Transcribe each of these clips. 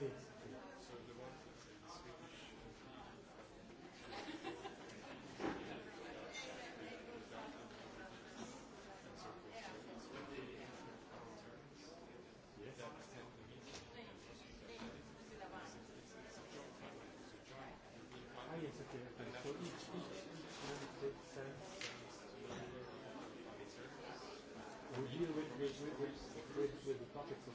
Yes. We deal with, with, with, with, with the topics of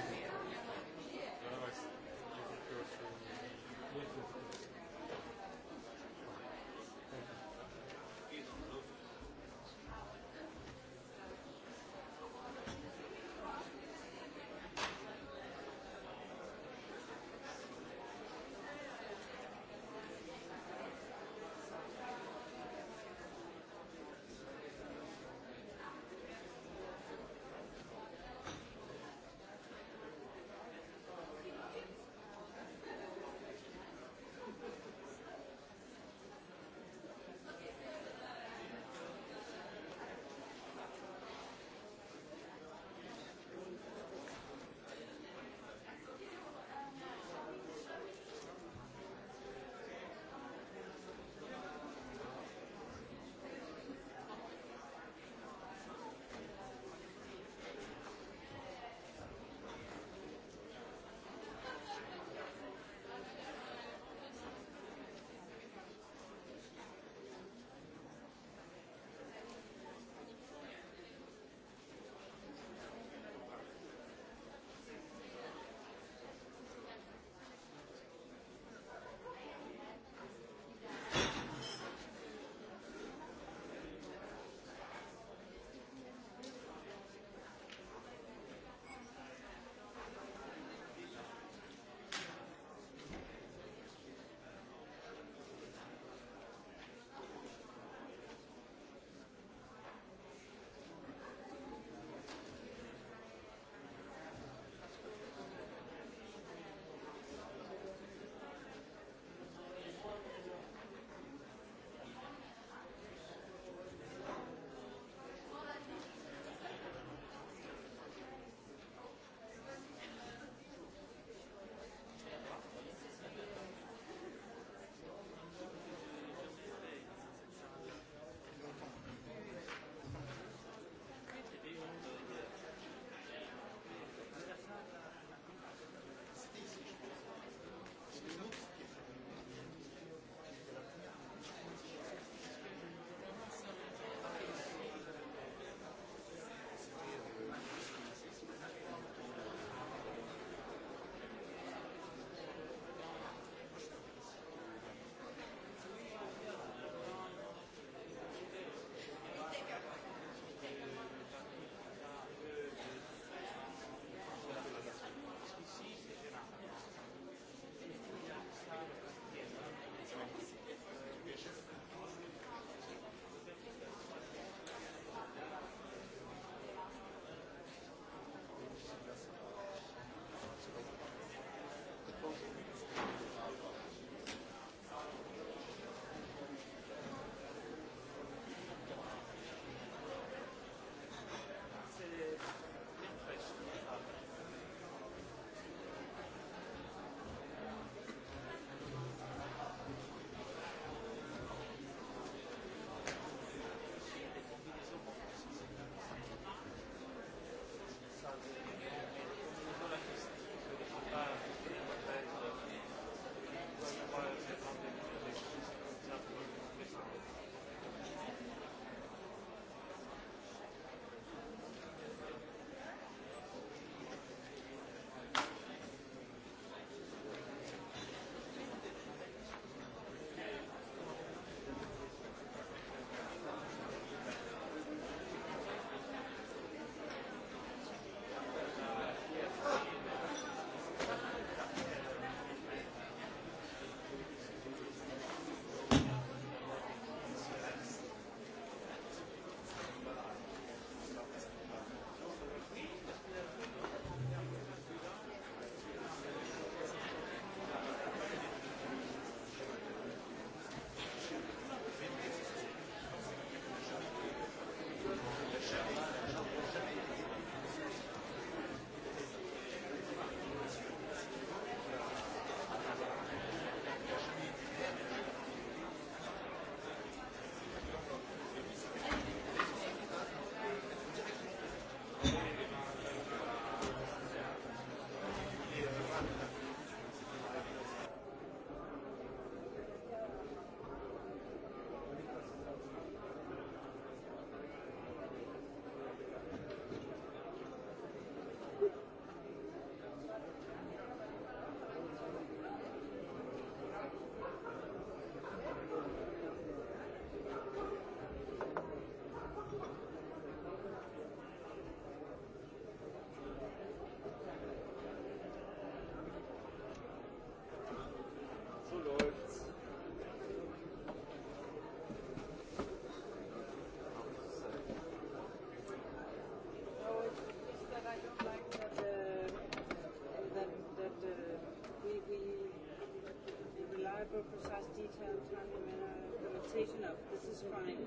uh, talking in a connotation of this is fine,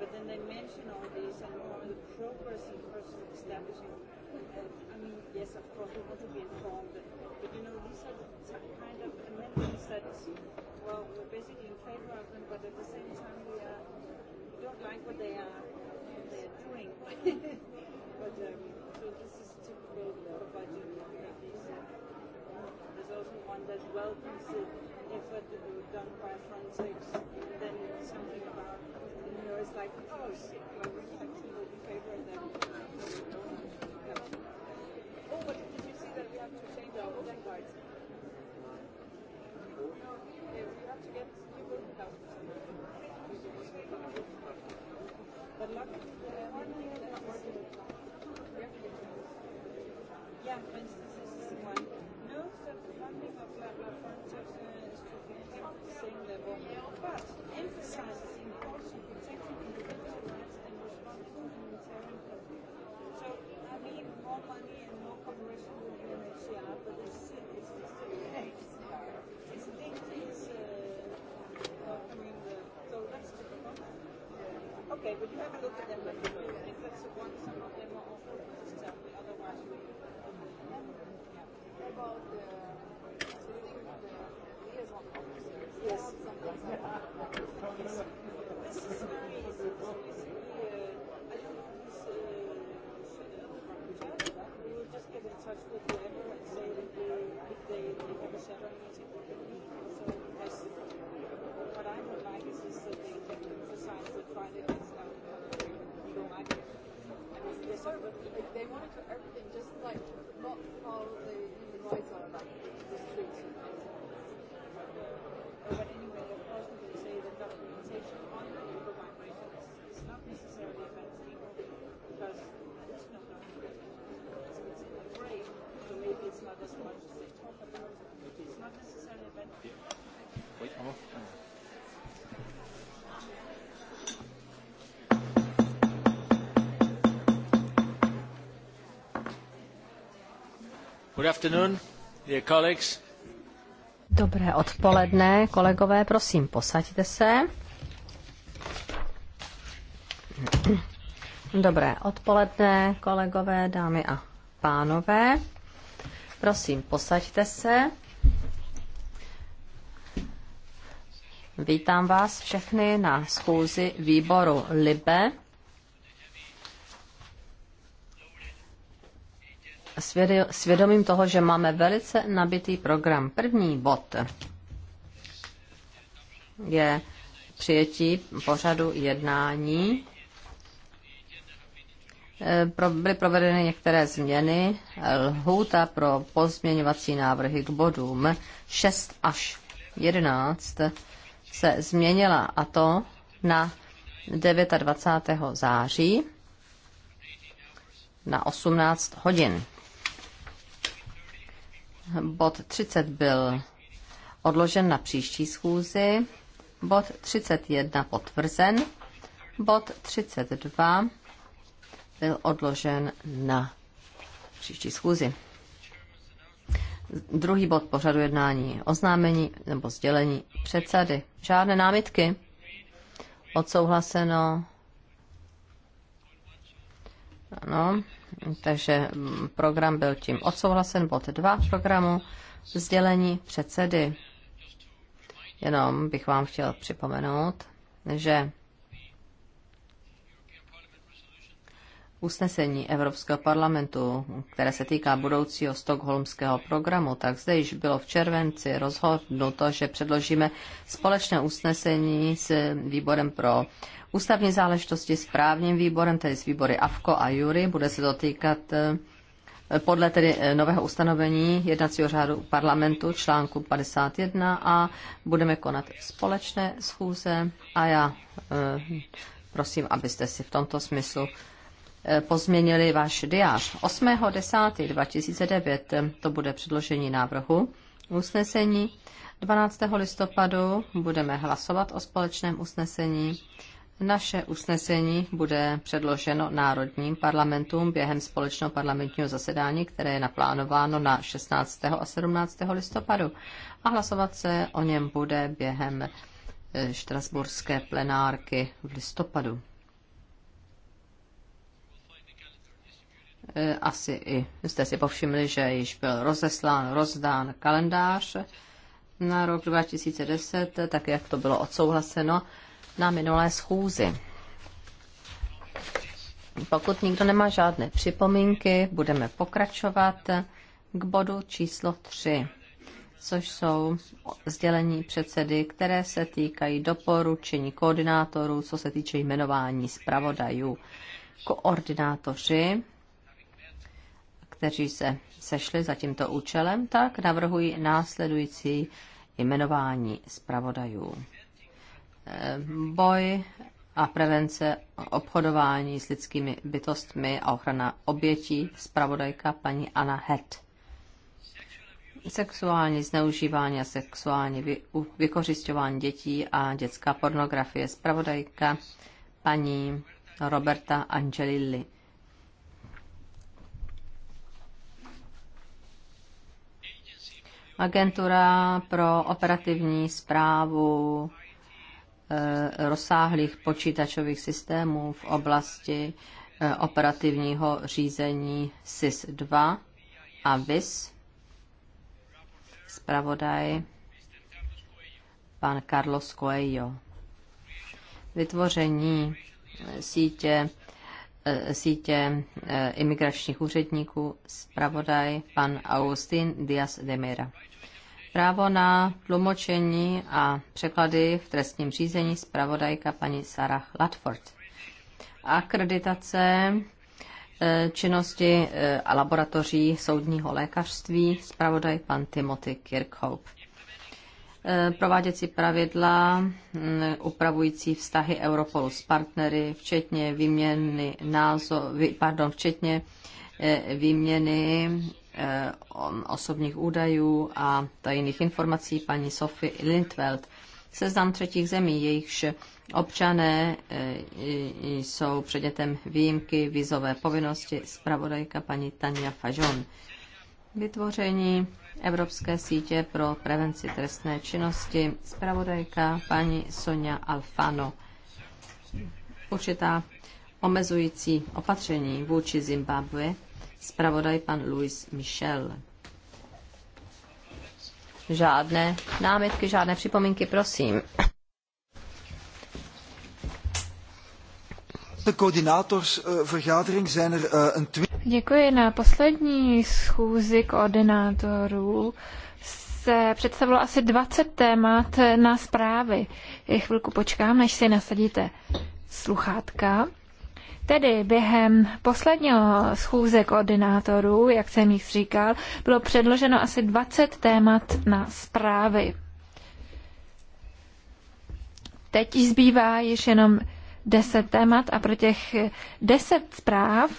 but then they mention all these and all the progress in person establishing. Uh, I mean, yes, of course, we want to be informed, but you know, these are the t- kind of amendments that, well, we're basically in favor of them, but at the same time, we, are, we don't like what they are, what they are doing. but um, so this is typical of budget. There's also one that welcomes it effort uh, done by forensics, then something about, you know, it's like, oh shit, my reflection will Oh, but did you see that we have to change our voting we have to get new voting cards. But luckily, no Dobré odpoledne, kolegové, prosím, posaďte se. Dobré odpoledne, kolegové, dámy a pánové. Prosím, posaďte se. Vítám vás všechny na schůzi výboru LIBE svědomím toho, že máme velice nabitý program. První bod je přijetí pořadu jednání. E, byly provedeny některé změny. Lhůta pro pozměňovací návrhy k bodům 6 až 11 se změnila a to na 29. září na 18 hodin. Bod 30 byl odložen na příští schůzi, bod 31 potvrzen, bod 32 byl odložen na příští schůzi. Druhý bod pořadu jednání oznámení nebo sdělení předsady. Žádné námitky. Odsouhlaseno. Ano. Takže mm, program byl tím odsouhlasen, bod 2 programu, sdělení předsedy. Jenom bych vám chtěl připomenout, že usnesení Evropského parlamentu, které se týká budoucího stokholmského programu, tak zde již bylo v červenci rozhodnuto, že předložíme společné usnesení s výborem pro ústavní záležitosti, s právním výborem, tedy s výbory AFKO a JURY. Bude se to týkat eh, podle tedy eh, nového ustanovení jednacího řádu parlamentu článku 51 a budeme konat společné schůze a já eh, prosím, abyste si v tomto smyslu Eh, pozměnili váš diář. 8.10.2009 to bude předložení návrhu usnesení. 12. listopadu budeme hlasovat o společném usnesení. Naše usnesení bude předloženo národním parlamentům během společného parlamentního zasedání, které je naplánováno na 16. a 17. listopadu a hlasovat se o něm bude během eh, štrasburské plenárky v listopadu. Eh, asi i jste si povšimli, že již byl rozeslán, rozdán kalendář na rok 2010, eh, tak jak to bylo odsouhlaseno na minulé schůzi. Pokud nikdo nemá žádné připomínky, budeme pokračovat k bodu číslo 3, což jsou sdělení předsedy, které se týkají doporučení koordinátorů, co se týče jmenování zpravodajů. Koordinátoři kteří se sešli za tímto účelem, tak navrhuji následující jmenování zpravodajů. Eh, boj a prevence obchodování s lidskými bytostmi a ochrana obětí, zpravodajka paní Anna Het. Sexuální zneužívání a sexuální vy, vykořišťování dětí a dětská pornografie, zpravodajka paní Roberta Angelilli. Agentura pro operativní zprávu eh, rozsáhlých počítačových systémů v oblasti eh, operativního řízení SIS-2 a VIS. Spravodaj pan Carlos Coelho. Vytvoření sítě Eh, sítě eh, imigračních úředníků, zpravodaj pan Agustín Díaz de Mera. Právo na tlumočení a překlady v trestním řízení zpravodajka paní Sarah Latford. Akreditace eh, činnosti a laboratoří soudního lékařství zpravodaj pan Timothy Kirkhope. Eh, prováděcí pravidla mm, upravující vztahy Europolu s partnery, včetně výměny názor, pardon, včetně eh, výměny eh, osobních údajů a tajných informací paní Sophie Lindveld. Seznam třetích zemí, jejichž občané jsou předmětem výjimky vízové povinnosti, zpravodajka paní Tania Fajon. Vytvoření Evropské sítě pro prevenci trestné činnosti, zpravodajka paní Sonja Alfano. Určitá omezující opatření vůči Zimbabwe, zpravodaj pan Luis Michel. Žádné námitky, žádné připomínky, prosím. uh, vergadering zijn er eh, een twintig. Děkuji. Na poslední schůzi koordinátorů se představilo asi 20 témat na zprávy. Chvilku počkám, než si nasadíte sluchátka. Tedy během posledního schůze koordinátorů, jak jsem jich říkal, bylo předloženo asi 20 témat na zprávy. Teď zbývá již jenom deset témat a pro těch deset zpráv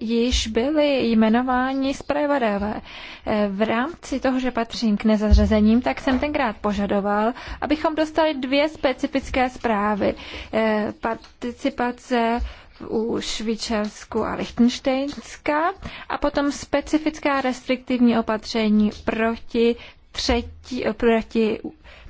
již byly jmenováni zpravodajové. V rámci toho, že patřím k nezařazením, tak jsem tenkrát požadoval, abychom dostali dvě specifické zprávy. Eh, participace u Švýcarsku a Lichtensteinska a potom specifická restriktivní opatření proti třetí, proti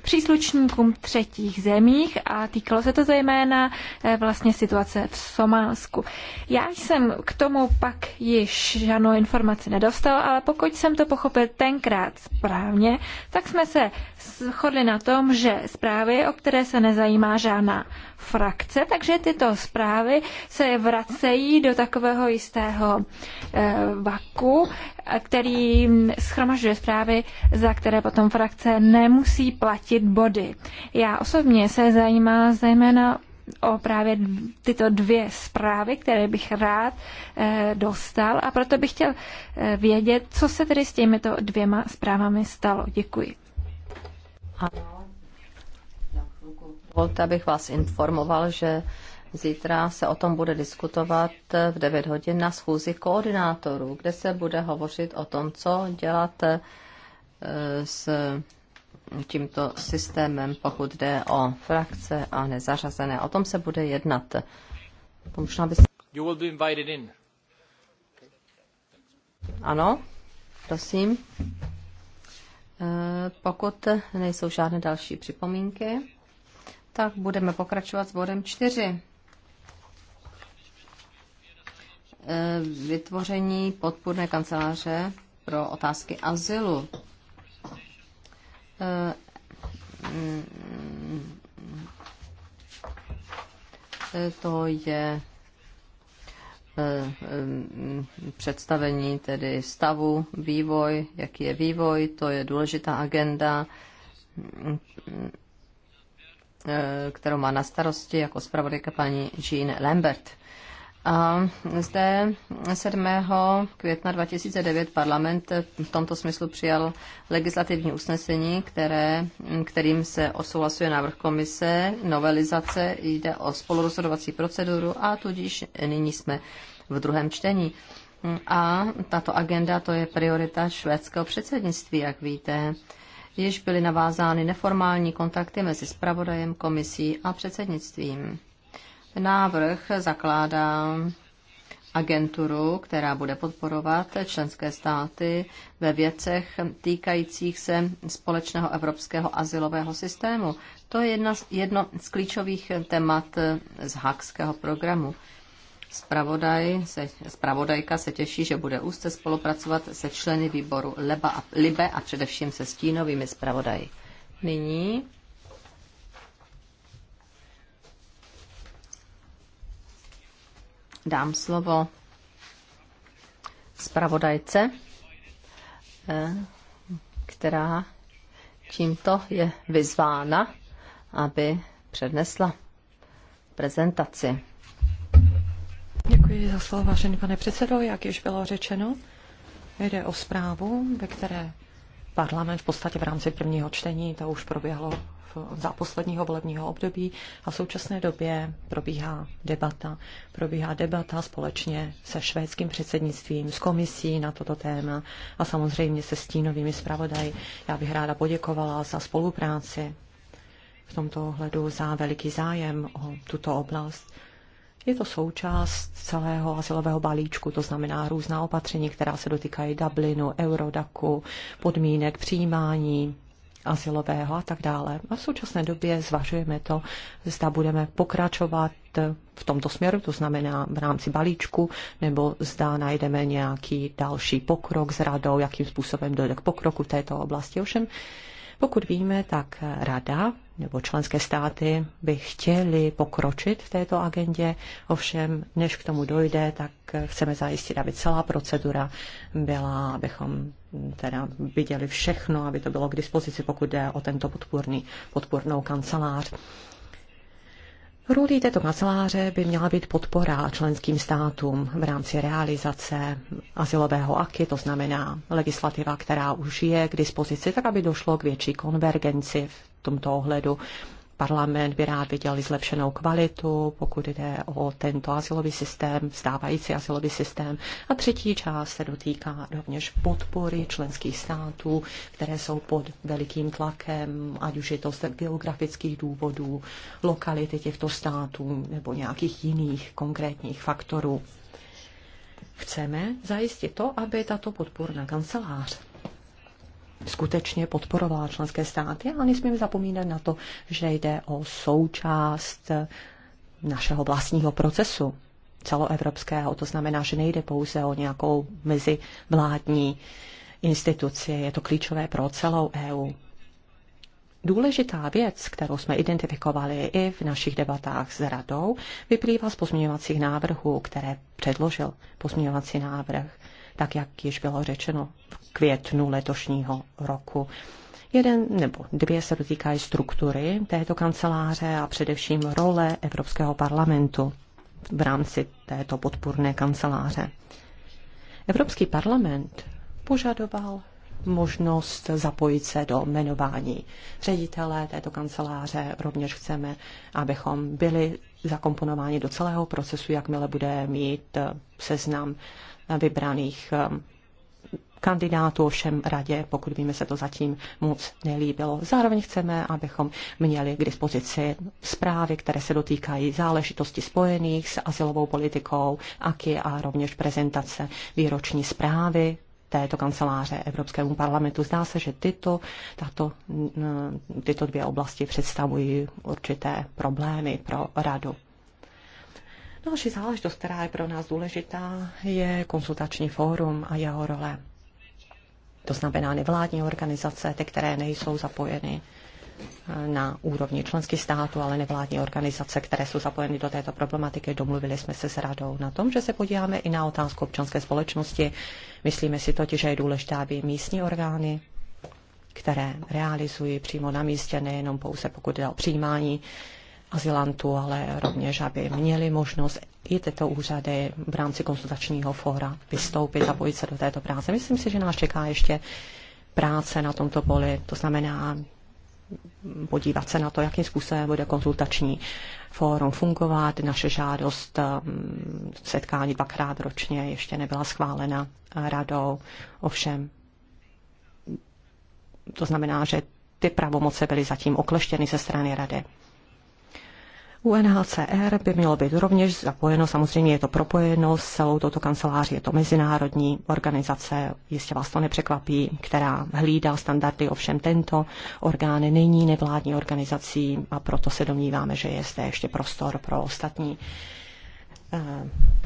příslušníkům třetích zemích a týkalo se to zejména eh, vlastně situace v Somálsku. Já jsem k tomu pak již žádnou informaci nedostal, ale pokud jsem to pochopil tenkrát správně, tak jsme se shodli na tom, že zprávy, o které se nezajímá žádná frakce, takže tyto zprávy se vracejí do takového jistého eh, vaku, eh, který schromažďuje zprávy, za které potom frakce nemusí platit zjistit body. Já osobně se zajímá zejména o právě tyto dvě zprávy, které bych rád eh, dostal a proto bych chtěl eh, vědět, co se tedy s těmito dvěma zprávami stalo. Děkuji. Ano. abych vás informoval, že Zítra se o tom bude diskutovat eh, v 9 hodin na schůzi koordinátorů, kde se bude hovořit o tom, co dělat s tímto systémem, pokud jde o frakce a nezařazené. O tom se bude jednat. možná by... You will be invited in. Ano, prosím. E, pokud nejsou žádné další připomínky, tak budeme pokračovat s bodem 4. E, vytvoření podpůrné kanceláře pro otázky azylu. Eh, to je eh, eh, představení tedy stavu, vývoj, jaký je vývoj, to je důležitá agenda, kterou má na starosti jako zpravodajka paní Jean Lambert. A zde 7. května 2009 parlament v tomto smyslu přijal legislativní usnesení, které, kterým se odsouhlasuje návrh komise, novelizace, jde o spolurozhodovací proceduru a tudíž nyní jsme v druhém čtení. A tato agenda to je priorita švédského předsednictví, jak víte. Již byly navázány neformální kontakty mezi spravodajem, komisí a předsednictvím. Návrh zakládá agenturu, která bude podporovat členské státy ve věcech týkajících se společného evropského asilového systému. To je jedna, jedno z klíčových temat z Hakského programu. Spravodaj se, spravodajka se těší, že bude úzce spolupracovat se členy výboru Leba a, Libe a především se stínovými spravodaji. Nyní dám slovo zpravodajce, eh, která tímto je vyzvána, aby přednesla prezentaci. Děkuji za slovo, vážený pane předsedo. Jak již bylo řečeno, jde o zprávu, ve které parlament v podstatě v rámci prvního čtení, to už proběhlo za posledního volebního období a v současné době probíhá debata. Probíhá debata společně se švédským předsednictvím, s komisí na toto téma a samozřejmě se stínovými zpravodaji. Já bych ráda poděkovala za spolupráci v tomto ohledu za veliký zájem o tuto oblast. Je to součást celého asilového balíčku, to znamená různá opatření, která se dotýkají Dublinu, Eurodaku, podmínek přijímání, asilového a tak dále. A v současné době zvažujeme to, zda budeme pokračovat v tomto směru, to znamená v rámci balíčku, nebo zda najdeme nějaký další pokrok s radou, jakým způsobem dojde k pokroku v této oblasti. Ovšem pokud víme, tak rada nebo členské státy by chtěly pokročit v této agendě, ovšem než k tomu dojde, tak chceme zajistit, aby celá procedura byla, abychom teda viděli všechno, aby to bylo k dispozici, pokud jde o tento podpůrný, podpůrnou kancelář. Rolí této kanceláře by měla být podpora členským státům v rámci realizace asilového aky, to znamená legislativa, která už je k dispozici, tak aby došlo k větší konvergenci v tomto ohledu Parlament by rád viděl zlepšenou kvalitu, pokud jde o tento asilový systém, vzdávající asilový systém. A třetí část se dotýká rovněž podpory členských států, které jsou pod velikým tlakem, ať už je to z geografických důvodů, lokality těchto států nebo nějakých jiných konkrétních faktorů. Chceme zajistit to, aby tato podporná kancelář skutečně podporovala členské státy a nesmíme zapomínat na to, že jde o součást eh, našeho vlastního procesu celoevropského. To znamená, že nejde pouze o nějakou mezivládní instituci, je to klíčové pro celou EU. Důležitá věc, kterou jsme identifikovali i v našich debatách s radou, vyplývá z pozměňovacích návrhů, které předložil pozměňovací návrh, tak jak již bylo řečeno v květnu letošního roku. Jeden nebo dvě se dotýkají struktury této kanceláře a především role Evropského parlamentu v rámci této podpůrné kanceláře. Evropský parlament požadoval možnost zapojit se do jmenování ředitele této kanceláře. Rovněž chceme, abychom byli zakomponováni do celého procesu, jakmile bude mít seznam vybraných kandidátů, ovšem radě, pokud víme, se to zatím moc nelíbilo. Zároveň chceme, abychom měli k dispozici zprávy, které se dotýkají záležitosti spojených s asilovou politikou, AKI a rovněž prezentace výroční zprávy této kanceláře Evropskému parlamentu. Zdá se, že tyto, tato, mm, tyto dvě oblasti představují určité problémy pro radu. Další záležitost, která je pro nás důležitá, je konsultační fórum a jeho role to znamená nevládní organizace, ty, které nejsou zapojeny eh, na úrovni členských států, ale nevládní organizace, které jsou zapojeny do této problematiky. Domluvili jsme se s radou na tom, že se podíváme i na otázku občanské společnosti. Myslíme si totiž, že je důležité, aby místní orgány, které realizují přímo na místě, nejenom pouze pokud jde o přijímání azylantů, ale rovněž, aby měli možnost i tyto úřady v rámci konzultačního fóra vystoupit, pojít se do této práce. Myslím si, že nás čeká ještě práce na tomto poli, to znamená podívat se na to, jakým způsobem bude konzultační fórum fungovat. Naše žádost mm, setkání dvakrát ročně ještě nebyla schválena radou. Ovšem, to znamená, že ty pravomoce byly zatím okleštěny ze strany rady. UNHCR by mělo být rovněž zapojeno, samozřejmě je to propojeno s celou touto kanceláří, je to mezinárodní organizace, jistě vás to nepřekvapí, která hlídá standardy, ovšem tento orgán není nevládní organizací a proto se domníváme, že je zde ještě prostor pro ostatní eh,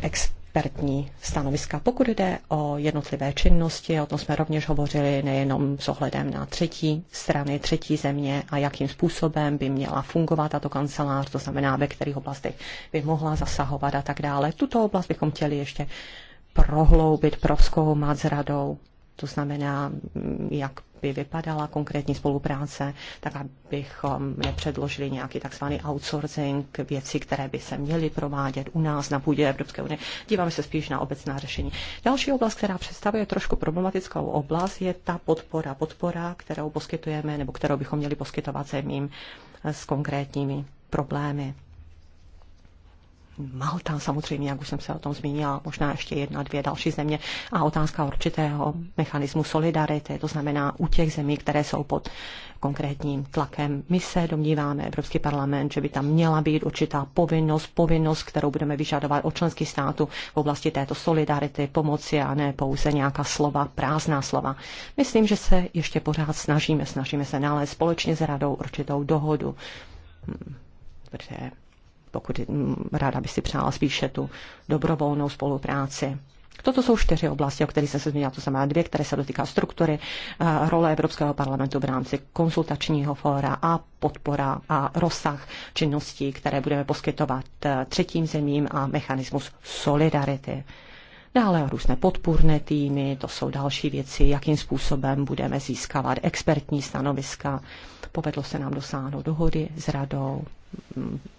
ex expertní stanoviska. Pokud jde o jednotlivé činnosti, o tom jsme rovněž hovořili nejenom s ohledem na třetí strany, třetí země a jakým způsobem by měla fungovat tato kancelář, to znamená, ve kterých oblastech by mohla zasahovat a tak dále. Tuto oblast bychom chtěli ještě prohloubit, proskoumat s radou to znamená, mm, jak by vypadala konkrétní spolupráce, tak abychom nepředložili nějaký takzvaný outsourcing, věci, které by se měly provádět u nás na půdě Evropské unie. Díváme se spíš na obecná řešení. Další oblast, která představuje trošku problematickou oblast, je ta podpora. Podpora, kterou poskytujeme nebo kterou bychom měli poskytovat zemím s konkrétními problémy. Malta samozřejmě, jak už jsem se o tom zmínila, možná ještě jedna, dvě další země. A otázka určitého mechanismu solidarity, to znamená u těch zemí, které jsou pod konkrétním tlakem. My se domníváme, Evropský parlament, že by tam měla být určitá povinnost, povinnost, kterou budeme vyžadovat od členských států v oblasti této solidarity, pomoci a ne pouze nějaká slova, prázdná slova. Myslím, že se ještě pořád snažíme, snažíme se nalézt společně s radou určitou dohodu. Hm, protože pokud mm, ráda by si přála spíše tu dobrovolnou spolupráci. Toto jsou čtyři oblasti, o kterých jsem se zmínila, to znamená dvě, které se dotýká struktury, eh, role Evropského parlamentu v rámci konsultačního fóra a podpora a rozsah činností, které budeme poskytovat eh, třetím zemím a mechanismus solidarity. Dále různé podpůrné týmy, to jsou další věci, jakým způsobem budeme získávat expertní stanoviska. Povedlo se nám dosáhnout dohody s radou.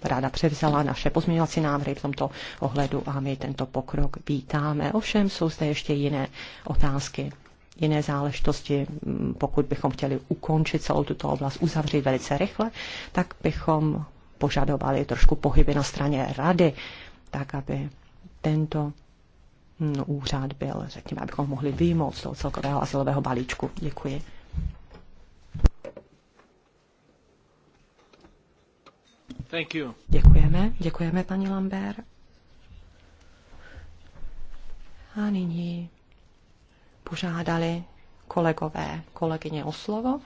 Rada převzala naše pozměňovací návrhy v tomto ohledu a my tento pokrok vítáme. Ovšem jsou zde ještě jiné otázky jiné záležitosti, pokud bychom chtěli ukončit celou tuto oblast, uzavřít velice rychle, tak bychom požadovali trošku pohyby na straně rady, tak aby tento Mm, úřad byl, řekněme, abychom mohli vyjmout z toho celkového asilového balíčku. Děkuji. Thank you. Děkujeme, děkujeme, paní Lambert. A nyní požádali kolegové, kolegyně o slovo,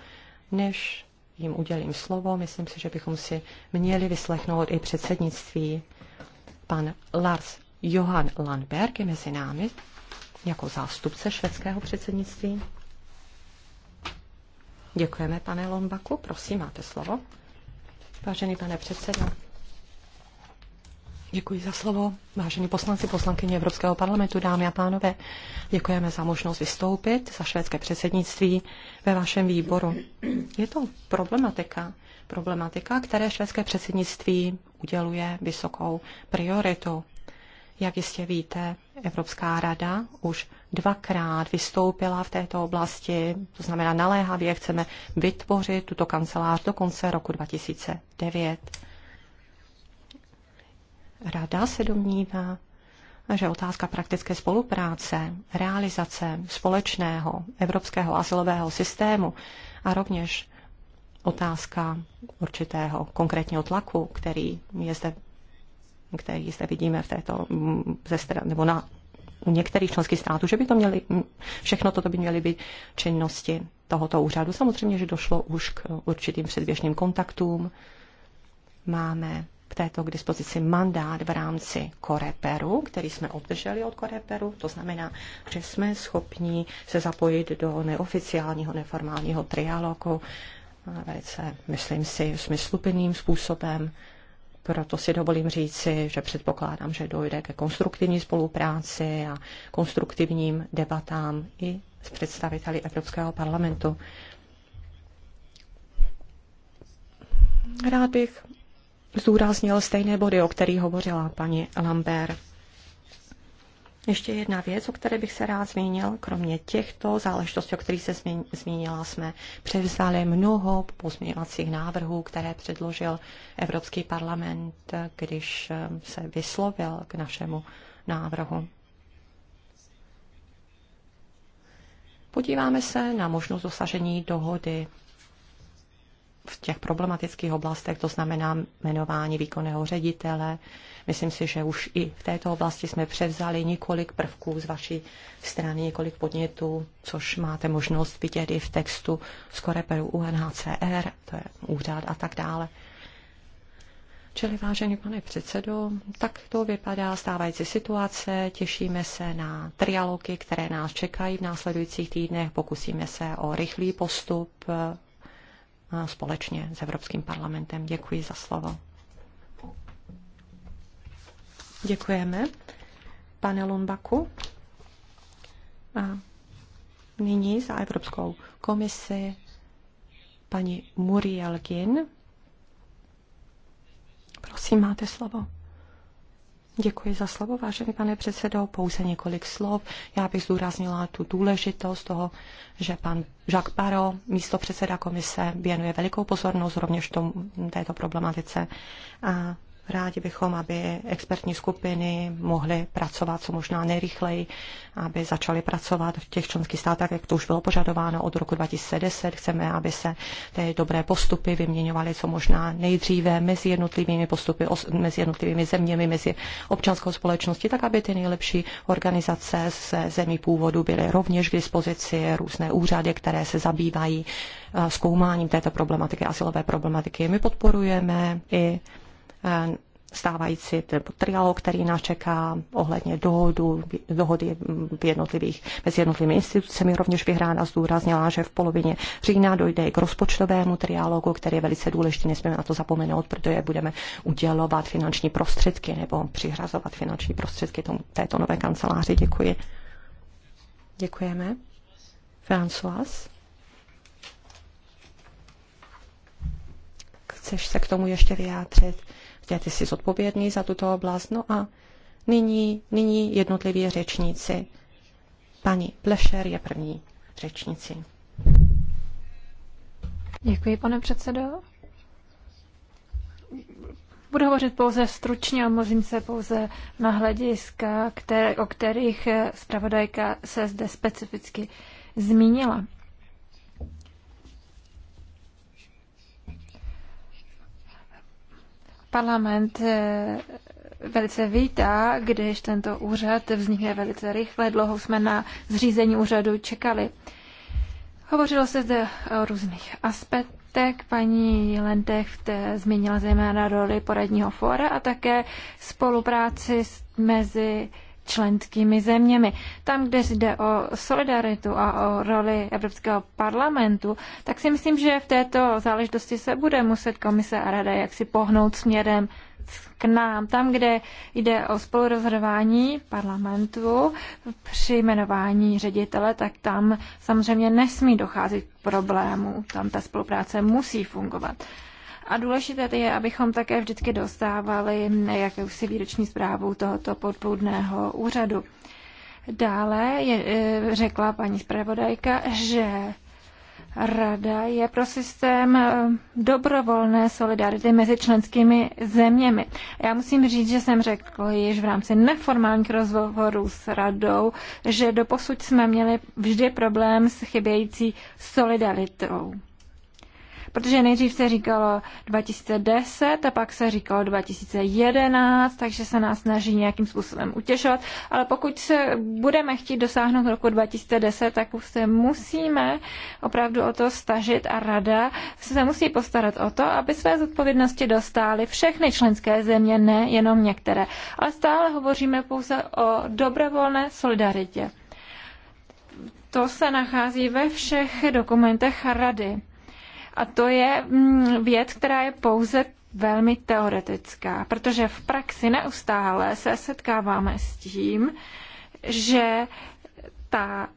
než jim udělím slovo. Myslím si, že bychom si měli vyslechnout i předsednictví. Pan Lars Johan Landberg je mezi námi jako zástupce švédského předsednictví. Děkujeme, pane Lombaku. Prosím, máte slovo. Vážený pane předsedo, Děkuji za slovo. Vážení poslanci, poslankyně Evropského parlamentu, dámy a pánové, děkujeme za možnost vystoupit za švédské předsednictví ve vašem výboru. Je to problematika, problematika, které švédské předsednictví uděluje vysokou prioritu jak jistě víte, Evropská rada už dvakrát vystoupila v této oblasti, to znamená naléhavě chceme vytvořit tuto kancelář do konce roku 2009. Rada se domnívá, že otázka praktické spolupráce, realizace společného evropského asilového systému a rovněž otázka určitého konkrétního tlaku, který je zde který zde vidíme v této, ze stran, nebo na u některých členských států, že by to měly, všechno toto by měly být činnosti tohoto úřadu. Samozřejmě, že došlo už k určitým předběžným kontaktům. Máme k této k dispozici mandát v rámci Koreperu, který jsme obdrželi od Koreperu. To znamená, že jsme schopni se zapojit do neoficiálního, neformálního trialogu velice, myslím si, smysluplným způsobem proto si dovolím říci, že předpokládám, že dojde ke konstruktivní spolupráci a konstruktivním debatám i s představiteli Evropského parlamentu. Rád bych zdůraznil stejné body, o kterých hovořila paní Lambert. Ještě jedna věc, o které bych se rád zmínil, kromě těchto záležitostí, o kterých se zmínila, jsme převzali mnoho pozměňovacích návrhů, které předložil Evropský parlament, když eh, se vyslovil k našemu návrhu. Podíváme se na možnost dosažení dohody v těch problematických oblastech, to znamená jmenování výkonného ředitele. Myslím si, že už i v této oblasti jsme převzali několik prvků z vaší strany, několik podnětů, což máte možnost vidět i v textu z Koreperu UNHCR, to je úřad a tak dále. Čili vážený pane předsedo, tak to vypadá stávající situace. Těšíme se na trialogy, které nás čekají v následujících týdnech. Pokusíme se o rychlý postup společně s Evropským parlamentem. Děkuji za slovo. Děkujeme, pane Lumbaku. A nyní za Evropskou komisi paní Muriel Gin. Prosím, máte slovo. Děkuji za slovo, vážený pane předsedo. Pouze několik slov. Já bych zdůraznila tu důležitost toho, že pan Jacques Paro, místo předseda komise, věnuje velikou pozornost rovněž tomu, této problematice. A Rádi bychom, aby expertní skupiny mohly pracovat co možná nejrychleji, aby začaly pracovat v těch členských státech, jak to už bylo požadováno od roku 2010. Chceme, aby se ty dobré postupy vyměňovaly co možná nejdříve mezi jednotlivými postupy, mezi jednotlivými zeměmi, mezi občanskou společností, tak aby ty nejlepší organizace ze zemí původu byly rovněž k dispozici, různé úřady, které se zabývají eh, zkoumáním této problematiky, asilové problematiky. My podporujeme i Eh, stávající trialog, který nás čeká ohledně dohodu, dohody v jednotlivých, mezi jednotlivými institucemi. Rovněž bych ráda zdůraznila, že v polovině října dojde k rozpočtovému trialogu, který je velice důležitý, nesmíme na to zapomenout, protože budeme udělovat finanční prostředky nebo přihrazovat finanční prostředky tomu, této nové kanceláři. Děkuji. Děkujeme. François? Chceš se k tomu ještě vyjádřit? prostě ty jsi zodpovědný za tuto oblast. No a nyní, nyní jednotliví řečníci. Paní Plešer je první řečnici. Děkuji, pane předsedo. Budu hovořit pouze stručně, omluvím se pouze na hlediska, které, o kterých eh, zpravodajka se zde specificky zmínila. Parlament eh, velice vítá, když tento úřad vznikne velice rychle. Dlouho jsme na zřízení úřadu čekali. Hovořilo se zde o různých aspektech. Paní Lentech eh, zmínila zejména roli poradního fóra a také spolupráci mezi členskými zeměmi. Tam, kde jde o solidaritu a o roli Evropského parlamentu, tak si myslím, že v této záležitosti se bude muset komise a rada jaksi pohnout směrem k nám, tam, kde jde o spolurozhodování parlamentu při jmenování ředitele, tak tam samozřejmě nesmí docházet k problému. Tam ta spolupráce musí fungovat. A důležité je, abychom také vždycky dostávali jakousi výroční zprávu tohoto podpůdného úřadu. Dále je, e, řekla paní zpravodajka, že Rada je pro systém e, dobrovolné solidarity mezi členskými zeměmi. Já musím říct, že jsem řekl již v rámci neformálních rozhovorů s radou, že doposud jsme měli vždy problém s chybějící solidaritou protože nejdřív se říkalo 2010 a pak se říkalo 2011, takže se nás snaží nějakým způsobem utěšovat, ale pokud se budeme chtít dosáhnout roku 2010, tak už se musíme opravdu o to stažit a rada se musí postarat o to, aby své zodpovědnosti dostály všechny členské země, ne jenom některé. Ale stále hovoříme pouze o dobrovolné solidaritě. To se nachází ve všech dokumentech Rady. A to je mm, věc, která je pouze velmi teoretická, protože v praxi neustále se setkáváme s tím, že ta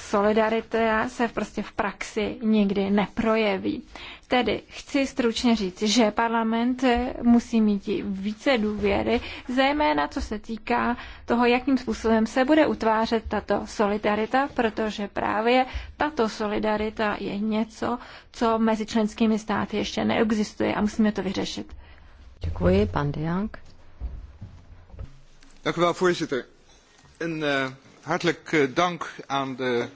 solidarita se prostě v praxi nikdy neprojeví. Tedy chci stručně říct, že parlament musí mít více důvěry, zejména co se týká toho, jakým způsobem se bude utvářet tato solidarita, protože právě tato solidarita je něco, co mezi členskými státy ještě neexistuje a musíme to vyřešit. Děkuji, pan Diank. Dank u wel, voorzitter. Een uh, Eh,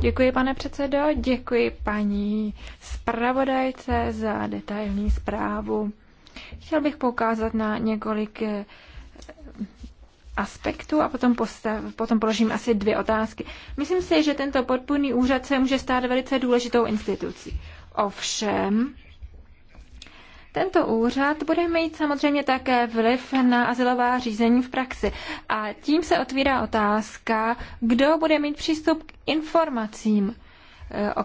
děkuji, pane předsedo, děkuji paní zpravodajce za detailní zprávu. Chtěl bych poukázat na několik eh, aspektů a potom, postav, potom položím asi dvě otázky. Myslím si, že tento podpůrný úřad se může stát velice důležitou institucí. Ovšem, tento úřad bude mít samozřejmě také vliv na asilová řízení v praxi. A tím se otvírá otázka, kdo bude mít přístup k informacím, eh, o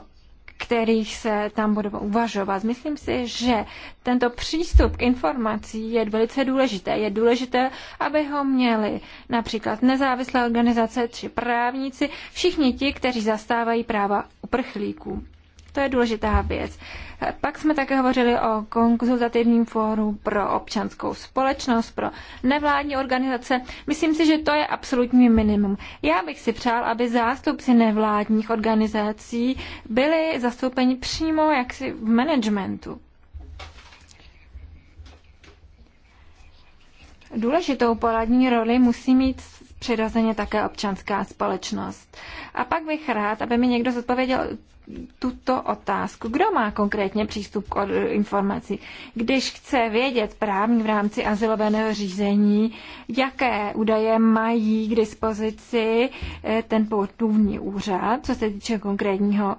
kterých se tam bude uvažovat. Myslím si, že tento přístup k informací je velice důležité. Je důležité, aby ho měli například nezávislé organizace či právníci, všichni ti, kteří zastávají práva uprchlíků. To je důležitá věc. Pak jsme také hovořili o konzultativním fóru pro občanskou společnost, pro nevládní organizace. Myslím si, že to je absolutní minimum. Já bych si přál, aby zástupci nevládních organizací byli zastoupeni přímo jaksi v managementu. Důležitou poradní roli musí mít přirozeně také občanská společnost. A pak bych rád, aby mi někdo zodpověděl tuto otázku. Kdo má konkrétně přístup k informaci? Když chce vědět právní v rámci asilového řízení, jaké údaje mají k dispozici eh, ten poutůvní úřad, co se týče konkrétního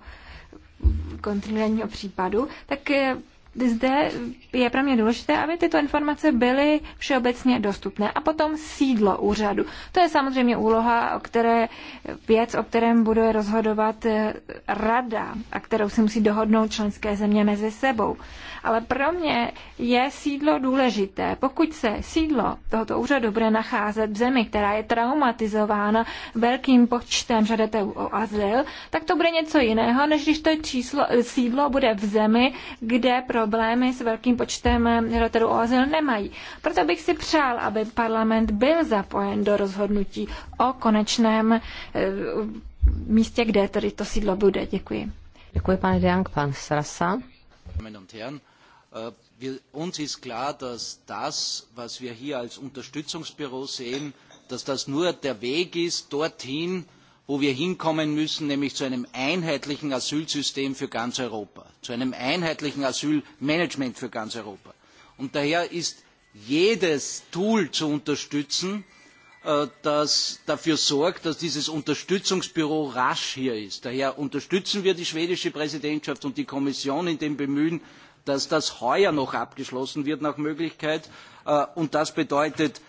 kontrolního případu, tak eh, zde je pro mě důležité, aby tyto informace byly všeobecně dostupné. A potom sídlo úřadu. To je samozřejmě úloha, o které, věc, o kterém bude rozhodovat eh, rada a kterou si musí dohodnout členské země mezi sebou ale pro mě je sídlo důležité. Pokud se sídlo tohoto úřadu bude nacházet v zemi, která je traumatizována velkým počtem žadatelů o azyl, tak to bude něco jiného, než když to číslo, sídlo bude v zemi, kde problémy s velkým počtem žadatelů o azyl nemají. Proto bych si přál, aby parlament byl zapojen do rozhodnutí o konečném eh, místě, kde tedy to sídlo bude. Děkuji. Děkuji, pane Diank, pan Srasa. Äh, uns ist klar, dass das, was wir hier als Unterstützungsbüro sehen, nur der Weg ist dorthin, wo wir hinkommen müssen, nämlich zu einem einheitlichen Asylsystem für ganz Europa, zu einem einheitlichen Asylmanagement für ganz Europa. daher ist jedes Tool zu unterstützen, äh, das dafür sorgt, dass dieses Unterstützungsbüro rasch hier ist. Daher unterstützen wir die schwedische Präsidentschaft und die Kommission in dem Bemühen, dass das heuer noch abgeschlossen wird nach Möglichkeit. Äh, und das bedeutet,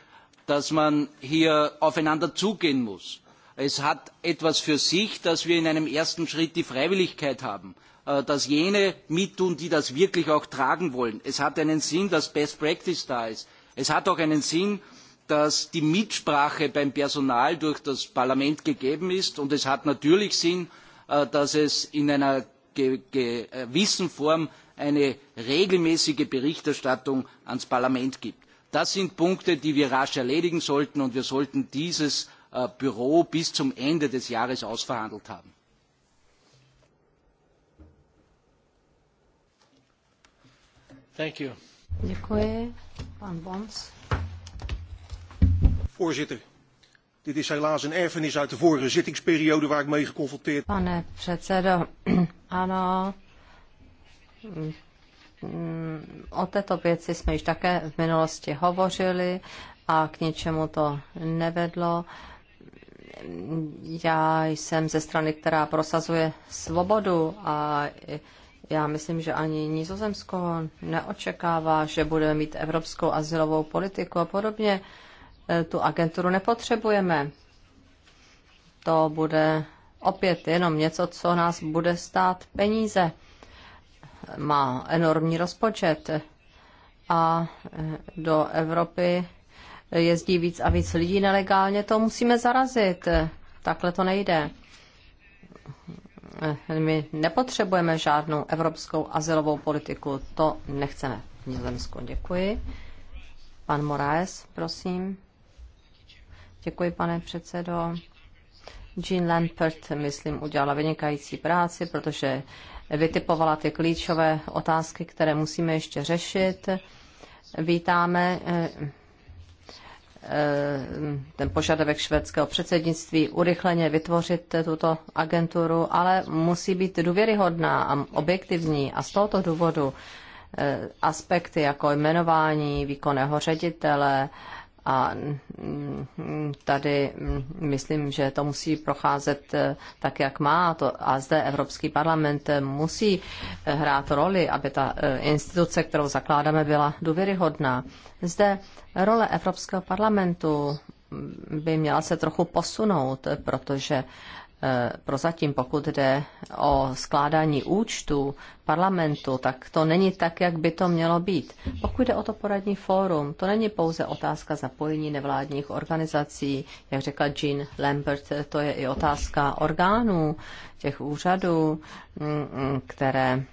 dass man hier aufeinander zugehen muss. Es hat etwas für sich, dass wir in einem ersten Schritt die Freiwilligkeit haben, äh, dass jene mittun, die das wirklich auch tragen wollen. Es hat einen Sinn, dass Best Practice da ist. Es hat auch einen Sinn, dass die Mitsprache beim Personal durch das Parlament gegeben ist. Und es hat natürlich Sinn, äh, dass es in einer gewissen Form eine regelmäßige Berichterstattung ans Parlament gibt. Das sind Punkte, die wir rasch erledigen sollten, und wir sollten dieses äh, Büro bis zum Ende des Jahres ausverhandelt haben. Thank you. Děkuji. Pan Bons. Voorzitter, dit is helaas een erfenis uit de vorige zittingsperiode waar ik mee geconfronteerd. Pane předsedo, ano, O této věci jsme již také v minulosti hovořili a k ničemu to nevedlo. Já jsem ze strany, která prosazuje svobodu a já myslím, že ani Nizozemsko neočekává, že budeme mít evropskou asilovou politiku a podobně. Tu agenturu nepotřebujeme. To bude opět jenom něco, co nás bude stát peníze má enormní rozpočet a do Evropy jezdí víc a víc lidí nelegálně, to musíme zarazit. Takhle to nejde. My nepotřebujeme žádnou evropskou asilovou politiku. To nechceme v Nizozemsku. Děkuji. Pan Moraes, prosím. Děkuji, pane předsedo. Jean Lampert, myslím, udělala vynikající práci, protože vytipovala ty klíčové otázky, které musíme ještě řešit. Vítáme eh, eh, ten požadavek švédského předsednictví urychleně vytvořit tuto agenturu, ale musí být důvěryhodná a objektivní a z tohoto důvodu eh, aspekty jako jmenování výkonného ředitele, a mm, tady mm, myslím, že to musí procházet eh, tak, jak má. To, a zde Evropský parlament eh, musí eh, hrát roli, aby ta instituce, kterou zakládáme, byla důvěryhodná. Zde role Evropského parlamentu mm, by měla se trochu posunout, protože Eh, prozatím, pokud jde o skládání účtu parlamentu, tak to není tak, jak by to mělo být. Pokud jde o to poradní fórum, to není pouze otázka zapojení nevládních organizací, jak řekla Jean Lambert, to je i otázka orgánů, těch úřadů, mm, mm, které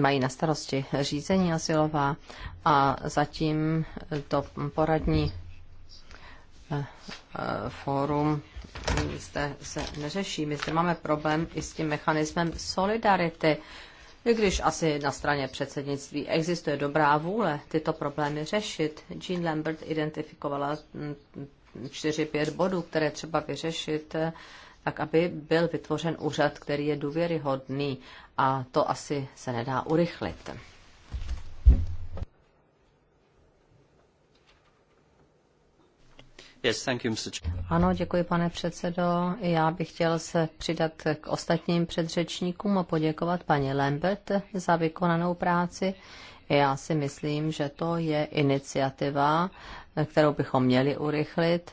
mají na starosti řízení asilová a zatím to poradní eh, eh, fórum zde se neřeší. My zde máme problém i s tím mechanismem solidarity. I když asi na straně předsednictví existuje dobrá vůle tyto problémy řešit, Jean Lambert identifikovala mm, čtyři pět bodů, které třeba vyřešit, eh, tak aby byl vytvořen úřad, který je důvěryhodný a to asi se nedá urychlit. Ano, děkuji, pane předsedo. Já bych chtěl se přidat k ostatním předřečníkům a poděkovat paní Lambert za vykonanou práci. Já si myslím, že to je iniciativa, kterou bychom měli urychlit.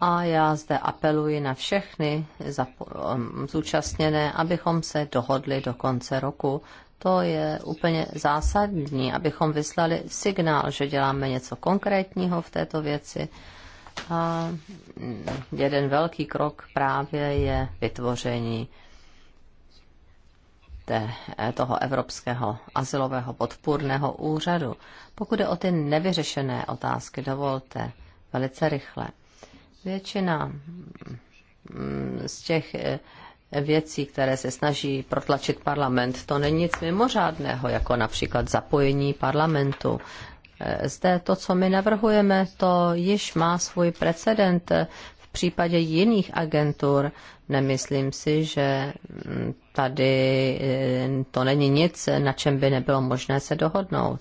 A já zde apeluji na všechny um, zúčastněné, abychom se dohodli do konce roku. To je úplně zásadní, abychom vyslali signál, že děláme něco konkrétního v této věci a mm, jeden velký krok právě je vytvoření té, eh, toho Evropského asilového podpůrného úřadu. Pokud je o ty nevyřešené otázky, dovolte velice rychle. Většina mm, z těch eh, věcí, které se snaží protlačit parlament, to není nic mimořádného, jako například zapojení parlamentu zde to, co my navrhujeme, to již má svůj precedent v případě jiných agentur. Nemyslím si, že mm, tady eh, to není nic, na čem by nebylo možné se dohodnout.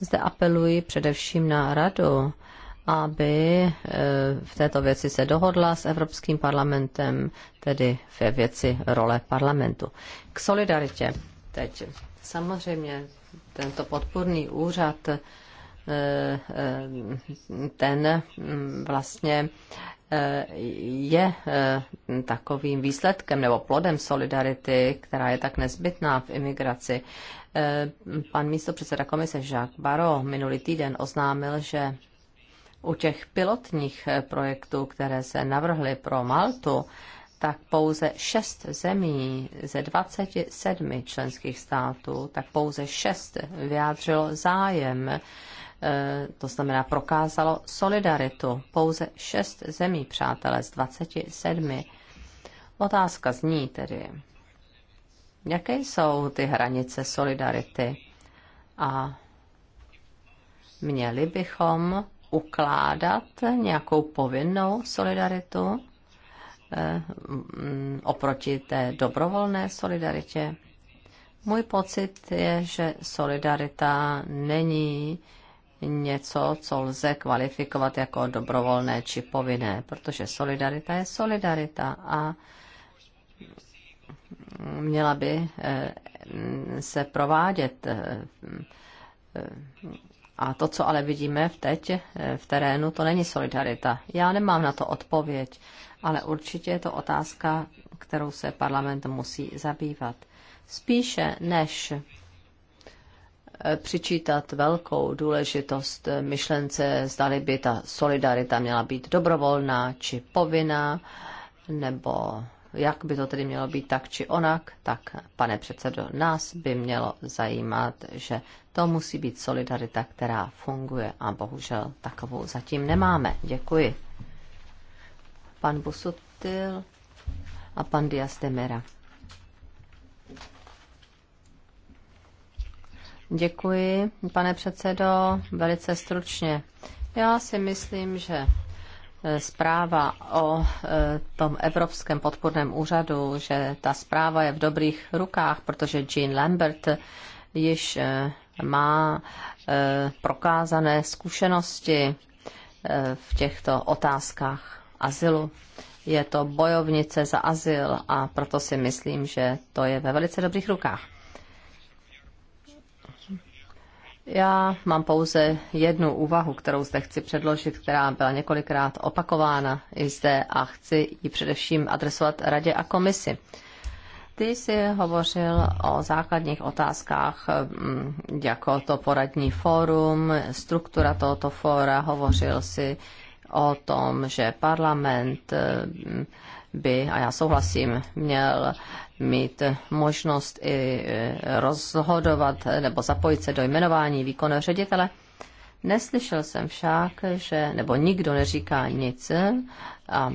Zde apeluji především na radu, aby eh, v této věci se dohodla s Evropským parlamentem, tedy ve věci role parlamentu. K solidaritě teď. Samozřejmě tento podporný úřad ten vlastně eh, je eh, takovým výsledkem nebo plodem solidarity, která je tak nezbytná v imigraci. Eh, pan místo předseda komise Jacques Baro minulý týden oznámil, že u těch pilotních projektů, které se navrhly pro Maltu, tak pouze šest zemí ze 27 členských států, tak pouze šest vyjádřilo zájem Eh, to znamená prokázalo solidaritu. Pouze šest zemí, přátelé, z 27. Otázka zní tedy, jaké jsou ty hranice solidarity a měli bychom ukládat nějakou povinnou solidaritu eh, oproti té dobrovolné solidaritě. Můj pocit je, že solidarita není něco, co lze kvalifikovat jako dobrovolné či povinné, protože solidarita je solidarita a měla by eh, se provádět. Eh, eh, a to, co ale vidíme v teď v terénu, to není solidarita. Já nemám na to odpověď, ale určitě je to otázka, kterou se parlament musí zabývat. Spíše než Eh, přičítat velkou důležitost myšlence, zdali by ta solidarita měla být dobrovolná či povinná, nebo jak by to tedy mělo být tak či onak, tak pane předsedo, nás by mělo zajímat, že to musí být solidarita, která funguje a bohužel takovou zatím nemáme. Děkuji. Pan Busutil a pan Dias de Mera. Děkuji, pane předsedo, velice stručně. Já si myslím, že e, zpráva o e, tom Evropském podporném úřadu, že ta zpráva je v dobrých rukách, protože Jean Lambert již e, má prokázané zkušenosti v těchto otázkách azylu. Je to bojovnice za azyl a proto si myslím, že to je ve velice dobrých rukách. Já mám pouze jednu úvahu, kterou zde chci předložit, která byla několikrát opakována i zde a chci ji především adresovat Radě a komisi. Ty jsi hovořil o základních otázkách, mm, jako to poradní fórum, struktura tohoto fóra, hovořil si o tom, že parlament mm, by, a já souhlasím, měl mít možnost i e, rozhodovat nebo zapojit se do jmenování výkonného ředitele. Neslyšel jsem však, že, nebo nikdo neříká nic, e, a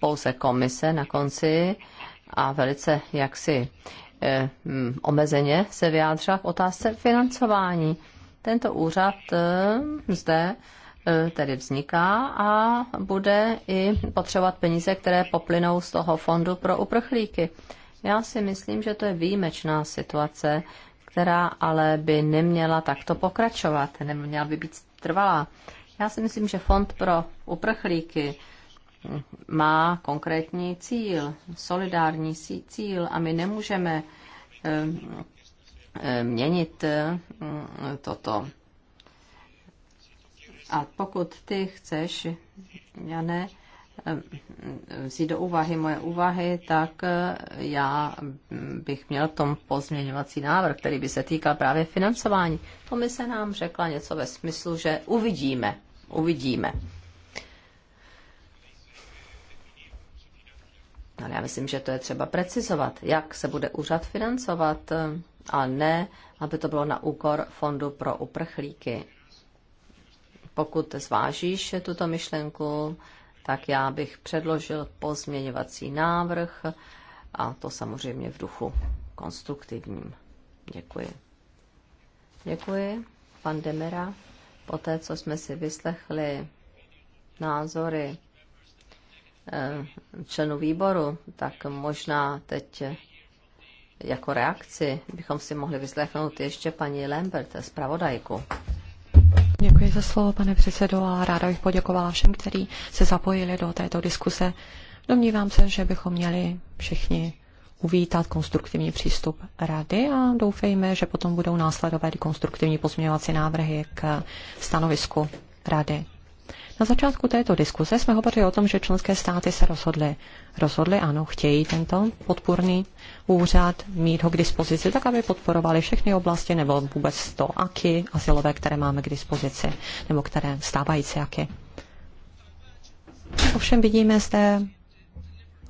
pouze komise na konci a velice jaksi e, omezeně se vyjádřila k otázce financování. Tento úřad e, zde tedy vzniká a bude i potřebovat peníze, které poplynou z toho fondu pro uprchlíky. Já si myslím, že to je výjimečná situace, která ale by neměla takto pokračovat, neměla by být trvalá. Já si myslím, že Fond pro uprchlíky má konkrétní cíl, solidární cíl a my nemůžeme měnit toto. A pokud ty chceš, ne? vzít do úvahy moje úvahy, tak eh, já bych měl tom pozměňovací návrh, který by se týkal právě financování. Komise nám řekla něco ve smyslu, že uvidíme, uvidíme. Ale já myslím, že to je třeba precizovat, jak se bude úřad financovat, eh, a ne, aby to bylo na úkor fondu pro uprchlíky. Pokud zvážíš tuto myšlenku, tak já bych předložil pozměňovací návrh a to samozřejmě v duchu konstruktivním. Děkuji. Děkuji, pan Demera. té, co jsme si vyslechli názory eh, členů výboru, tak možná teď eh, jako reakci bychom si mohli vyslechnout ještě paní Lambert, zpravodajku. Děkuji za slovo, pane předsedo, a ráda bych poděkovala všem, kteří se zapojili do této diskuse. Domnívám se, že bychom měli všichni uvítat konstruktivní přístup rady a doufejme, že potom budou následovat konstruktivní pozměňovací návrhy k stanovisku rady. Na začátku této diskuse jsme hovořili o tom, že členské státy se rozhodly. Rozhodly, ano, chtějí tento podpůrný úřad, mít ho k dispozici, tak aby podporovali všechny oblasti nebo vůbec to aky asilové, které máme k dispozici, nebo které stávající aky. Ovšem vidíme zde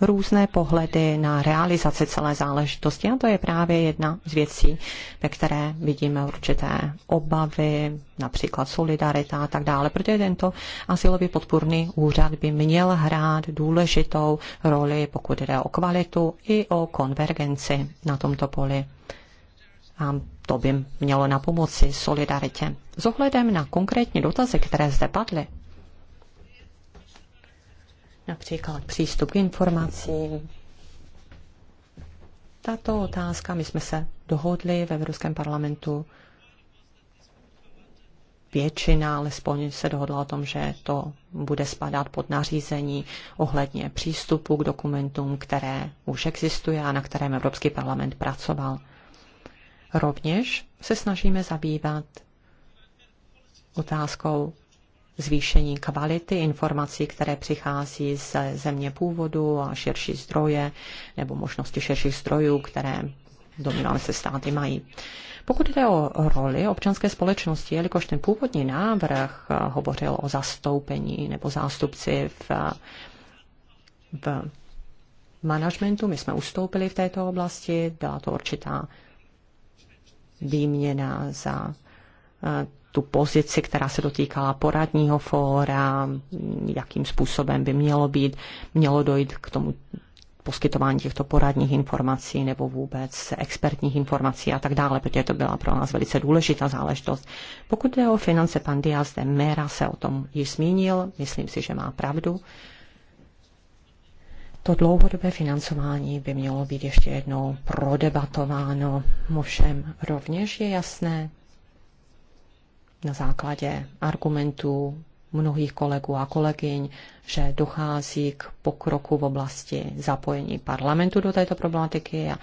různé pohledy na realizaci celé záležitosti a to je právě jedna z věcí, ve které vidíme určité obavy, například solidarita a tak dále, protože tento asilový podpůrný úřad by měl hrát důležitou roli, pokud jde o kvalitu i o konvergenci na tomto poli. A to by mělo na pomoci solidaritě. S ohledem na konkrétní dotazy, které zde padly, například přístup k informacím. Tato otázka, my jsme se dohodli ve Evropském parlamentu, většina alespoň se dohodla o tom, že to bude spadat pod nařízení ohledně přístupu k dokumentům, které už existuje a na kterém Evropský parlament pracoval. Rovněž se snažíme zabývat otázkou zvýšení kvality informací, které přichází ze země původu a širší zdroje nebo možnosti širších zdrojů, které dominované se státy mají. Pokud jde o roli občanské společnosti, jelikož ten původní návrh eh, hovořil o zastoupení nebo zástupci v, v managementu, my jsme ustoupili v této oblasti, byla to určitá výměna za eh, tu pozici, která se dotýkala poradního fóra, jakým způsobem by mělo být, mělo dojít k tomu poskytování těchto poradních informací nebo vůbec expertních informací a tak dále, protože to byla pro nás velice důležitá záležitost. Pokud jde o finance, pan Diaz de Mera se o tom již zmínil, myslím si, že má pravdu. To dlouhodobé financování by mělo být ještě jednou prodebatováno. Ovšem rovněž je jasné, na základě argumentů mnohých kolegů a kolegyň, že dochází k pokroku v oblasti zapojení parlamentu do této problematiky a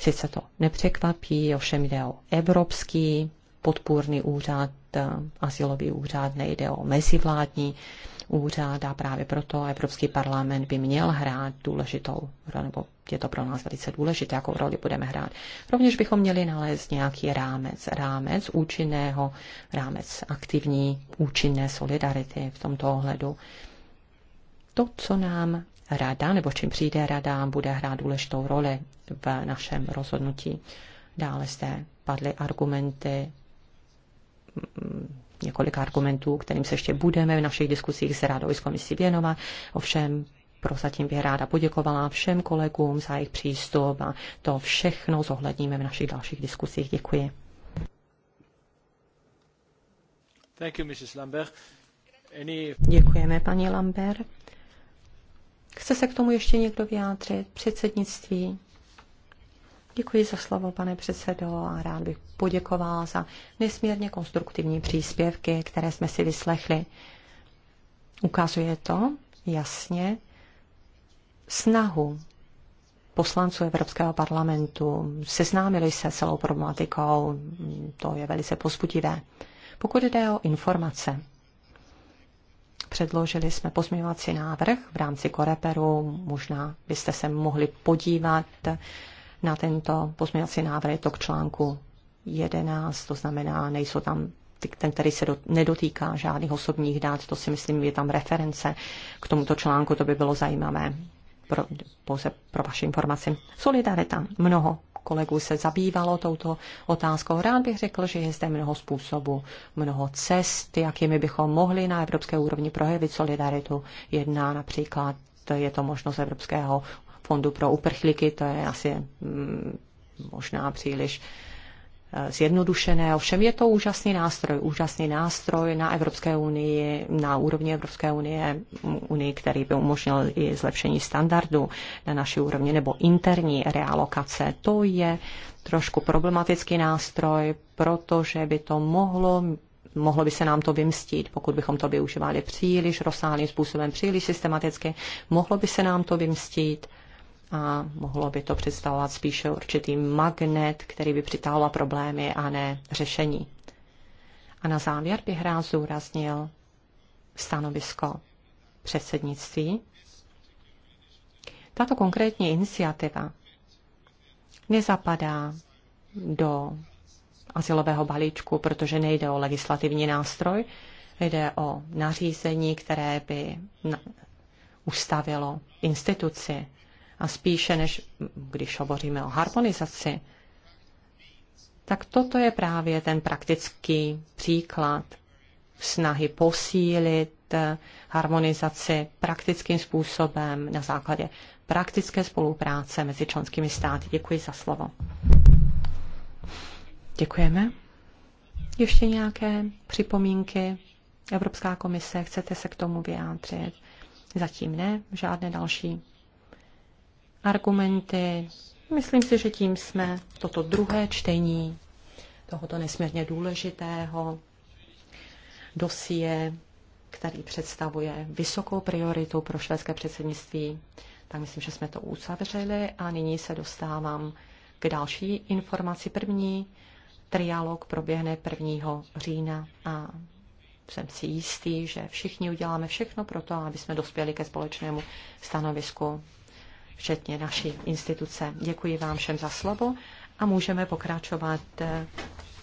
sice to nepřekvapí, ovšem jde o evropský podpůrný úřad, eh, asilový úřad, nejde o mezivládní úřad a právě proto Evropský parlament by měl hrát důležitou roli, nebo je to pro nás velice důležité, jakou roli budeme hrát. Rovněž bychom měli nalézt nějaký rámec, rámec účinného, rámec aktivní, účinné solidarity v tomto ohledu. To, co nám rada, nebo čím přijde rada, bude hrát důležitou roli v našem rozhodnutí. Dále zde padly argumenty několik argumentů, kterým se ještě budeme v našich diskusích s Radou i s komisí věnovat. Ovšem, prozatím bych ráda poděkovala všem kolegům za jejich přístup a to všechno zohledníme v našich dalších diskusích. Děkuji. Thank you, Mrs. Lambert. Any... Děkujeme, paní Lambert. Chce se k tomu ještě někdo vyjádřit? Předsednictví? Děkuji za slovo, pane předsedo, a rád bych poděkoval za nesmírně konstruktivní příspěvky, které jsme si vyslechli. Ukazuje to jasně snahu poslanců Evropského parlamentu, seznámili se celou problematikou, to je velice pozbudivé. Pokud jde o informace, předložili jsme pozměňovací návrh v rámci Koreperu, možná byste se mohli podívat na tento pozměňovací návrh, je to k článku 11, to znamená, nejsou tam ten, který se do, nedotýká žádných osobních dát, to si myslím, je tam reference k tomuto článku, to by bylo zajímavé pro, pouze pro vaši informaci. Solidarita. Mnoho kolegů se zabývalo touto otázkou. Rád bych řekl, že je zde mnoho způsobů, mnoho cest, jakými bychom mohli na evropské úrovni projevit solidaritu. Jedna například je to možnost Evropského fondu pro uprchlíky, to je asi mm, možná příliš eh, zjednodušené. Ovšem je to úžasný nástroj, úžasný nástroj na Evropské unii, na úrovni Evropské unie, unii, který by umožnil i zlepšení standardu na naší úrovni nebo interní realokace. To je trošku problematický nástroj, protože by to mohlo mohlo by se nám to vymstít, pokud bychom to využívali příliš rozsáhlým způsobem, příliš systematicky, mohlo by se nám to vymstít a mohlo by to představovat spíše určitý magnet, který by přitáhl problémy a ne řešení. A na závěr bych rád zúraznil stanovisko předsednictví. Tato konkrétní iniciativa nezapadá do asilového balíčku, protože nejde o legislativní nástroj, jde o nařízení, které by ustavilo instituci a spíše než když hovoříme o harmonizaci, tak toto je právě ten praktický příklad snahy posílit eh, harmonizaci praktickým způsobem na základě praktické spolupráce mezi členskými státy. Děkuji za slovo. Děkujeme. Ještě nějaké připomínky? Evropská komise, chcete se k tomu vyjádřit? Zatím ne, žádné další argumenty. Myslím si, že tím jsme toto druhé čtení tohoto nesmírně důležitého dosie, který představuje vysokou prioritu pro švédské předsednictví, tak myslím, že jsme to uzavřeli a nyní se dostávám k další informaci. První trialog proběhne 1. října a jsem si jistý, že všichni uděláme všechno pro to, aby jsme dospěli ke společnému stanovisku včetně naší instituce. Děkuji vám všem za slovo a můžeme pokračovat eh,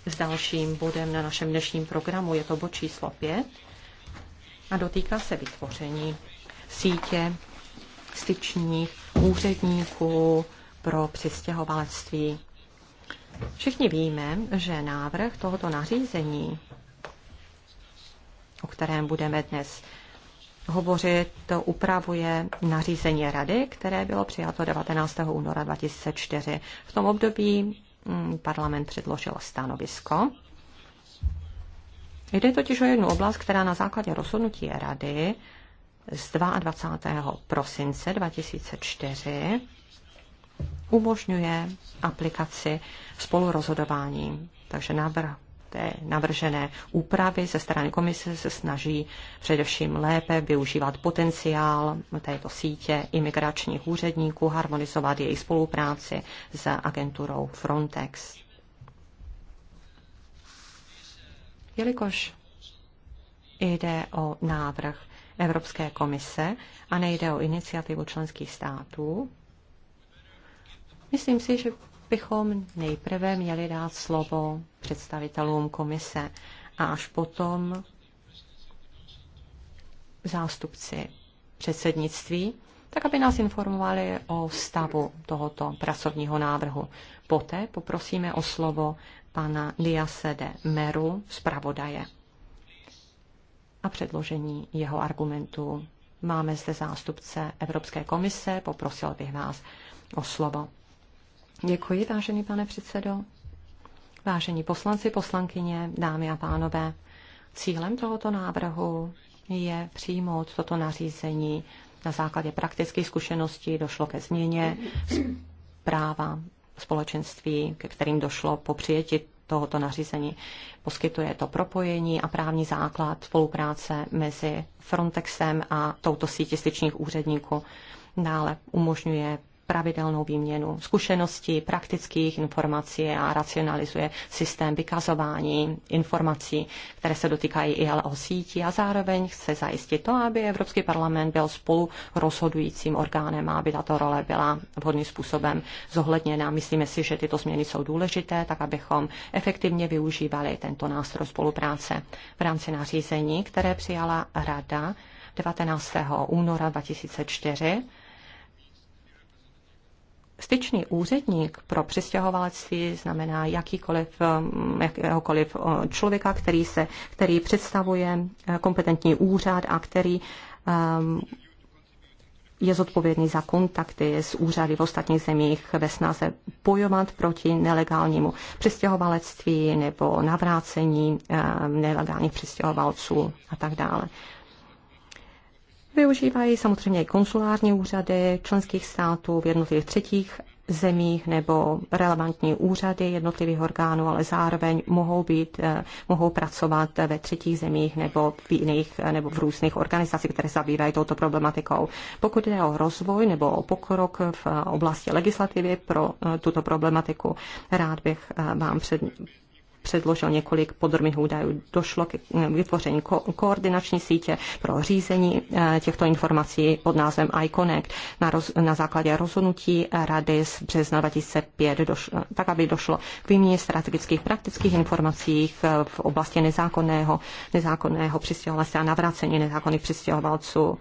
s dalším bodem na našem dnešním programu. Je to bod číslo 5 a dotýká se vytvoření sítě styčních úředníků pro přistěhovalectví. Všichni víme, že návrh tohoto nařízení, o kterém budeme dnes hovořit, to upravuje nařízení rady, které bylo přijato 19. února 2004. V tom období mm, parlament předložil stanovisko. Jde totiž o jednu oblast, která na základě rozhodnutí rady z 22. prosince 2004 umožňuje aplikaci spolurozhodování. Takže návrh té navržené úpravy ze strany komise se snaží především lépe využívat potenciál této sítě imigračních úředníků, harmonizovat její spolupráci s agenturou Frontex. Jelikož jde o návrh Evropské komise a nejde o iniciativu členských států, myslím si, že bychom nejprve měli dát slovo představitelům komise a až potom zástupci předsednictví, tak aby nás informovali o stavu tohoto pracovního návrhu. Poté poprosíme o slovo pana Diasede de Meru, zpravodaje, a předložení jeho argumentů. Máme zde zástupce Evropské komise, poprosil bych vás o slovo. Děkuji, vážený pane předsedo. Vážení poslanci, poslankyně, dámy a pánové, cílem tohoto návrhu je přijmout toto nařízení. Na základě praktických zkušeností došlo ke změně práva společenství, ke kterým došlo po přijetí tohoto nařízení. Poskytuje to propojení a právní základ spolupráce mezi Frontexem a touto sítí styčních úředníků. Dále umožňuje pravidelnou výměnu zkušeností, praktických informací a racionalizuje systém vykazování informací, které se dotýkají ILO sítí a zároveň chce zajistit to, aby Evropský parlament byl spolu rozhodujícím orgánem a aby tato role byla vhodným způsobem zohledněna. Myslíme si, že tyto změny jsou důležité, tak abychom efektivně využívali tento nástroj spolupráce v rámci nařízení, které přijala Rada 19. února 2004 styčný úředník pro přistěhovalectví znamená jakýkoliv, um, jakéhokoliv uh, člověka, který, se, který představuje uh, kompetentní úřad a který um, je zodpovědný za kontakty s úřady v ostatních zemích ve snaze bojovat proti nelegálnímu přistěhovalectví nebo navrácení um, nelegálních přistěhovalců a tak dále. Využívají samozřejmě i konsulární úřady členských států v jednotlivých třetích zemích nebo relevantní úřady jednotlivých orgánů, ale zároveň mohou, být, eh, mohou pracovat ve třetích zemích nebo v jiných eh, nebo v různých organizacích, které zabývají touto problematikou. Pokud jde o rozvoj nebo o pokrok v oblasti legislativy pro eh, tuto problematiku, rád bych vám před, předložil několik podrobných údajů. Došlo k vytvoření ko- koordinační sítě pro řízení eh, těchto informací pod názvem iConnect na, roz- na základě rozhodnutí Rady z března 2005, došlo, tak aby došlo k výměně strategických praktických informací eh, v oblasti nezákonného, nezákonného přistěhovalce a navracení nezákonných přistěhovalců.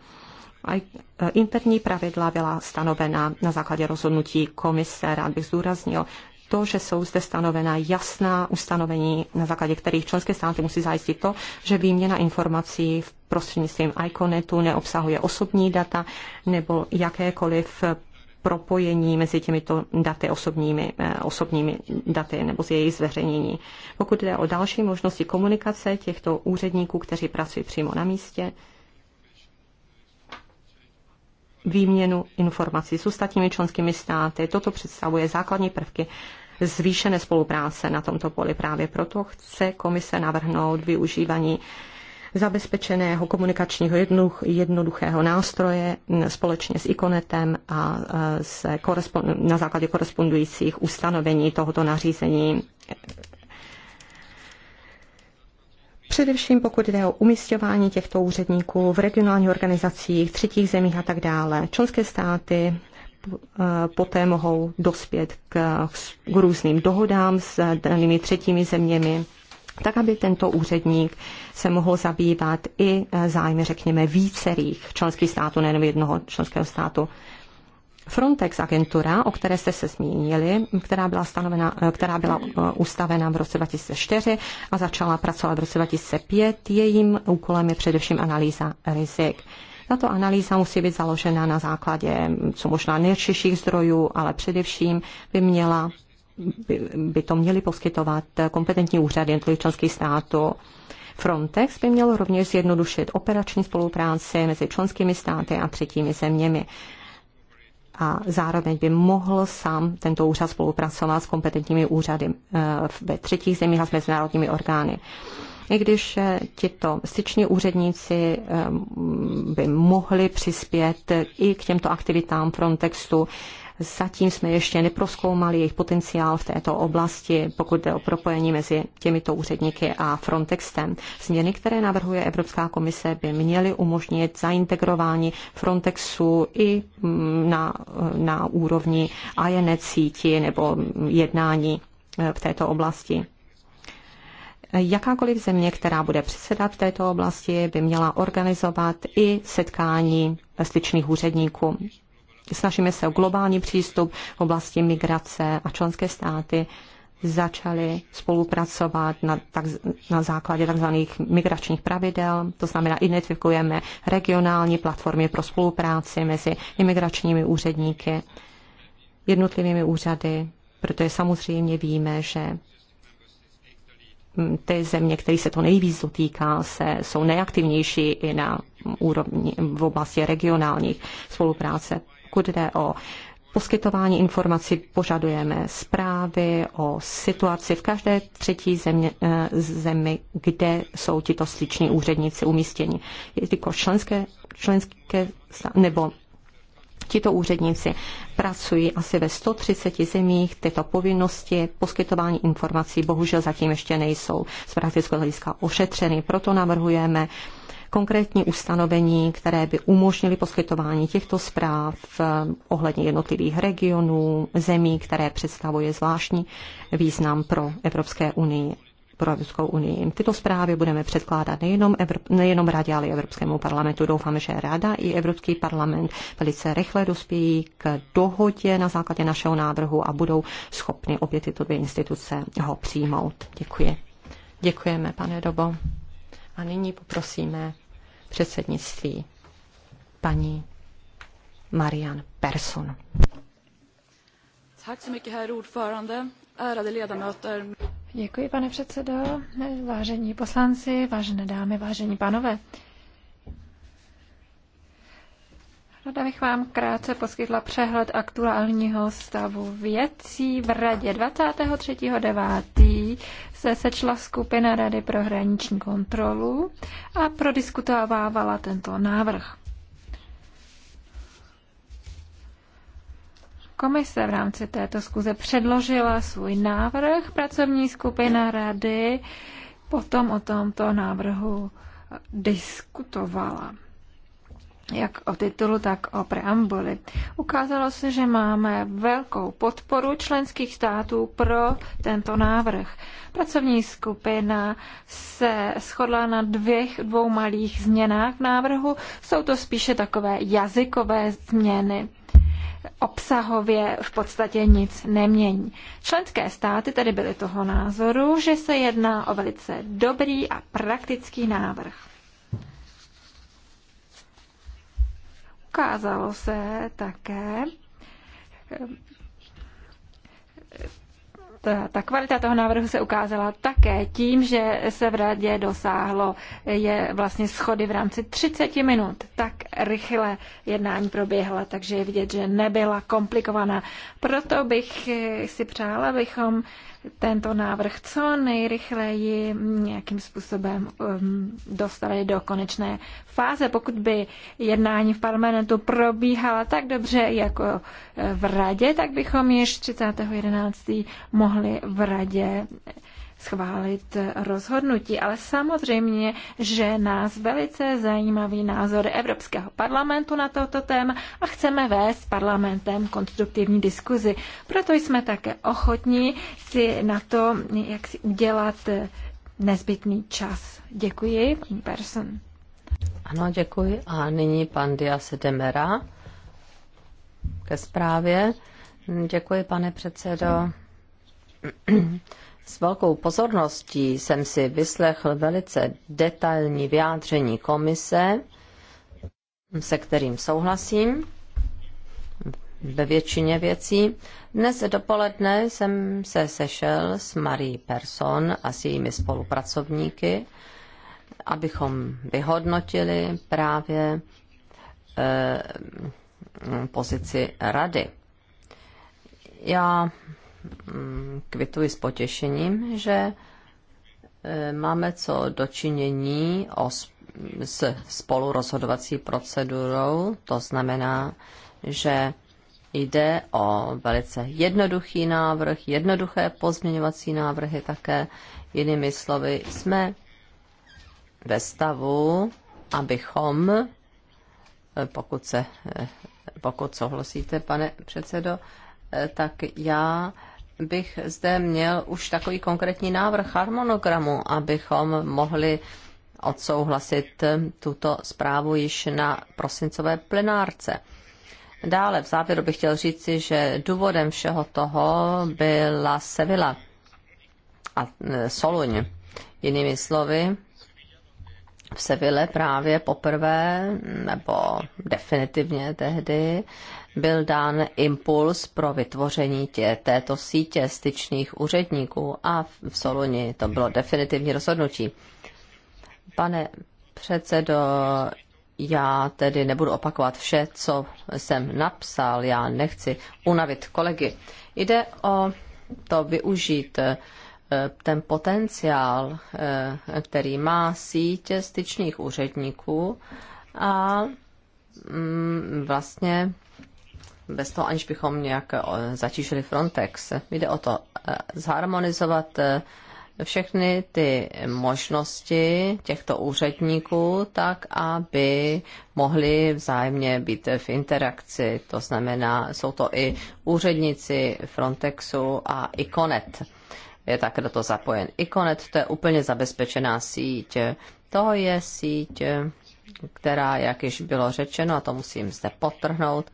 A eh, interní pravidla byla stanovena na základě rozhodnutí komise. Rád bych zdůraznil, to, že jsou zde stanovena jasná ustanovení, na základě kterých členské státy musí zajistit to, že výměna informací v prostřednictvím ICONETu neobsahuje osobní data nebo jakékoliv propojení mezi těmito daty osobními, eh, osobními daty nebo z jejich zveřejnění. Pokud jde o další možnosti komunikace těchto úředníků, kteří pracují přímo na místě, výměnu informací s ostatními členskými státy. Toto představuje základní prvky zvýšené spolupráce na tomto poli. Právě proto chce komise navrhnout využívání zabezpečeného komunikačního jednoduchého nástroje společně s ikonetem a e, s na základě korespondujících ustanovení tohoto nařízení Především pokud jde o umístování těchto úředníků v regionálních organizacích, třetích zemích a tak dále. Členské státy eh, poté mohou dospět k, k různým dohodám s danými třetími zeměmi, tak aby tento úředník se mohl zabývat i eh, zájmy, řekněme, vícerých členských států, nejen jednoho členského státu. Frontex agentura, o které jste se zmínili, která byla, stanovena, která byla uh, ustavena v roce 2004 a začala pracovat v roce 2005, jejím úkolem je především analýza rizik. Tato analýza musí být založena na základě co možná nejčeších zdrojů, ale především by měla by, by to měly poskytovat kompetentní úřady jednotlivých členských států. Frontex by měl rovněž zjednodušit operační spolupráci mezi členskými státy a třetími zeměmi a zároveň by mohl sám tento úřad spolupracovat s kompetentními úřady eh, ve třetích zemích a s mezinárodními orgány. I když eh, tito styční úředníci eh, by mohli přispět i k těmto aktivitám Frontextu Zatím jsme ještě neproskoumali jejich potenciál v této oblasti, pokud jde o propojení mezi těmito úředníky a Frontextem. Změny, které navrhuje Evropská komise, by měly umožnit zaintegrování Frontexu i mm, na, na úrovni ajenecíti nebo jednání e, v této oblasti. Jakákoliv země, která bude předsedat v této oblasti, by měla organizovat i setkání e, sličných úředníků snažíme se o globální přístup v oblasti migrace a členské státy začaly spolupracovat na, tak, na základě tzv. migračních pravidel, to znamená identifikujeme regionální platformy pro spolupráci mezi imigračními úředníky, jednotlivými úřady, protože samozřejmě víme, že mm, ty země, které se to nejvíc dotýká, se, jsou nejaktivnější i na úrovni v oblasti regionálních spolupráce pokud jde o poskytování informací požadujeme zprávy o situaci v každé třetí země, eh, zemi, kde jsou tito styční úředníci umístěni. to jako členské, členské nebo Tito úředníci pracují asi ve 130 zemích. Tyto povinnosti poskytování informací bohužel zatím ještě nejsou z praktického hlediska ošetřeny. Proto navrhujeme uh, konkrétní ustanovení, které by umožnily poskytování těchto zpráv eh, ohledně jednotlivých regionů, zemí, které představuje zvláštní význam pro Evropské unii pro Evropskou unii. Tyto zprávy budeme předkládat nejenom, Evrop, nejenom Radě, ale i Evropskému parlamentu. Doufáme, že Rada i Evropský parlament velice rychle dospějí k dohodě na základě našeho návrhu a budou schopny obě tyto dvě instituce ho přijmout. Děkuji. Děkujeme, pane Dobo. A nyní poprosíme předsednictví paní Marian Persson. Děkuji, pane předsedo, vážení poslanci, vážené dámy, vážení pánové. Ráda bych vám krátce poskytla přehled aktuálního stavu věcí. V radě 23.9. se sečla skupina Rady pro hraniční kontrolu a prodiskutovávala tento návrh. Komise v rámci této zkuze předložila svůj návrh. Pracovní skupina rady potom o tomto návrhu diskutovala jak o titulu, tak o preambuli. Ukázalo se, že máme velkou podporu členských států pro tento návrh. Pracovní skupina se shodla na dvěch, dvou malých změnách návrhu. Jsou to spíše takové jazykové změny obsahově v podstatě nic nemění. Členské státy tedy byly toho názoru, že se jedná o velice dobrý a praktický návrh. Ukázalo se také, ta, ta kvalita toho návrhu se ukázala také tím, že se v radě dosáhlo je vlastně schody v rámci 30 minut. Tak rychle jednání proběhla, takže je vidět, že nebyla komplikovaná. Proto bych si přála, abychom tento návrh co nejrychleji nějakým způsobem um, dostali do konečné fáze. Pokud by jednání v parlamentu probíhala tak dobře jako eh, v radě, tak bychom již 30.11. mohli v radě schválit rozhodnutí. Ale samozřejmě, že nás velice zajímavý názor Evropského parlamentu na toto téma a chceme vést s parlamentem konstruktivní diskuzi. Proto jsme také ochotní si na to, jak si udělat nezbytný čas. Děkuji, paní Person. Ano, děkuji. A nyní pan Dias Demera ke zprávě. Děkuji, pane předsedo. S velkou pozorností jsem si vyslechl velice detailní vyjádření komise, se kterým souhlasím ve většině věcí. Dnes dopoledne jsem se sešel s Marie Person a s jejími spolupracovníky, abychom vyhodnotili právě eh, pozici rady. Já Mm, kvituji s potěšením, že e, máme co dočinění o, s spolurozhodovací procedurou, to znamená, že jde o velice jednoduchý návrh, jednoduché pozměňovací návrhy také. Jinými slovy, jsme ve stavu, abychom, e, pokud, se, e, pokud souhlasíte, pane předsedo, tak já bych zde měl už takový konkrétní návrh harmonogramu, abychom mohli odsouhlasit tuto zprávu již na prosincové plenárce. Dále v závěru bych chtěl říci, že důvodem všeho toho byla Sevilla a e, Soluň. Jinými slovy, v Seville právě poprvé, nebo definitivně tehdy, byl dán impuls pro vytvoření tě, této sítě styčných úředníků a v Soluni to bylo definitivní rozhodnutí. Pane předsedo, já tedy nebudu opakovat vše, co jsem napsal, já nechci unavit kolegy. Jde o to využít eh, ten potenciál, eh, který má síť styčných úředníků a mm, vlastně bez toho, aniž bychom nějak eh, zatížili Frontex. Jde o to eh, zharmonizovat eh, všechny ty možnosti těchto úředníků tak, aby mohli vzájemně být v interakci. To znamená, jsou to i úředníci Frontexu a Iconet. Je také do toho zapojen. Iconet to je úplně zabezpečená síť. To je síť, která, jak již bylo řečeno, a to musím zde potrhnout,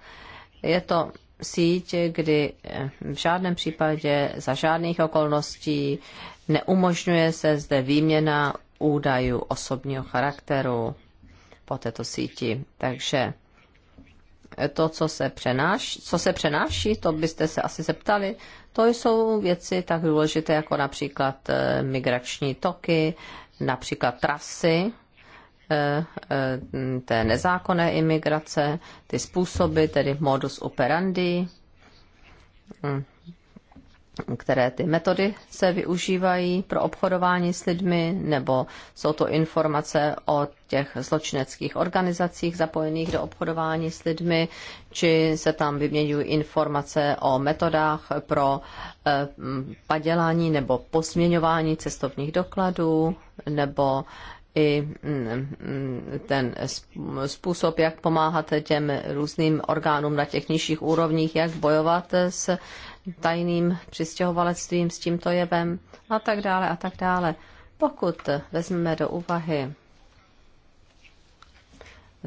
je to síť, kdy eh, v žádném případě za žádných okolností neumožňuje se zde výměna údajů osobního charakteru po této síti. Takže to, co se, přenáší, co se přenáší, to byste se asi zeptali, to jsou věci tak důležité jako například eh, migrační toky, například trasy, Eh, eh, té nezákonné imigrace, ty způsoby, tedy modus operandi, mm, které ty metody se využívají pro obchodování s lidmi, nebo jsou to informace o těch zločineckých organizacích zapojených do obchodování s lidmi, či se tam vyměňují informace o metodách pro eh, padělání nebo posměňování cestovních dokladů, nebo i mm, mm, ten způsob, jak pomáhat těm různým orgánům na těch nižších úrovních, jak bojovat s tajným přistěhovalectvím, s tímto jevem a tak dále a tak dále. Pokud vezmeme do úvahy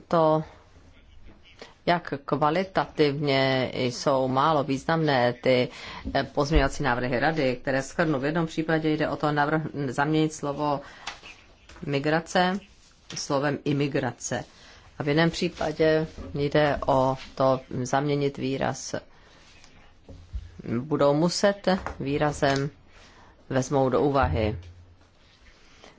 to, jak kvalitativně jsou málo významné ty eh, pozměňovací návrhy rady, které schrnu. V jednom případě jde o to navrh- zaměnit slovo migrace slovem imigrace. A v jiném případě jde o to zaměnit výraz budou muset výrazem vezmou do úvahy.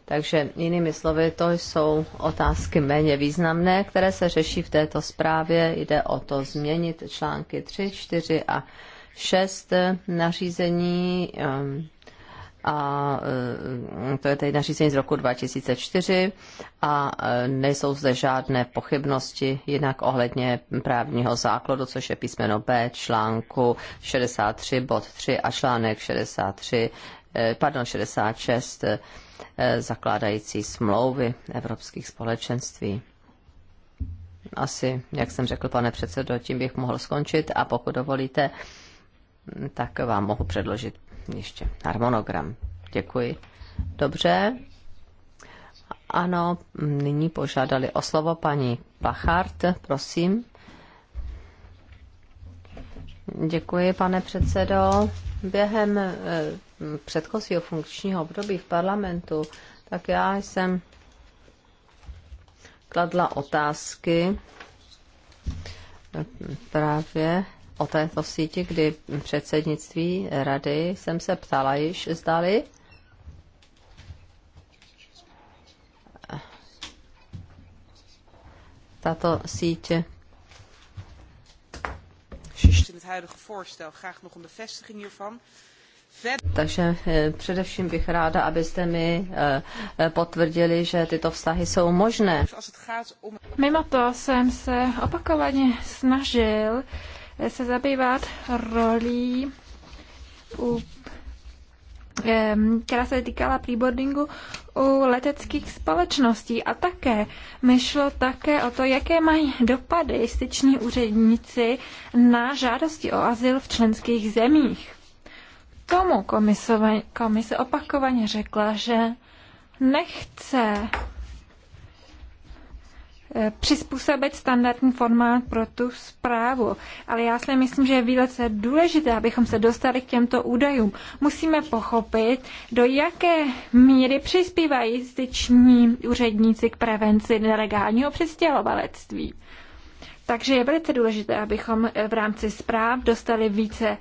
Takže jinými slovy, to jsou otázky méně významné, které se řeší v této zprávě. Jde o to změnit články 3, 4 a 6 nařízení ehm, a e, to je tedy nařízení z roku 2004 a e, nejsou zde žádné pochybnosti jinak ohledně právního základu, což je písmeno B článku 63 bod 3 a článek 63, e, pardon, 66 zakládající smlouvy evropských společenství. Asi, jak jsem řekl, pane předsedo, tím bych mohl skončit a pokud dovolíte, tak vám mohu předložit ještě harmonogram. Děkuji. Dobře. Ano, nyní požádali o slovo paní Pachart, prosím. Děkuji, pane předsedo. Během eh, předchozího funkčního období v parlamentu, tak já jsem kladla otázky eh, právě o této síti, kdy předsednictví rady jsem se ptala již, zdali tato síť takže eh, především bych ráda, abyste mi eh, eh, potvrdili, že tyto vztahy jsou možné. Mimo to jsem se opakovaně snažil se zabývat rolí, u, která se týkala preboardingu u leteckých společností. A také mi šlo také o to, jaké mají dopady styční úředníci na žádosti o azyl v členských zemích. Tomu komise opakovaně řekla, že nechce Eh, přizpůsobit standardní formát pro tu zprávu. Ale já si myslím, že je velice důležité, abychom se dostali k těmto údajům. Musíme pochopit, do jaké míry přispívají styční úředníci k prevenci nelegálního přistěhovalectví. Takže je velice důležité, abychom eh, v rámci zpráv dostali více,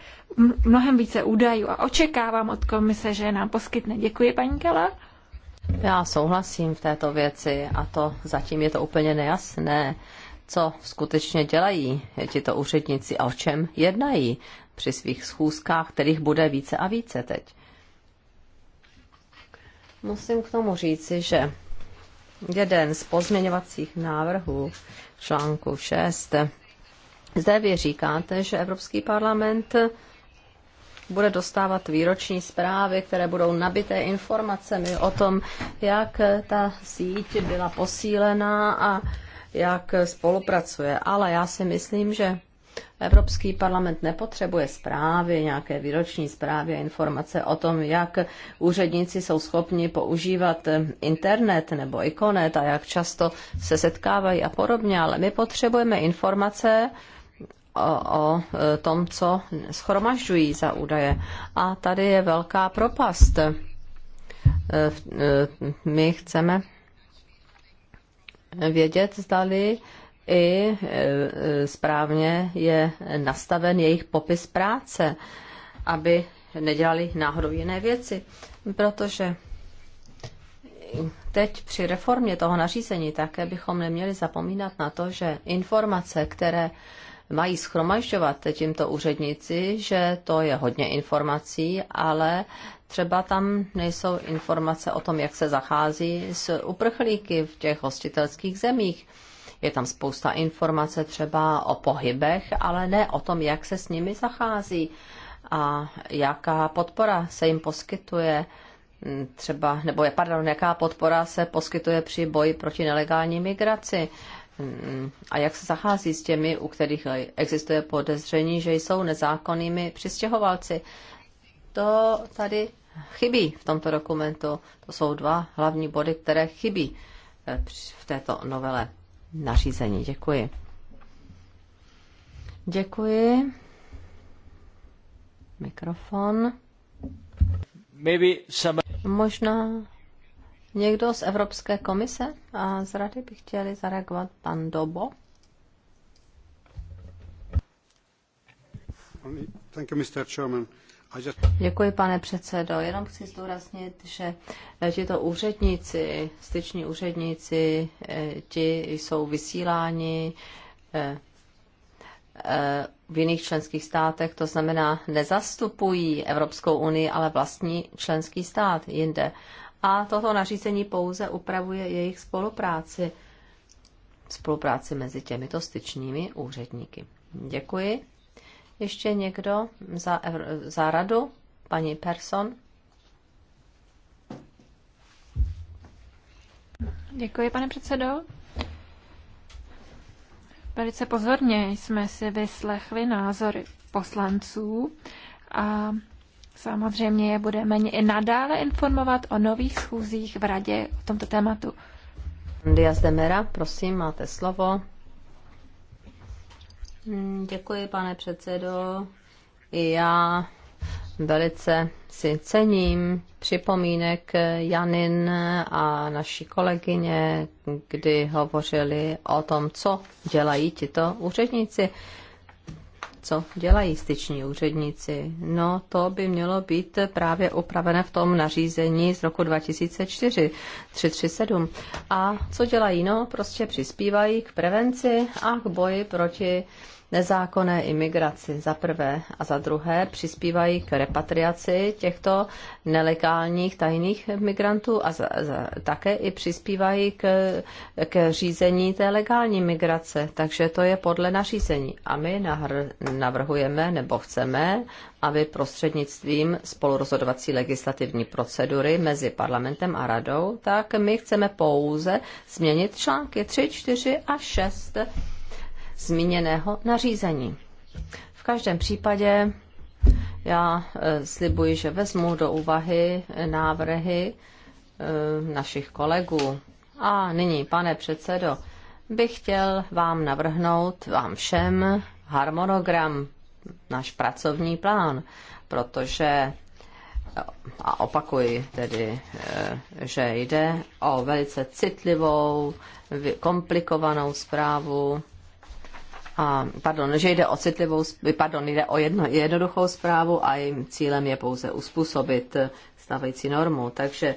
mnohem více údajů a očekávám od komise, že nám poskytne. Děkuji, paní Kala. Já souhlasím v této věci a to zatím je to úplně nejasné, co skutečně dělají tito úředníci a o čem jednají při svých schůzkách, kterých bude více a více teď. Musím k tomu říci, že jeden z pozměňovacích návrhů článku 6. Zde vy říkáte, že Evropský parlament bude dostávat výroční zprávy, které budou nabité informacemi o tom, jak ta síť byla posílená a jak spolupracuje. Ale já si myslím, že Evropský parlament nepotřebuje zprávy, nějaké výroční zprávy a informace o tom, jak úředníci jsou schopni používat internet nebo ikonet a jak často se setkávají a podobně, ale my potřebujeme informace, o e, tom, co schromažďují za údaje. A tady je velká propast. E, e, my chceme vědět, zdali i správně je nastaven jejich popis práce, aby nedělali náhodou jiné věci. Protože teď při reformě toho nařízení také bychom neměli zapomínat na to, že informace, které mají schromažďovat tímto úředníci, že to je hodně informací, ale třeba tam nejsou informace o tom, jak se zachází s uprchlíky v těch hostitelských zemích. Je tam spousta informace třeba o pohybech, ale ne o tom, jak se s nimi zachází a jaká podpora se jim poskytuje mm, třeba, nebo je pardon, jaká podpora se poskytuje při boji proti nelegální migraci. Mm, a jak se zachází s těmi, u kterých existuje podezření, že jsou nezákonnými přistěhovalci. To tady chybí v tomto dokumentu. To jsou dva hlavní body, které chybí eh, v této novele nařízení. Děkuji. Děkuji. Mikrofon. Maybe some... Možná Někdo z Evropské komise a z Rady by chtěli zareagovat pan Dobo. Děkuji, pane předsedo. Jenom chci zdůraznit, že eh, tito úředníci, styční úředníci, eh, ti jsou vysíláni eh, v jiných členských státech, to znamená, nezastupují Evropskou unii, ale vlastní členský stát jinde a toto nařízení pouze upravuje jejich spolupráci. Spolupráci mezi těmito styčními úředníky. Děkuji. Ještě někdo za, za radu? Paní Person? Děkuji, pane předsedo. Velice pozorně jsme si vyslechli názory poslanců a Samozřejmě je budeme i nadále informovat o nových schůzích v radě o tomto tématu. Diaz de Mera, prosím, máte slovo. Hmm, děkuji, pane předsedo. I já velice si cením připomínek Janin a naší kolegyně, kdy hovořili o tom, co dělají tito úředníci co dělají styční úředníci? No, to by mělo být právě upravené v tom nařízení z roku 2004, 337. A co dělají? No, prostě přispívají k prevenci a k boji proti nezákonné imigraci za prvé a za druhé přispívají k repatriaci těchto nelegálních tajných migrantů a za, za, také i přispívají k, k řízení té legální migrace. Takže to je podle nařízení. A my nahr, navrhujeme nebo chceme, aby prostřednictvím spolurozhodovací legislativní procedury mezi parlamentem a radou, tak my chceme pouze změnit články 3, 4 a 6 zmíněného nařízení. V každém případě já eh, slibuji, že vezmu do úvahy návrhy eh, našich kolegů. A nyní, pane předsedo, bych chtěl vám navrhnout, vám všem, harmonogram, náš pracovní plán, protože, eh, a opakuji tedy, že jde o velice citlivou, komplikovanou zprávu, a, pardon, že jde o citlivou, pardon, jde o jedno, jednoduchou zprávu a jejím cílem je pouze uspůsobit eh, stávající normu. Takže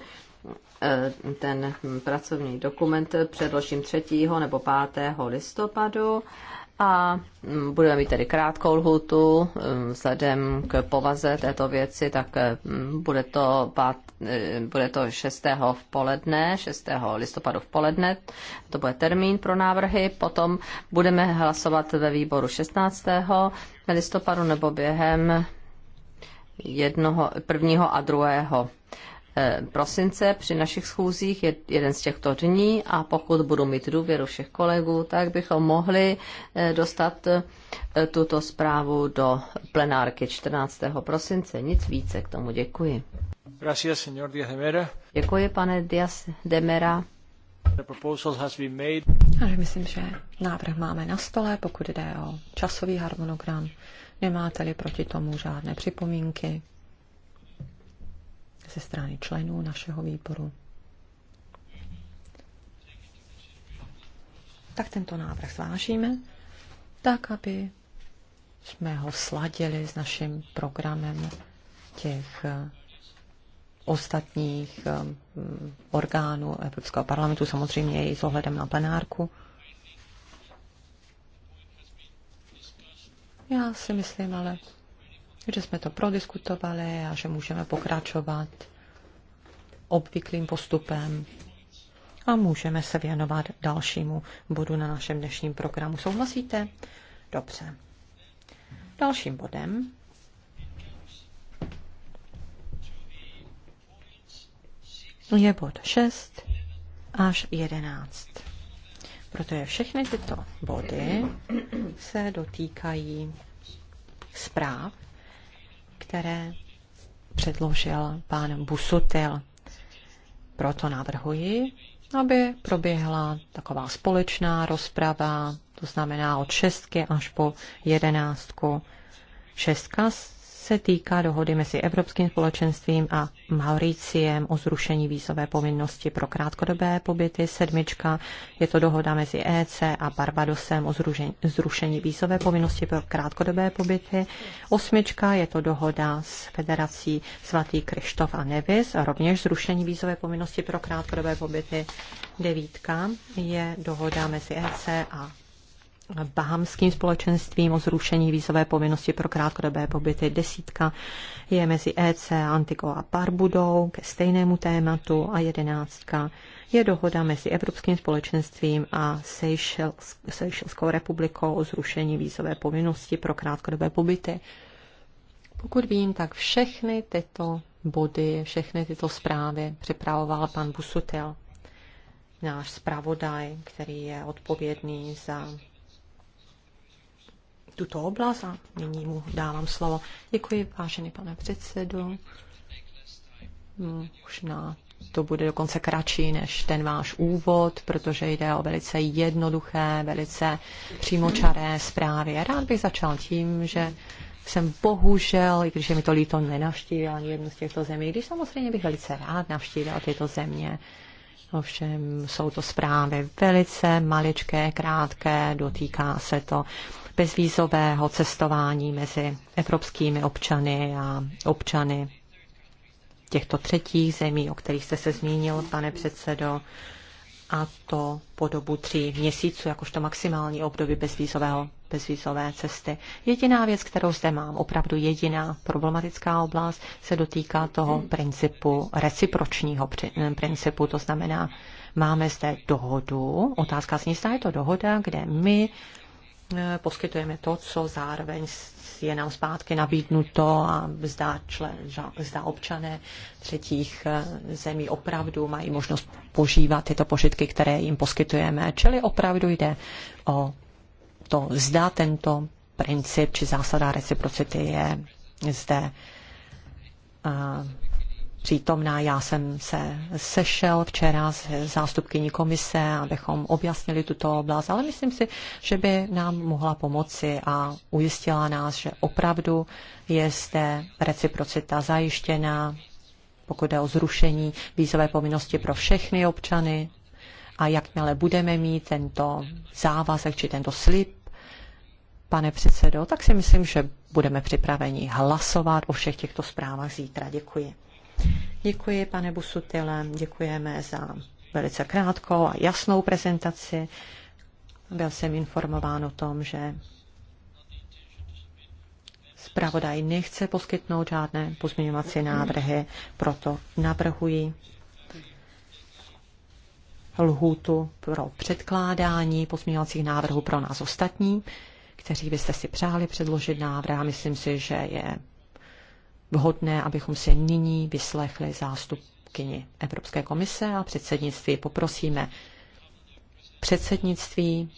eh, ten hm, pracovní dokument předložím 3. nebo 5. listopadu a budeme mít tedy krátkou lhutu um, vzhledem k povaze této věci, tak um, bude to, pát, um, bude to 6. v poledne, 6. listopadu v poledne, to bude termín pro návrhy, potom budeme hlasovat ve výboru 16. listopadu nebo během jednoho, prvního a druhého Eh, prosince při našich schůzích, je jeden z těchto dní a pokud budu mít důvěru všech kolegů, tak bychom mohli eh, dostat eh, tuto zprávu do plenárky 14. prosince. Nic více k tomu děkuji. Gracias, señor Díaz de Mera. Děkuji, pane Díaz de Mera. The proposal has been made. Ale myslím, že návrh máme na stole, pokud jde o časový harmonogram. Nemáte-li proti tomu žádné připomínky, ze strany členů našeho výboru. Tak tento návrh zvážíme, tak aby jsme ho sladili s naším programem těch eh, ostatních eh, mm, orgánů Evropského parlamentu, samozřejmě i s ohledem na plenárku. Já si myslím ale, že jsme to prodiskutovali a že můžeme pokračovat obvyklým postupem a můžeme se věnovat dalšímu bodu na našem dnešním programu. Souhlasíte? Dobře. Dalším bodem je bod 6 až 11. Protože všechny tyto body se dotýkají zpráv které předložil pán Busutil. Proto navrhuji, aby proběhla taková společná rozprava, to znamená od šestky až po jedenáctku. Šestka se týká dohody mezi Evropským společenstvím a Mauriciem o zrušení výzové povinnosti pro krátkodobé pobyty. Sedmička je to dohoda mezi EC a Barbadosem o zrušení výzové povinnosti pro krátkodobé pobyty. Osmička je to dohoda s federací Svatý Krištof a Nevis, a rovněž zrušení výzové povinnosti pro krátkodobé pobyty. Devítka je dohoda mezi EC a Bahamským společenstvím o zrušení vízové povinnosti pro krátkodobé pobyty. Desítka je mezi EC, Antiko a Barbudou ke stejnému tématu a jedenáctka je dohoda mezi Evropským společenstvím a Seychelskou republikou o zrušení vízové povinnosti pro krátkodobé pobyty. Pokud vím, tak všechny tyto body, všechny tyto zprávy připravoval pan Busutil, náš zpravodaj, který je odpovědný za tuto oblast a nyní mu dávám slovo. Děkuji, vážený pane předsedo. Hmm, možná to bude dokonce kratší než ten váš úvod, protože jde o velice jednoduché, velice přímočaré zprávy. Rád bych začal tím, že jsem bohužel, i když je mi to líto, nenavštívil ani jednu z těchto zemí, když samozřejmě bych velice rád navštívil tyto země. Ovšem jsou to zprávy velice maličké, krátké, dotýká se to bezvízového cestování mezi evropskými občany a občany těchto třetích zemí, o kterých jste se zmínil, pane předsedo, a to po dobu tří měsíců, jakožto maximální období bezvízového, bezvízové cesty. Jediná věc, kterou zde mám, opravdu jediná problematická oblast, se dotýká toho principu, recipročního eh, principu, to znamená, máme zde dohodu, otázka zní, zda je to dohoda, kde my poskytujeme to, co zároveň je nám zpátky nabídnuto a zdá, člen, zdá občané třetích eh, zemí opravdu mají možnost požívat tyto požitky, které jim poskytujeme. Čili opravdu jde o to, zda tento princip či zásada reciprocity je zde eh, přítomná. Já jsem se sešel včera s zástupkyní komise, abychom objasnili tuto oblast, ale myslím si, že by nám mohla pomoci a ujistila nás, že opravdu je zde reciprocita zajištěna, pokud jde o zrušení vízové povinnosti pro všechny občany. A jakmile budeme mít tento závazek či tento slib, pane předsedo, tak si myslím, že budeme připraveni hlasovat o všech těchto zprávách zítra. Děkuji. Děkuji, pane Busutile, děkujeme za velice krátkou a jasnou prezentaci. Byl jsem informován o tom, že zpravodaj nechce poskytnout žádné pozměňovací návrhy, proto navrhuji lhůtu pro předkládání pozměňovacích návrhů pro nás ostatní, kteří byste si přáli předložit návrh a myslím si, že je vhodné, abychom se nyní vyslechli zástupkyni Evropské komise a předsednictví. Poprosíme předsednictví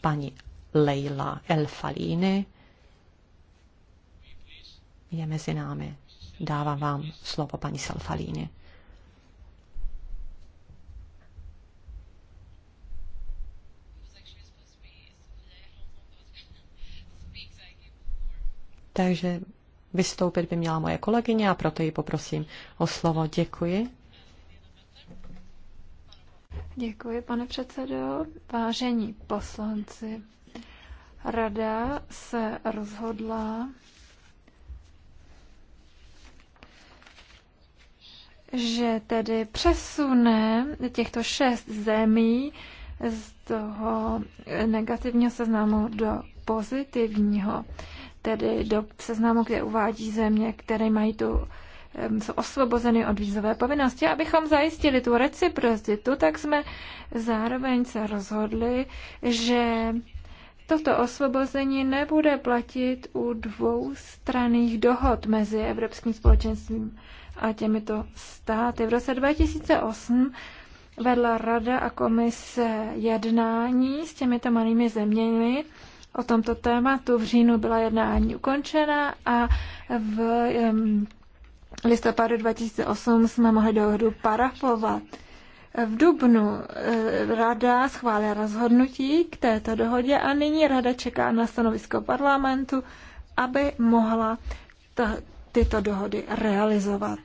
paní Leila Elfalíny. Je mezi námi. Dávám vám slovo paní Salfalíny. Takže Vystoupit by měla moje kolegyně a proto ji poprosím o slovo. Děkuji. Děkuji, pane předsedo. Vážení poslanci, rada se rozhodla, že tedy přesune těchto šest zemí z toho negativního seznamu do pozitivního tedy do seznamu, kde uvádí země, které mají tu jsou osvobozeny od vízové povinnosti. Abychom zajistili tu reciprocitu, tak jsme zároveň se rozhodli, že toto osvobození nebude platit u dvou straných dohod mezi Evropským společenstvím a těmito státy. V roce 2008 vedla Rada a komise jednání s těmito malými zeměmi o tomto tématu. V říjnu byla jednání ukončena a v listopadu 2008 jsme mohli dohodu parafovat. V Dubnu eh, rada schválila rozhodnutí k této dohodě a nyní rada čeká na stanovisko parlamentu, aby mohla tyto dohody realizovat.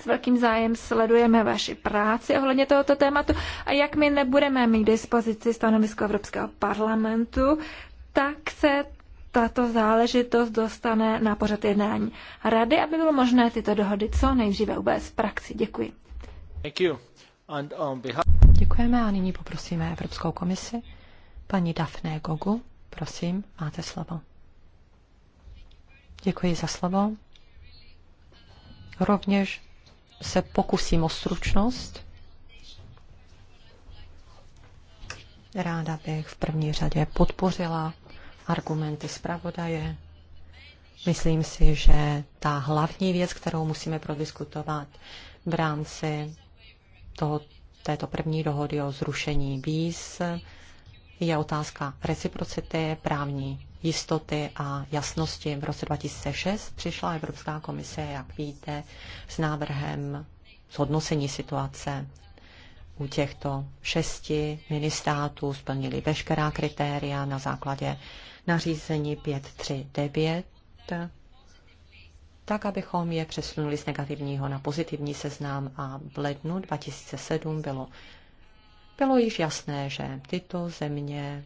S velkým zájem sledujeme vaši práci ohledně tohoto tématu a jak my nebudeme mít k dispozici stanovisko Evropského parlamentu, tak se tato záležitost dostane na pořad jednání rady, aby bylo možné tyto dohody co nejdříve uvést v praxi. Děkuji. Thank you. And on behalf... Děkujeme a nyní poprosíme Evropskou komisi. Paní Daphne Gogu, prosím, máte slovo. Děkuji za slovo. Rovněž se pokusím o stručnost. Ráda bych v první řadě podpořila argumenty zpravodaje. Myslím si, že ta hlavní věc, kterou musíme prodiskutovat v rámci toho, této první dohody o zrušení víz, je otázka reciprocity, právní jistoty a jasnosti. V roce 2006 přišla Evropská komise, jak víte, s návrhem zhodnocení situace u těchto šesti ministrátů splnili veškerá kritéria na základě nařízení 539, tak abychom je přesunuli z negativního na pozitivní seznam a v lednu 2007 bylo, bylo již jasné, že tyto země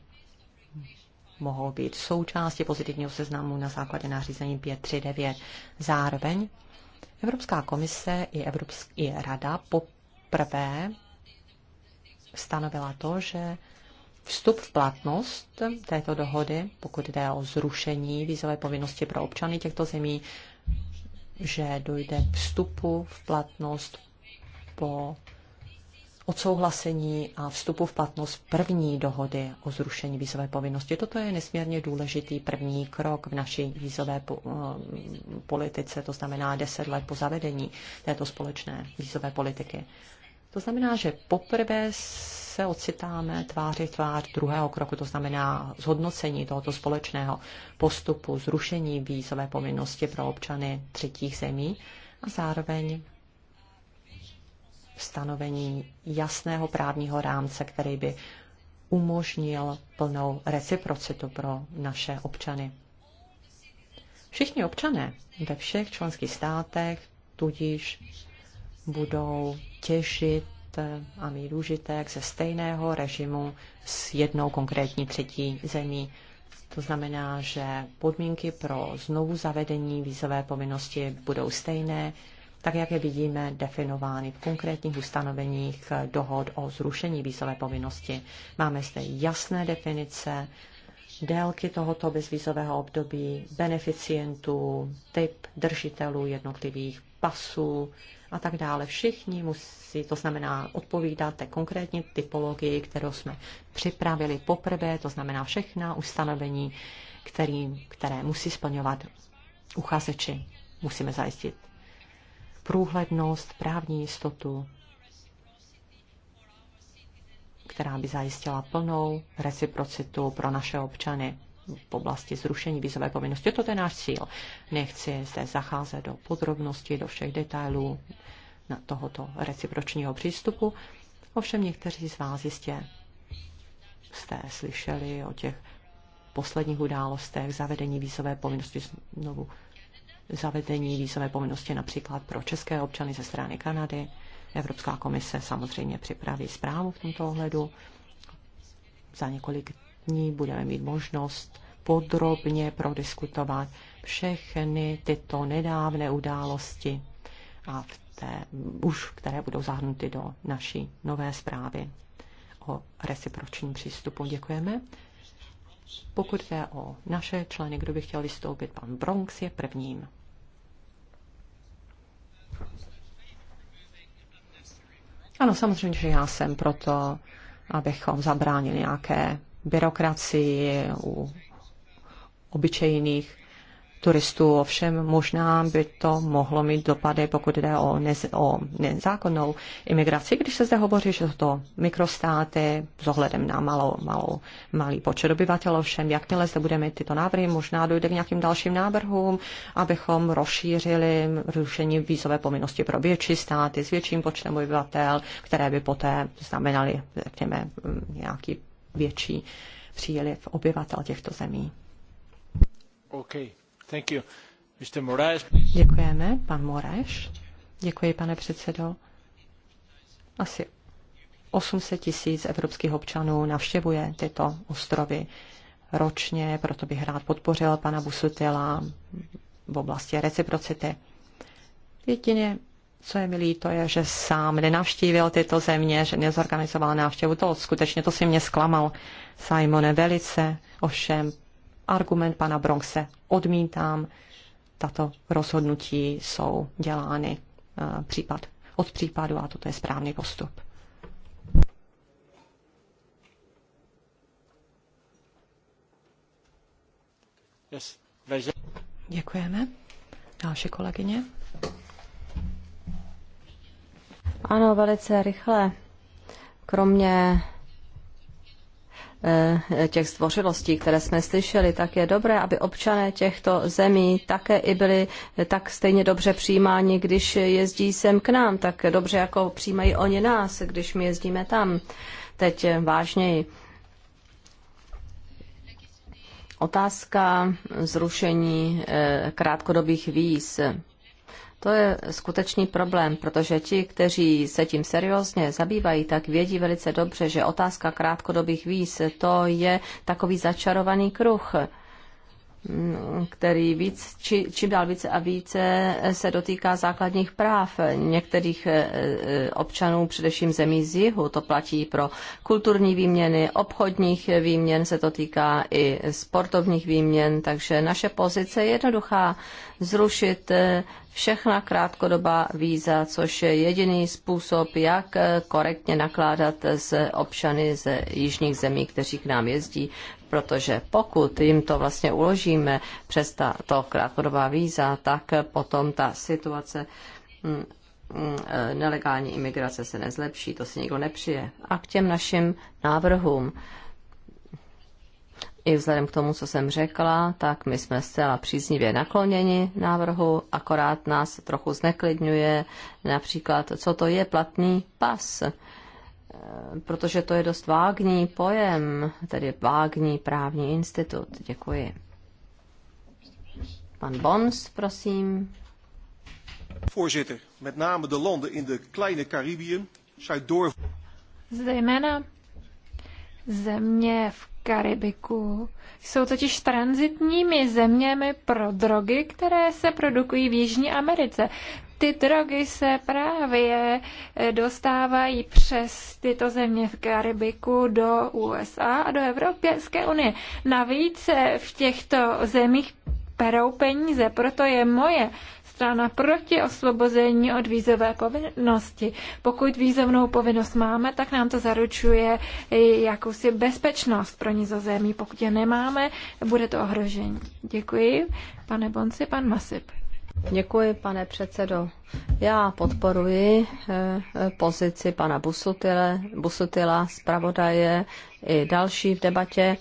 mohou být součástí pozitivního seznamu na základě nařízení 539. Zároveň Evropská komise i, Evropsk- i Rada poprvé stanovila to, že vstup v platnost této dohody, pokud jde o zrušení vízové povinnosti pro občany těchto zemí, že dojde vstupu v platnost po odsouhlasení a vstupu v platnost první dohody o zrušení vízové povinnosti. Toto je nesmírně důležitý první krok v naší vízové po, eh, politice, to znamená deset let po zavedení této společné vízové politiky. To znamená, že poprvé se ocitáme tváři tvář druhého kroku, to znamená zhodnocení tohoto společného postupu, zrušení vízové povinnosti pro občany třetích zemí a zároveň stanovení jasného právního rámce, který by umožnil plnou reciprocitu pro naše občany. Všichni občané ve všech členských státech tudíž budou těžit eh, a mít užitek ze stejného režimu s jednou konkrétní třetí zemí. To znamená, že podmínky pro znovu zavedení vízové povinnosti budou stejné, tak jak je vidíme definovány v konkrétních ustanoveních dohod o zrušení vízové povinnosti. Máme zde jasné definice délky tohoto bezvízového období, beneficientů, typ držitelů jednotlivých pasů, a tak dále. Všichni musí, to znamená, odpovídat té konkrétní typologii, kterou jsme připravili poprvé, to znamená všechna ustanovení, který, které musí splňovat uchazeči. Musíme zajistit průhlednost, právní jistotu, která by zajistila plnou reciprocitu pro naše občany v oblasti zrušení vízové povinnosti. To je náš cíl. Nechci zde zacházet do podrobností, do všech detailů na tohoto recipročního přístupu. Ovšem někteří z vás jistě jste slyšeli o těch posledních událostech, zavedení vízové povinnosti znovu zavedení vízové povinnosti například pro české občany ze strany Kanady. Evropská komise samozřejmě připraví zprávu v tomto ohledu. Za několik ní budeme mít možnost podrobně prodiskutovat všechny tyto nedávné události a v té, už které budou zahrnuty do naší nové zprávy o recipročním přístupu. Děkujeme. Pokud jde o naše členy, kdo by chtěl vystoupit, pan Bronx je prvním. Ano, samozřejmě, že já jsem proto, abychom zabránili nějaké byrokracii, u obyčejných turistů. Ovšem možná by to mohlo mít dopady, pokud jde o, nez, o nezákonnou imigraci, když se zde hovoří, že to mikrostáty s ohledem na malou, malou, malý počet obyvatel. Ovšem, jakmile zde budeme mít tyto návrhy, možná dojde k nějakým dalším návrhům, abychom rozšířili rušení vízové povinnosti pro větší státy s větším počtem obyvatel, které by poté znamenaly, řekněme, nějaký větší příliv obyvatel těchto zemí. Okay. Thank you. Mr. Moraes. Děkujeme, pan Moraes. Děkuji, pane předsedo. Asi 800 tisíc evropských občanů navštěvuje tyto ostrovy ročně, proto bych rád podpořil pana Busutila v oblasti reciprocity. Jedině co je mi líto, je, že sám nenavštívil tyto země, že nezorganizoval návštěvu. To skutečně, to si mě zklamal. Simone velice, ovšem argument pana Bronxe odmítám. Tato rozhodnutí jsou dělány eh, případ od případu a toto je správný postup. Yes. Děkujeme. Další kolegyně. Ano, velice rychle. Kromě eh, těch zdvořilostí, které jsme slyšeli, tak je dobré, aby občané těchto zemí také i byli eh, tak stejně dobře přijímáni, když jezdí sem k nám, tak dobře jako přijímají oni nás, když my jezdíme tam. Teď vážněji. Otázka zrušení eh, krátkodobých víz. To je skutečný problém, protože ti, kteří se tím seriózně zabývají, tak vědí velice dobře, že otázka krátkodobých víz to je takový začarovaný kruh, mm, který víc, či, čím dál více a více se dotýká základních práv některých e, e, občanů, především zemí z jihu. To platí pro kulturní výměny, obchodních výměn se to týká i sportovních výměn, takže naše pozice je jednoduchá zrušit eh, všechna krátkodobá víza, což je jediný způsob, jak eh, korektně nakládat s občany z jižních zemí, kteří k nám jezdí, protože pokud jim to vlastně uložíme přes ta, to krátkodobá víza, tak eh, potom ta situace mm, mm, nelegální imigrace se nezlepší, to si nikdo nepřije. A k těm našim návrhům i vzhledem k tomu, co jsem řekla, tak my jsme zcela příznivě nakloněni návrhu, akorát nás trochu zneklidňuje například, co to je platný pas, e, protože to je dost vágní pojem, tedy vágní právní institut. Děkuji. Pan Bons, prosím. Voorzitter, met name de landen in de kleine Caribbean, Zuid-Door... Zejména země v Karibiku jsou totiž transitními zeměmi pro drogy, které se produkují v Jižní Americe. Ty drogy se právě eh, dostávají přes tyto země v Karibiku do USA a do Evropské unie. Navíc eh, v těchto zemích perou peníze, proto je moje strana proti osvobození od vízové povinnosti. Pokud vízovnou povinnost máme, tak nám to zaručuje jakousi bezpečnost pro nizozemí. Pokud je nemáme, bude to ohrožení. Děkuji. Pane Bonci, pan Masip. Děkuji, pane předsedo. Já podporuji eh, pozici pana Busutila, zpravodaje i další v debatě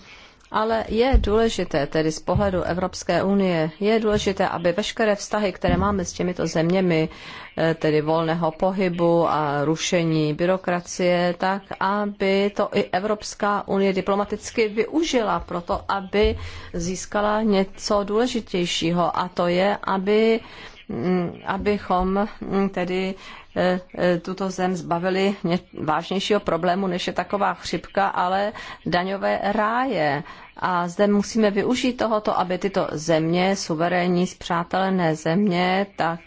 ale je důležité, tedy z pohledu Evropské unie, je důležité, aby veškeré vztahy, které máme s těmito zeměmi, eh, tedy volného pohybu a rušení byrokracie, tak aby to i Evropská unie diplomaticky využila pro to, aby získala něco důležitějšího a to je, aby mm, abychom mm, tedy E, e, tuto zem zbavili vážnějšího problému, než je taková chřipka, ale daňové ráje. A zde musíme využít tohoto, aby tyto země, suverénní, zpřátelené země, tak,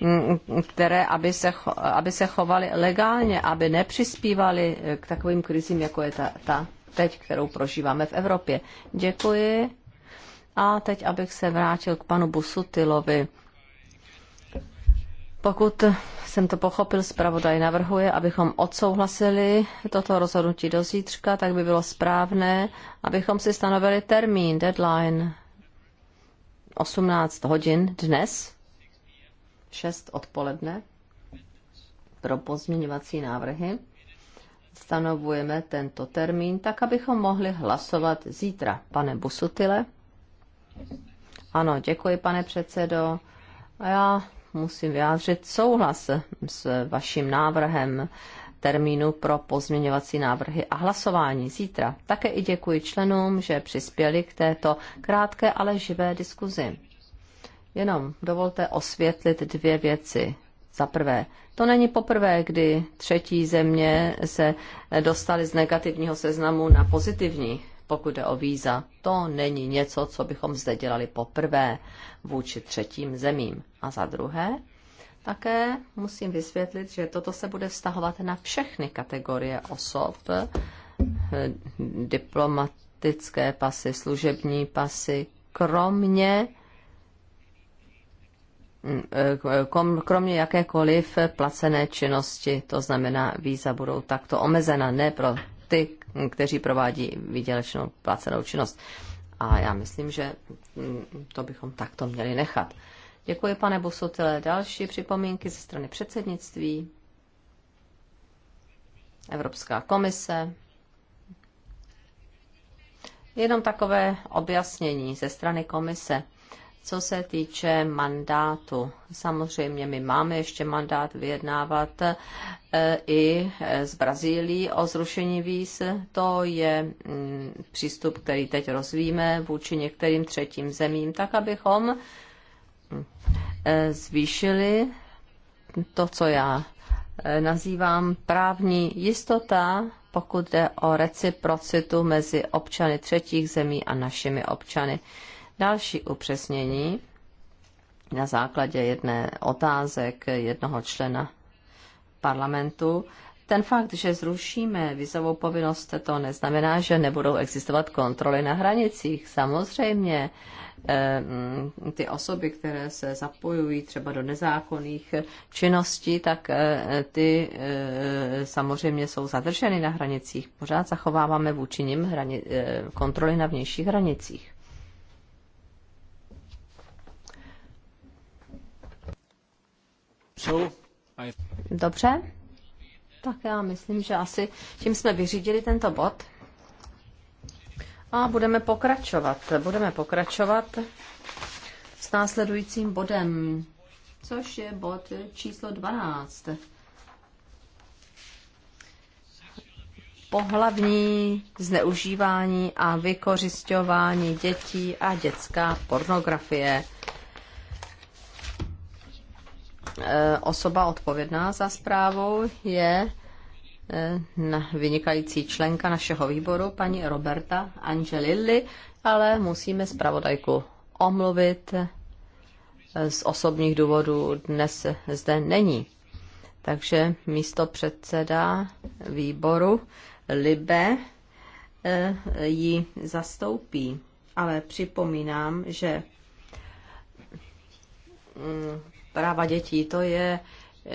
mm, které aby se, aby se chovaly legálně, aby nepřispívaly e, k takovým krizím, jako je ta, ta teď, kterou prožíváme v Evropě. Děkuji. A teď, abych se vrátil k panu Busutilovi. Pokud jsem to pochopil, zpravodaj navrhuje, abychom odsouhlasili toto rozhodnutí do zítřka, tak by bylo správné, abychom si stanovili termín, deadline 18 hodin dnes, 6 odpoledne, pro pozměňovací návrhy. Stanovujeme tento termín tak, abychom mohli hlasovat zítra. Pane Busutile? Ano, děkuji, pane předsedo. A já musím vyjádřit souhlas s vaším návrhem termínu pro pozměňovací návrhy a hlasování zítra. Také i děkuji členům, že přispěli k této krátké, ale živé diskuzi. Jenom dovolte osvětlit dvě věci. Za prvé, to není poprvé, kdy třetí země se dostaly z negativního seznamu na pozitivní, pokud jde o víza. To není něco, co bychom zde dělali poprvé vůči třetím zemím. A za druhé, také musím vysvětlit, že toto se bude vztahovat na všechny kategorie osob, eh, diplomatické pasy, služební pasy, kromě mm, eh, kromě jakékoliv placené činnosti, to znamená víza budou takto omezena, ne pro ty, kteří provádí výdělečnou placenou činnost a já myslím, že mm, to bychom takto měli nechat. Děkuji, pane Bosotele. Další připomínky ze strany předsednictví, Evropská komise. Jenom takové objasnění ze strany komise. Co se týče mandátu, samozřejmě my máme ještě mandát vyjednávat e, i z e, Brazílii o zrušení víz. To je mm, přístup, který teď rozvíjíme vůči některým třetím zemím, tak abychom e, zvýšili to, co já nazývám právní jistota, pokud jde o reciprocitu mezi občany třetích zemí a našimi občany další upřesnění na základě jedné otázek jednoho člena parlamentu. Ten fakt, že zrušíme vizovou povinnost, to neznamená, že nebudou existovat kontroly na hranicích. Samozřejmě eh, ty osoby, které se zapojují třeba do nezákonných činností, tak eh, ty eh, samozřejmě jsou zadrženy na hranicích. Pořád zachováváme vůči nim kontroly na vnějších hranicích. Dobře, tak já myslím, že asi tím jsme vyřídili tento bod. A budeme pokračovat. Budeme pokračovat s následujícím bodem, což je bod číslo 12. Pohlavní zneužívání a vykořišťování dětí a dětská pornografie. E, osoba odpovědná za zprávu je e, vynikající členka našeho výboru, paní Roberta Angelilli, ale musíme zpravodajku omluvit e, z osobních důvodů dnes zde není. Takže místo předseda výboru Libe ji zastoupí. Ale připomínám, že mm, práva dětí, to je eh,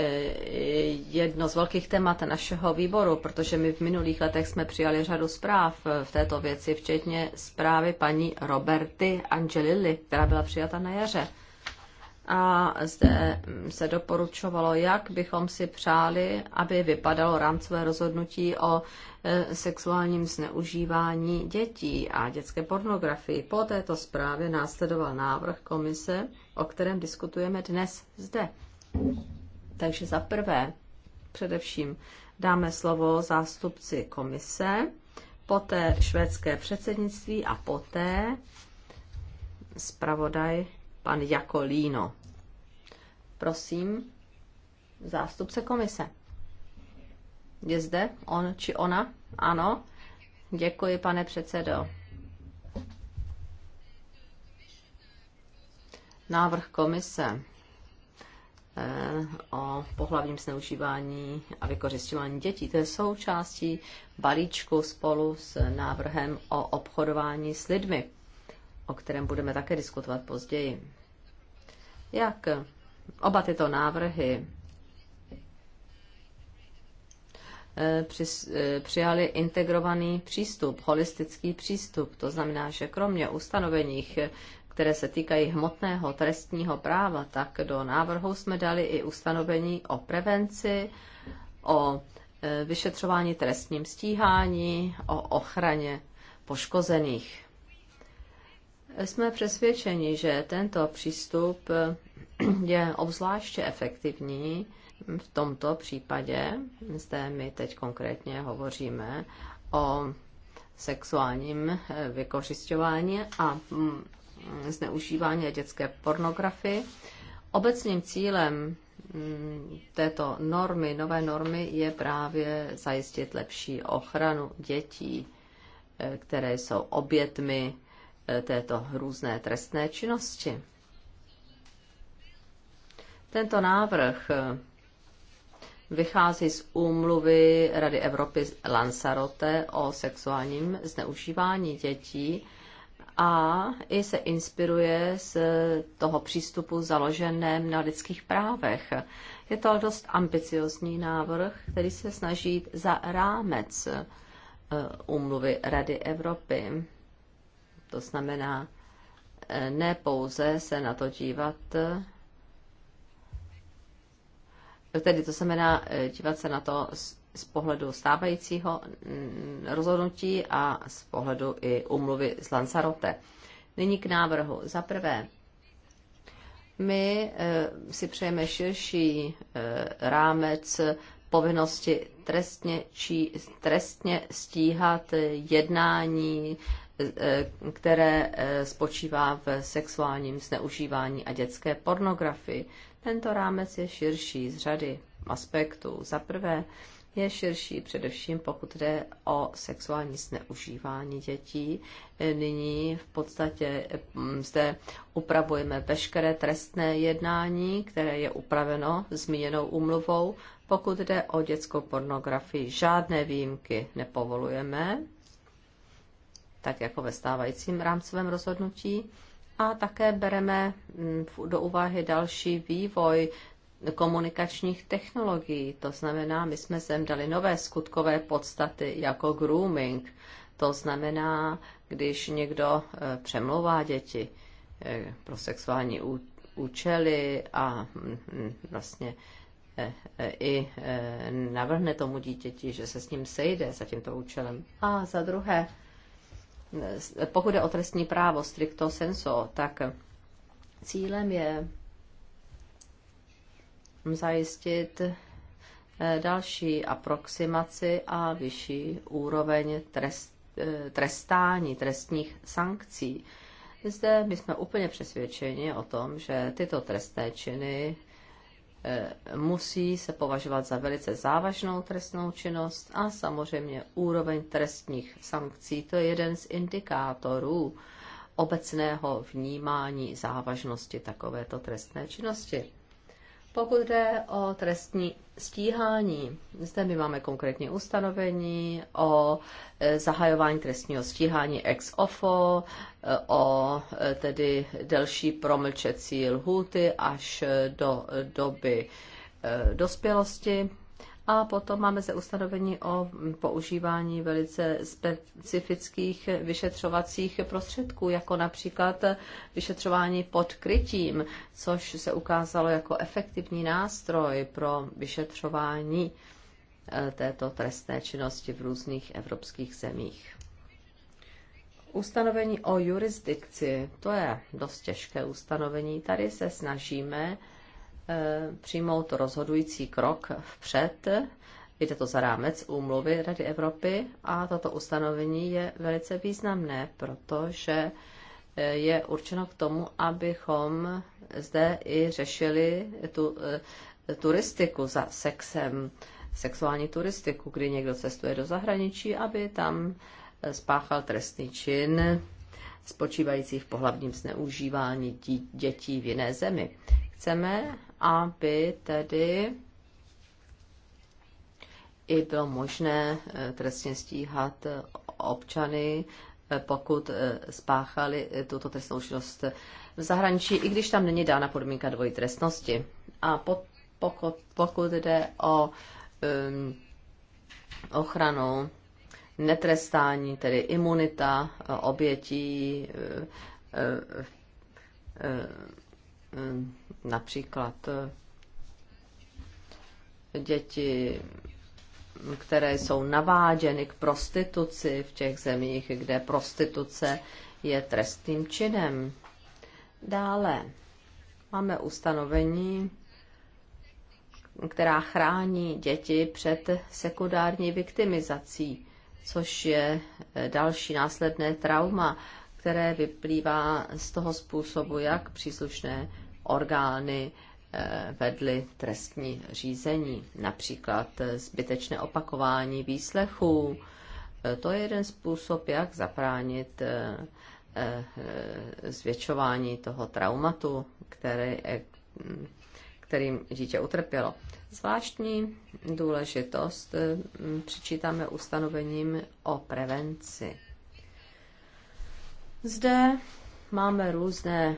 jedno z velkých témat našeho výboru, protože my v minulých letech jsme přijali řadu zpráv eh, v této věci, včetně zprávy paní Roberty Angelilli, která byla přijata na jaře a zde mm, se doporučovalo, jak bychom si přáli, aby vypadalo rámcové rozhodnutí o e, sexuálním zneužívání dětí a dětské pornografii. Po této zprávě následoval návrh komise, o kterém diskutujeme dnes zde. Takže za prvé především dáme slovo zástupci komise, poté švédské předsednictví a poté zpravodaj pan Jakolíno. Prosím, zástupce komise. Je zde on či ona? Ano. Děkuji, pane předsedo. Návrh komise eh, o pohlavním zneužívání a vykořišťování dětí. To je součástí balíčku spolu s návrhem o obchodování s lidmi o kterém budeme také diskutovat později. Jak oba tyto návrhy eh, eh, přijali integrovaný přístup, holistický přístup. To znamená, že kromě ustanoveních, které se týkají hmotného trestního práva, tak do návrhu jsme dali i ustanovení o prevenci, o eh, vyšetřování trestním stíhání, o ochraně poškozených. Jsme přesvědčeni, že tento přístup je obzvláště efektivní v tomto případě. Zde my teď konkrétně hovoříme o sexuálním eh, vykořišťování a mm, zneužívání dětské pornografie. Obecným cílem mm, této normy, nové normy, je právě zajistit lepší ochranu dětí, eh, které jsou obětmi této různé trestné činnosti. Tento návrh vychází z úmluvy Rady Evropy Lanzarote o sexuálním zneužívání dětí a i se inspiruje z toho přístupu založeném na lidských právech. Je to dost ambiciozní návrh, který se snaží za rámec eh, úmluvy Rady Evropy. To znamená, eh, ne pouze se na to dívat, eh, tedy to znamená eh, dívat se na to z pohledu stávajícího mm, rozhodnutí a z pohledu i umluvy z Lanzarote. Nyní k návrhu. Za prvé, my si přejeme širší rámec povinnosti trestně, či, trestně stíhat jednání které eh, spočívá v sexuálním zneužívání a dětské pornografii. Tento rámec je širší z řady aspektů. Za prvé je širší především pokud jde o sexuální zneužívání dětí. Eh, nyní v podstatě mm, zde upravujeme veškeré trestné jednání, které je upraveno zmíněnou umluvou. Pokud jde o dětskou pornografii, žádné výjimky nepovolujeme tak jako ve stávajícím rámcovém rozhodnutí. A také bereme mm, do úvahy další vývoj komunikačních technologií. To znamená, my jsme sem dali nové skutkové podstaty jako grooming. To znamená, když někdo e, přemlouvá děti e, pro sexuální účely a mm, mm, vlastně e, i navrhne tomu dítěti, že se s ním sejde za tímto účelem. A za druhé, pokud je o trestní právo stricto senso, tak cílem je zajistit eh, další aproximaci a vyšší úroveň trest, eh, trestání, trestních sankcí. Zde my jsme úplně přesvědčeni o tom, že tyto trestné činy Eh, musí se považovat za velice závažnou trestnou činnost a samozřejmě úroveň trestních sankcí. To je jeden z indikátorů obecného vnímání závažnosti takovéto trestné činnosti. Pokud jde o trestní stíhání, zde my máme konkrétní ustanovení o e, zahajování trestního stíhání ex ofo, e, o e, tedy delší promlčecí lhůty až do doby dospělosti a potom máme zde ustanovení o používání velice specifických vyšetřovacích prostředků, jako například vyšetřování pod krytím, což se ukázalo jako efektivní nástroj pro vyšetřování eh, této trestné činnosti v různých evropských zemích. Ustanovení o jurisdikci, to je dost těžké ustanovení. Tady se snažíme Eh, přijmout rozhodující krok vpřed. Jde to za rámec úmluvy Rady Evropy a toto ustanovení je velice významné, protože eh, je určeno k tomu, abychom zde i řešili tu eh, turistiku za sexem, sexuální turistiku, kdy někdo cestuje do zahraničí, aby tam spáchal trestný čin spočívající v pohlavním zneužívání dětí v jiné zemi. Chceme, aby tedy i bylo možné eh, trestně stíhat eh, občany, eh, pokud spáchali tuto trestnou činnost v zahraničí, i když tam není dána podmínka dvojí trestnosti. A pokud, pokud jde o um, ochranu, netrestání, tedy imunita obětí, um, um, um, Například eh, děti, které jsou naváděny k prostituci v těch zemích, kde prostituce je trestným činem. Dále máme ustanovení, která chrání děti před sekundární viktimizací, což je eh, další následné trauma, které vyplývá z toho způsobu, jak příslušné orgány eh, vedly trestní řízení, například zbytečné opakování výslechů. Eh, to je jeden způsob, jak zapránit eh, zvětšování toho traumatu, který, kterým dítě utrpělo. Zvláštní důležitost přičítáme ustanovením o prevenci. Zde máme různé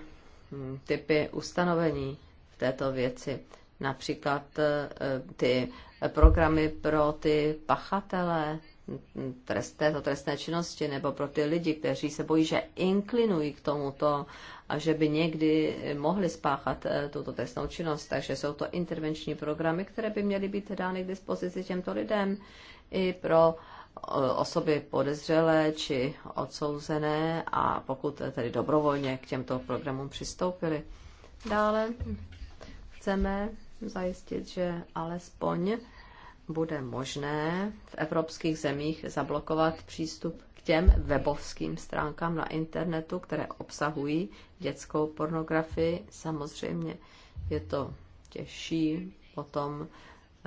typy ustanovení v této věci. Například eh, ty programy pro ty pachatele této trestné činnosti nebo pro ty lidi, kteří se bojí, že inklinují k tomuto a že by někdy mohli spáchat eh, tuto trestnou činnost. Takže jsou to intervenční programy, které by měly být dány k dispozici těmto lidem i pro uh, osoby podezřelé či odsouzené a pokud tedy dobrovolně k těmto programům přistoupili. Dále chceme zajistit, že alespoň bude možné v evropských zemích zablokovat přístup k těm webovským stránkám na internetu, které obsahují dětskou pornografii. Samozřejmě je to těžší potom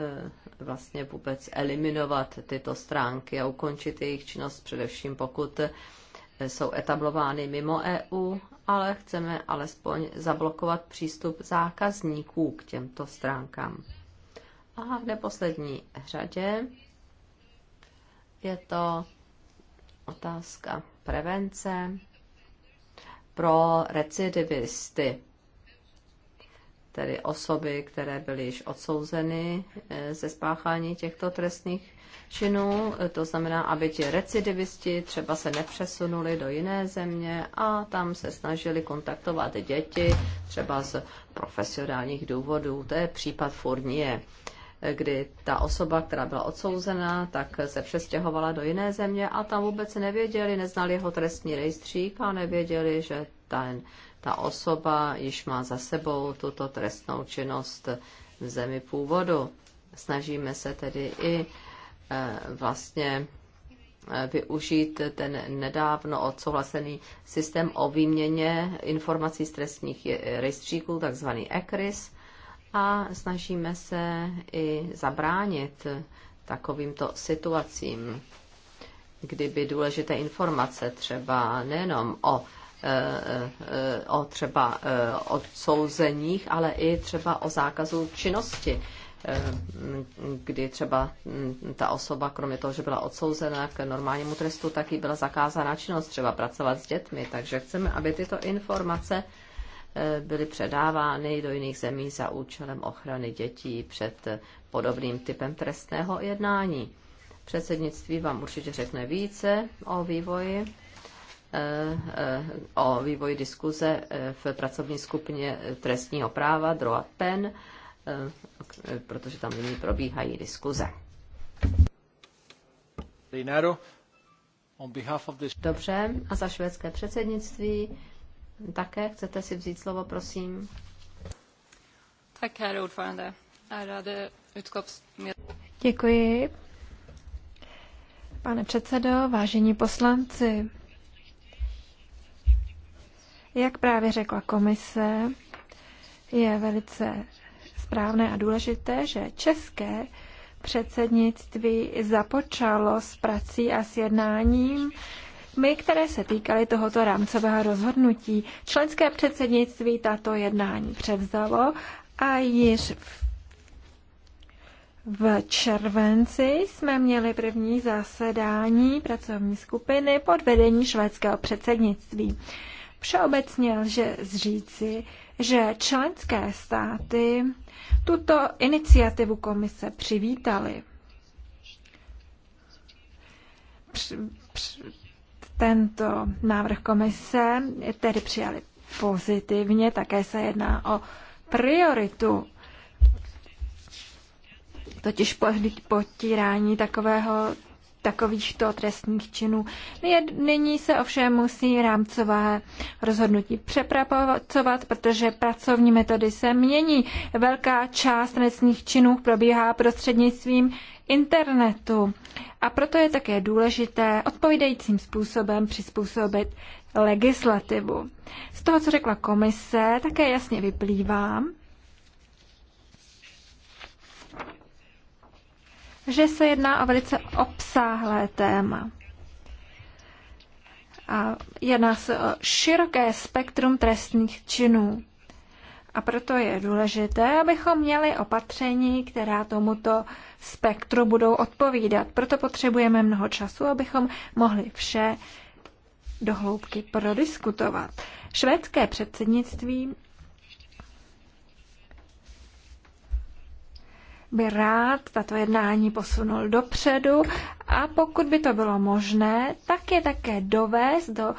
Eh, vlastně vůbec eliminovat tyto stránky a ukončit jejich činnost, především pokud eh, jsou etablovány mimo EU, ale chceme alespoň zablokovat přístup zákazníků k těmto stránkám. A v neposlední řadě je to otázka prevence pro recidivisty tedy osoby, které byly již odsouzeny eh, ze spáchání těchto trestných činů. Eh, to znamená, aby ti recidivisti třeba se nepřesunuli do jiné země a tam se snažili kontaktovat děti třeba z profesionálních důvodů. To je případ Furnie eh, kdy ta osoba, která byla odsouzena, tak se přestěhovala do jiné země a tam vůbec nevěděli, neznali jeho trestní rejstřík a nevěděli, že ten ta osoba již má za sebou tuto trestnou činnost v zemi původu. Snažíme se tedy i eh, vlastně eh, využít ten nedávno odsouhlasený systém o výměně informací z trestních rejstříků, takzvaný ECRIS, a snažíme se i zabránit takovýmto situacím, kdyby důležité informace třeba nejenom o Eh, eh, o třeba eh, odsouzeních, ale i třeba o zákazu činnosti kdy třeba mm, ta osoba, kromě toho, že byla odsouzena k normálnímu trestu, tak jí byla zakázána činnost třeba pracovat s dětmi. Takže chceme, aby tyto informace byly předávány do jiných zemí za účelem ochrany dětí před podobným typem trestného jednání. Předsednictví vám určitě řekne více o vývoji Eh, eh, o vývoji diskuze eh, v pracovní skupině trestního práva Droa PEN, protože tam nyní probíhají diskuze. Dobře, a za švédské předsednictví také chcete si vzít slovo, prosím. Děkuji. Pane předsedo, vážení poslanci, jak právě řekla komise, je velice správné a důležité, že české předsednictví započalo s prací a s jednáním my, které se týkaly tohoto rámcového rozhodnutí. Členské předsednictví tato jednání převzalo a již v, v červenci jsme měli první zasedání pracovní skupiny pod vedení švédského předsednictví. Všeobecně lže zříci, že členské státy tuto iniciativu komise přivítali. tento návrh komise tedy přijali pozitivně, také se jedná o prioritu totiž potírání takového takovýchto trestních činů. Nyní se ovšem musí rámcová rozhodnutí přepracovat, protože pracovní metody se mění. Velká část trestních činů probíhá prostřednictvím internetu. A proto je také důležité odpovídajícím způsobem přizpůsobit legislativu. Z toho, co řekla komise, také jasně vyplývá, že se jedná o velice obsáhlé téma. A jedná se o široké spektrum trestných činů. A proto je důležité, abychom měli opatření, která tomuto spektru budou odpovídat. Proto potřebujeme mnoho času, abychom mohli vše dohloubky prodiskutovat. Švédské předsednictví by rád tato jednání posunul dopředu a pokud by to bylo možné, tak je také dovést do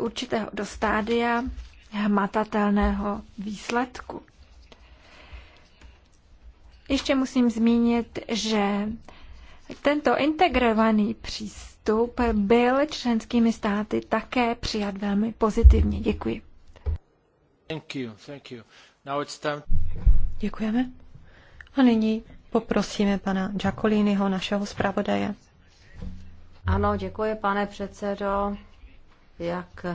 určitého do stádia hmatatelného výsledku. Ještě musím zmínit, že tento integrovaný přístup byl členskými státy také přijat velmi pozitivně. Děkuji. Thank you, thank you. Now it's time... Děkujeme. A nyní poprosíme pana Giacolínyho, našeho zpravodaje. Ano, děkuji, pane předsedo. Jak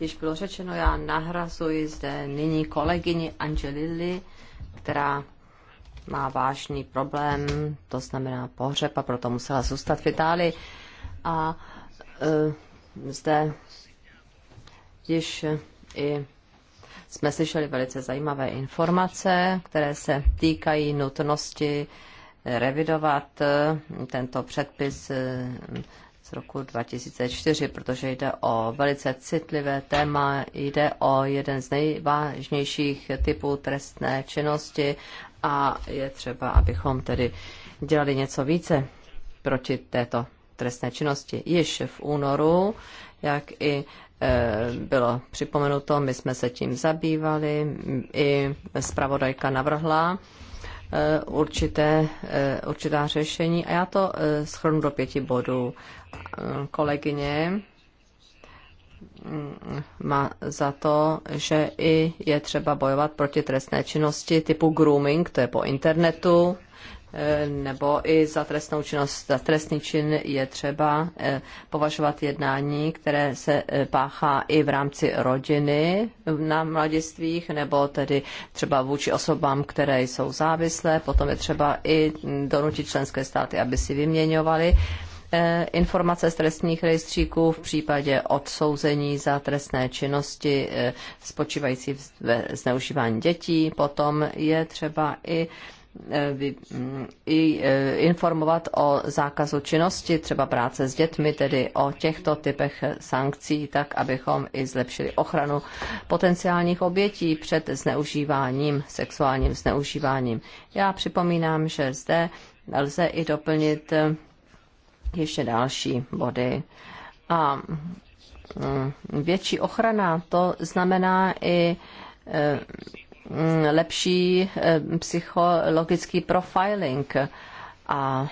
již bylo řečeno, já nahrazuji zde nyní kolegyni Angelili, která má vážný problém, to znamená pohřeb a proto musela zůstat v Itálii. A e, zde již i jsme slyšeli velice zajímavé informace, které se týkají nutnosti eh, revidovat eh, tento předpis eh, z roku 2004, protože jde o velice citlivé téma, jde o jeden z nejvážnějších typů trestné činnosti a je třeba, abychom tedy dělali něco více proti této trestné činnosti. Již v únoru, jak i Eh, bylo připomenuto, my jsme se tím zabývali, i zpravodajka navrhla eh, určité, eh, určitá řešení a já to schrnu do pěti bodů. Kolegyně mm, má za to, že i je třeba bojovat proti trestné činnosti typu grooming, to je po internetu, Eh, nebo i za trestnou činnost. Za trestný čin je třeba eh, považovat jednání, které se eh, páchá i v rámci rodiny na mladistvích, nebo tedy třeba vůči osobám, které jsou závislé. Potom je třeba i donutit členské státy, aby si vyměňovali informace z trestních rejstříků v případě odsouzení za trestné činnosti spočívající ve zneužívání dětí. Potom je třeba i Eh, mm, i eh, informovat o zákazu činnosti, třeba práce s dětmi, tedy o těchto typech sankcí, tak abychom i zlepšili ochranu potenciálních obětí před zneužíváním, sexuálním zneužíváním. Já připomínám, že zde lze i doplnit eh, ještě další body. A mm, větší ochrana, to znamená i Mm, lepší eh, psychologický profiling a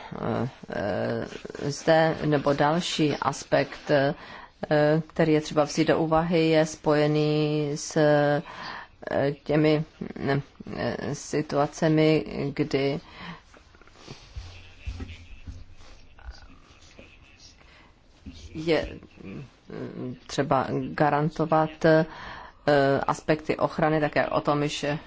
eh, zde nebo další aspekt, eh, který je třeba vzít do úvahy, je spojený s těmi mm, situacemi, kdy je mm, třeba garantovat Eh, aspekty ochrany, také o tom již eh,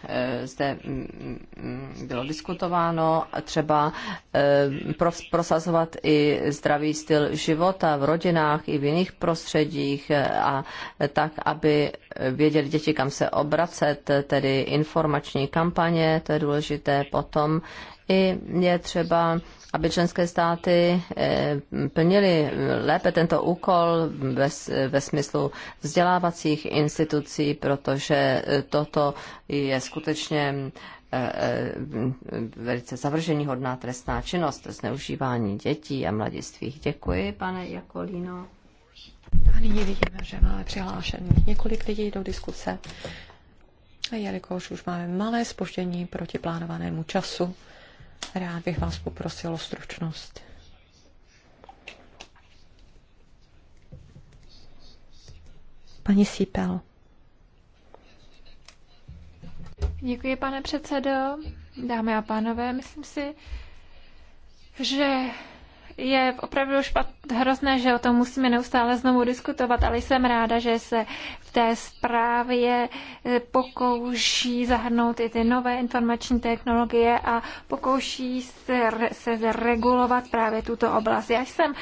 zde mm, mm, bylo diskutováno, třeba eh, prosazovat i zdravý styl života v rodinách i v jiných prostředích a tak, aby věděli děti, kam se obracet, tedy informační kampaně, to je důležité potom i je třeba aby členské státy eh, plnily lépe tento úkol ve, ve smyslu vzdělávacích institucí, protože eh, toto je skutečně eh, velice zavržení hodná trestná činnost, zneužívání dětí a mladistvých. Děkuji, pane Jakolino. A nyní vidíme, že máme přihlášen několik lidí do diskuse. A jelikož už máme malé spoždění proti plánovanému času, Rád bych vás poprosil o stručnost. Pani Sípel. Děkuji, pane předsedo. Dámy a pánové, myslím si, že je opravdu špat, hrozné, že o tom musíme neustále znovu diskutovat, ale jsem ráda, že se v té zprávě e, pokouší zahrnout i ty nové informační technologie a pokouší se, se zregulovat právě tuto oblast. Já jsem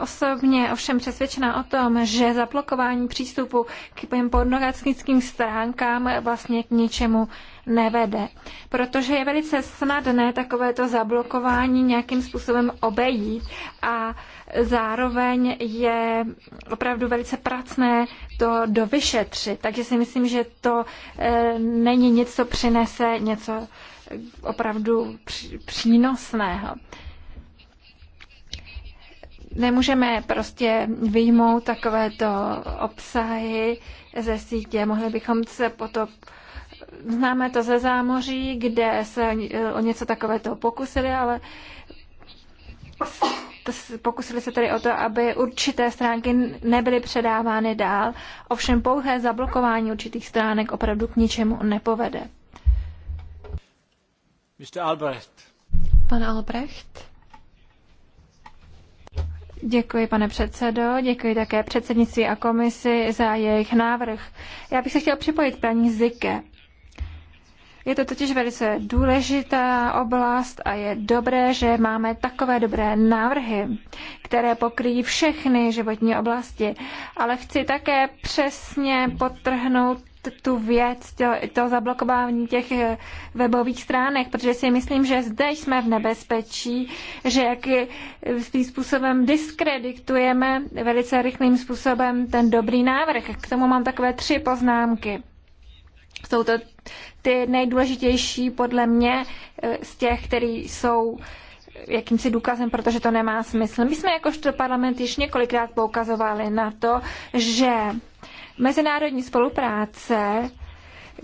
osobně ovšem přesvědčena o tom, že zablokování přístupu k pornografickým stránkám vlastně k ničemu nevede. Protože je velice snadné takovéto zablokování nějakým způsobem obejít a zároveň je opravdu velice pracné to dovyšetřit. Takže si myslím, že to e, není nic, co přinese něco opravdu přínosného nemůžeme prostě vyjmout takovéto obsahy ze sítě. Mohli bychom se potom Známe to ze zámoří, kde se o něco takového pokusili, ale pokusili se tedy o to, aby určité stránky nebyly předávány dál. Ovšem pouhé zablokování určitých stránek opravdu k ničemu nepovede. Mr. Albrecht. Pan Albrecht. Děkuji, pane předsedo, děkuji také předsednictví a komisi za jejich návrh. Já bych se chtěl připojit paní Zike. Je to totiž velice důležitá oblast a je dobré, že máme takové dobré návrhy, které pokryjí všechny životní oblasti. Ale chci také přesně potrhnout tu věc, to, to zablokování těch eh, webových stránek, protože si myslím, že zde jsme v nebezpečí, že jak eh, svým způsobem diskreditujeme velice rychlým způsobem ten dobrý návrh. K tomu mám takové tři poznámky. Jsou to ty nejdůležitější podle mě eh, z těch, které jsou jakýmsi důkazem, protože to nemá smysl. My jsme jakožto parlament již několikrát poukazovali na to, že mezinárodní spolupráce,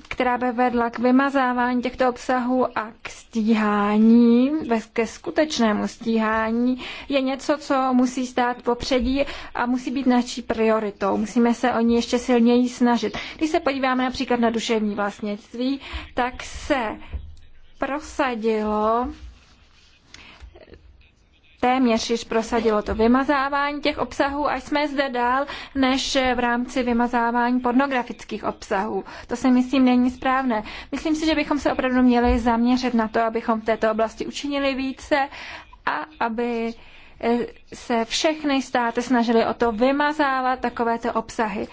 která by vedla k vymazávání těchto obsahů a k stíhání, ke skutečnému stíhání, je něco, co musí stát popředí a musí být naší prioritou. Musíme se o ní ještě silněji snažit. Když se podíváme například na duševní vlastnictví, tak se prosadilo téměř již prosadilo to vymazávání těch obsahů a jsme zde dál než v rámci vymazávání pornografických obsahů. To si myslím není správné. Myslím si, že bychom se opravdu měli zaměřit na to, abychom v této oblasti učinili více a aby eh, se všechny státy snažili o to vymazávat takovéto obsahy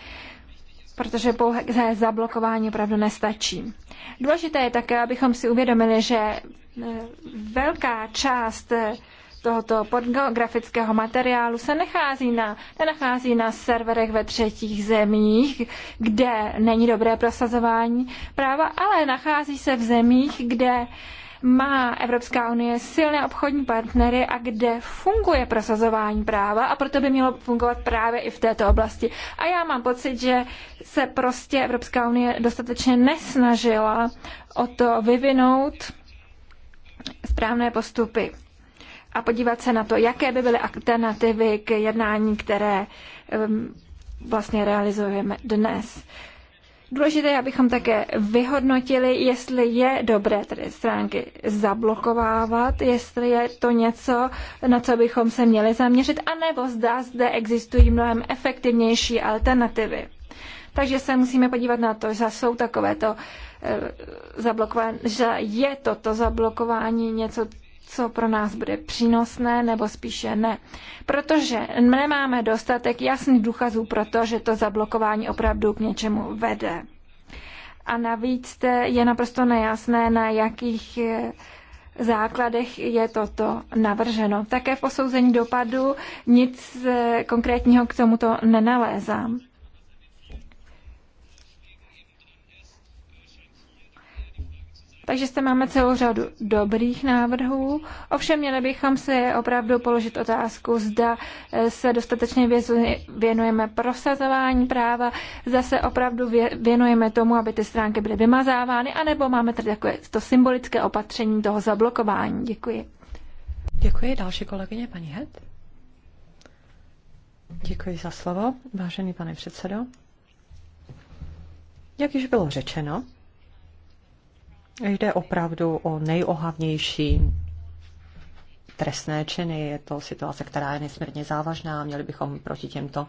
protože pouze zablokování opravdu nestačí. Důležité je také, abychom si uvědomili, že eh, velká část eh, tohoto pornografického materiálu se nachází na, nenachází na serverech ve třetích zemích, kde není dobré prosazování práva, ale nachází se v zemích, kde má Evropská unie silné obchodní partnery a kde funguje prosazování práva a proto by mělo fungovat právě i v této oblasti. A já mám pocit, že se prostě Evropská unie dostatečně nesnažila o to vyvinout správné postupy a podívat se na to, jaké by byly alternativy k jednání, které vlastně realizujeme dnes. Důležité je, abychom také vyhodnotili, jestli je dobré tedy stránky zablokovávat, jestli je to něco, na co bychom se měli zaměřit, anebo zda zde existují mnohem efektivnější alternativy. Takže se musíme podívat na to, že jsou takovéto eh, zablokování, že je toto zablokování něco, co pro nás bude přínosné, nebo spíše ne. Protože nemáme dostatek jasných důkazů pro to, že to zablokování opravdu k něčemu vede. A navíc je naprosto nejasné, na jakých eh, základech je toto navrženo. Také v posouzení dopadu nic eh, konkrétního k tomuto nenalézám. Takže zde máme celou řadu dobrých návrhů. Ovšem měli bychom si opravdu položit otázku, zda eh, se dostatečně věnujeme prosazování práva, zda se opravdu věnujeme tomu, aby ty stránky byly vymazávány, anebo máme tady takové to symbolické opatření toho zablokování. Děkuji. Děkuji. Další kolegyně, paní Het. Děkuji za slovo, vážený pane předsedo. Jak již bylo řečeno, Jde opravdu o nejohavnější trestné činy. Je to situace, která je nesmírně závažná. Měli bychom proti těmto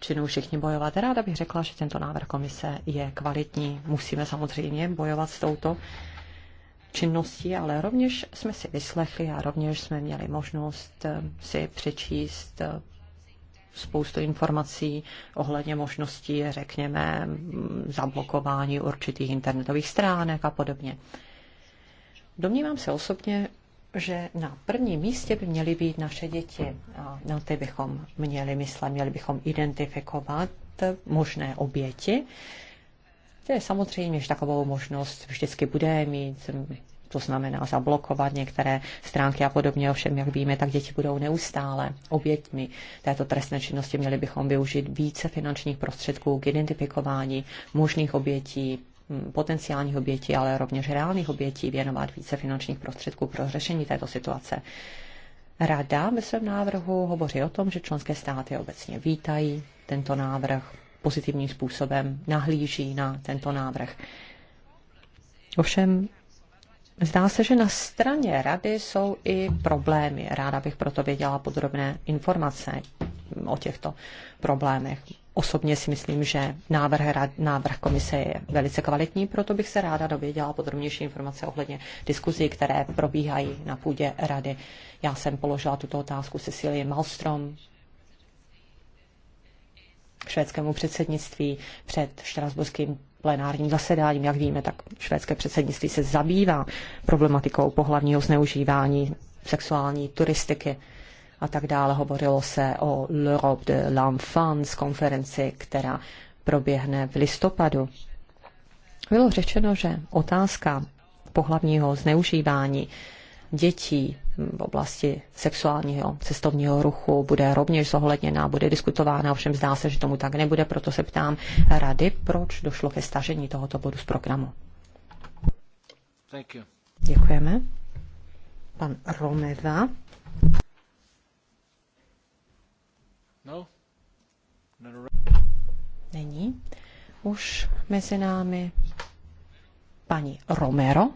činům všichni bojovat. Ráda bych řekla, že tento návrh komise je kvalitní. Musíme samozřejmě bojovat s touto činností, ale rovněž jsme si vyslechli a rovněž jsme měli možnost eh, si přečíst eh, spoustu informací ohledně možností, řekněme, zablokování určitých internetových stránek a podobně. Domnívám se osobně, že na prvním místě by měly být naše děti. A na ty bychom měli myslet, měli bychom identifikovat možné oběti. To je samozřejmě, že takovou možnost vždycky bude mít to znamená zablokovat některé stránky a podobně. Ovšem, jak víme, tak děti budou neustále oběťmi této trestné činnosti. Měli bychom využít více finančních prostředků k identifikování možných obětí, potenciálních obětí, ale rovněž reálných obětí, věnovat více finančních prostředků pro řešení této situace. Rada ve svém návrhu hovoří o tom, že členské státy obecně vítají tento návrh, pozitivním způsobem nahlíží na tento návrh. Ovšem Zdá se, že na straně rady jsou i problémy. Ráda bych proto věděla podrobné informace o těchto problémech. Osobně si myslím, že návrh, rad, návrh komise je velice kvalitní, proto bych se ráda dověděla podrobnější informace ohledně diskuzí, které probíhají na půdě rady. Já jsem položila tuto otázku Cecilie Malstrom, švédskému předsednictví před štrasburským plenárním zasedáním. Jak víme, tak švédské předsednictví se zabývá problematikou pohlavního zneužívání, sexuální turistiky a tak dále. Hovořilo se o l'Europe de l'enfance konferenci, která proběhne v listopadu. Bylo řečeno, že otázka pohlavního zneužívání dětí v oblasti sexuálního cestovního ruchu bude rovněž zohledněná, bude diskutována, ovšem zdá se, že tomu tak nebude, proto se ptám rady, proč došlo ke stažení tohoto bodu z programu. Thank you. Děkujeme. Pan Romeva. No. Není. Už mezi námi paní Romero.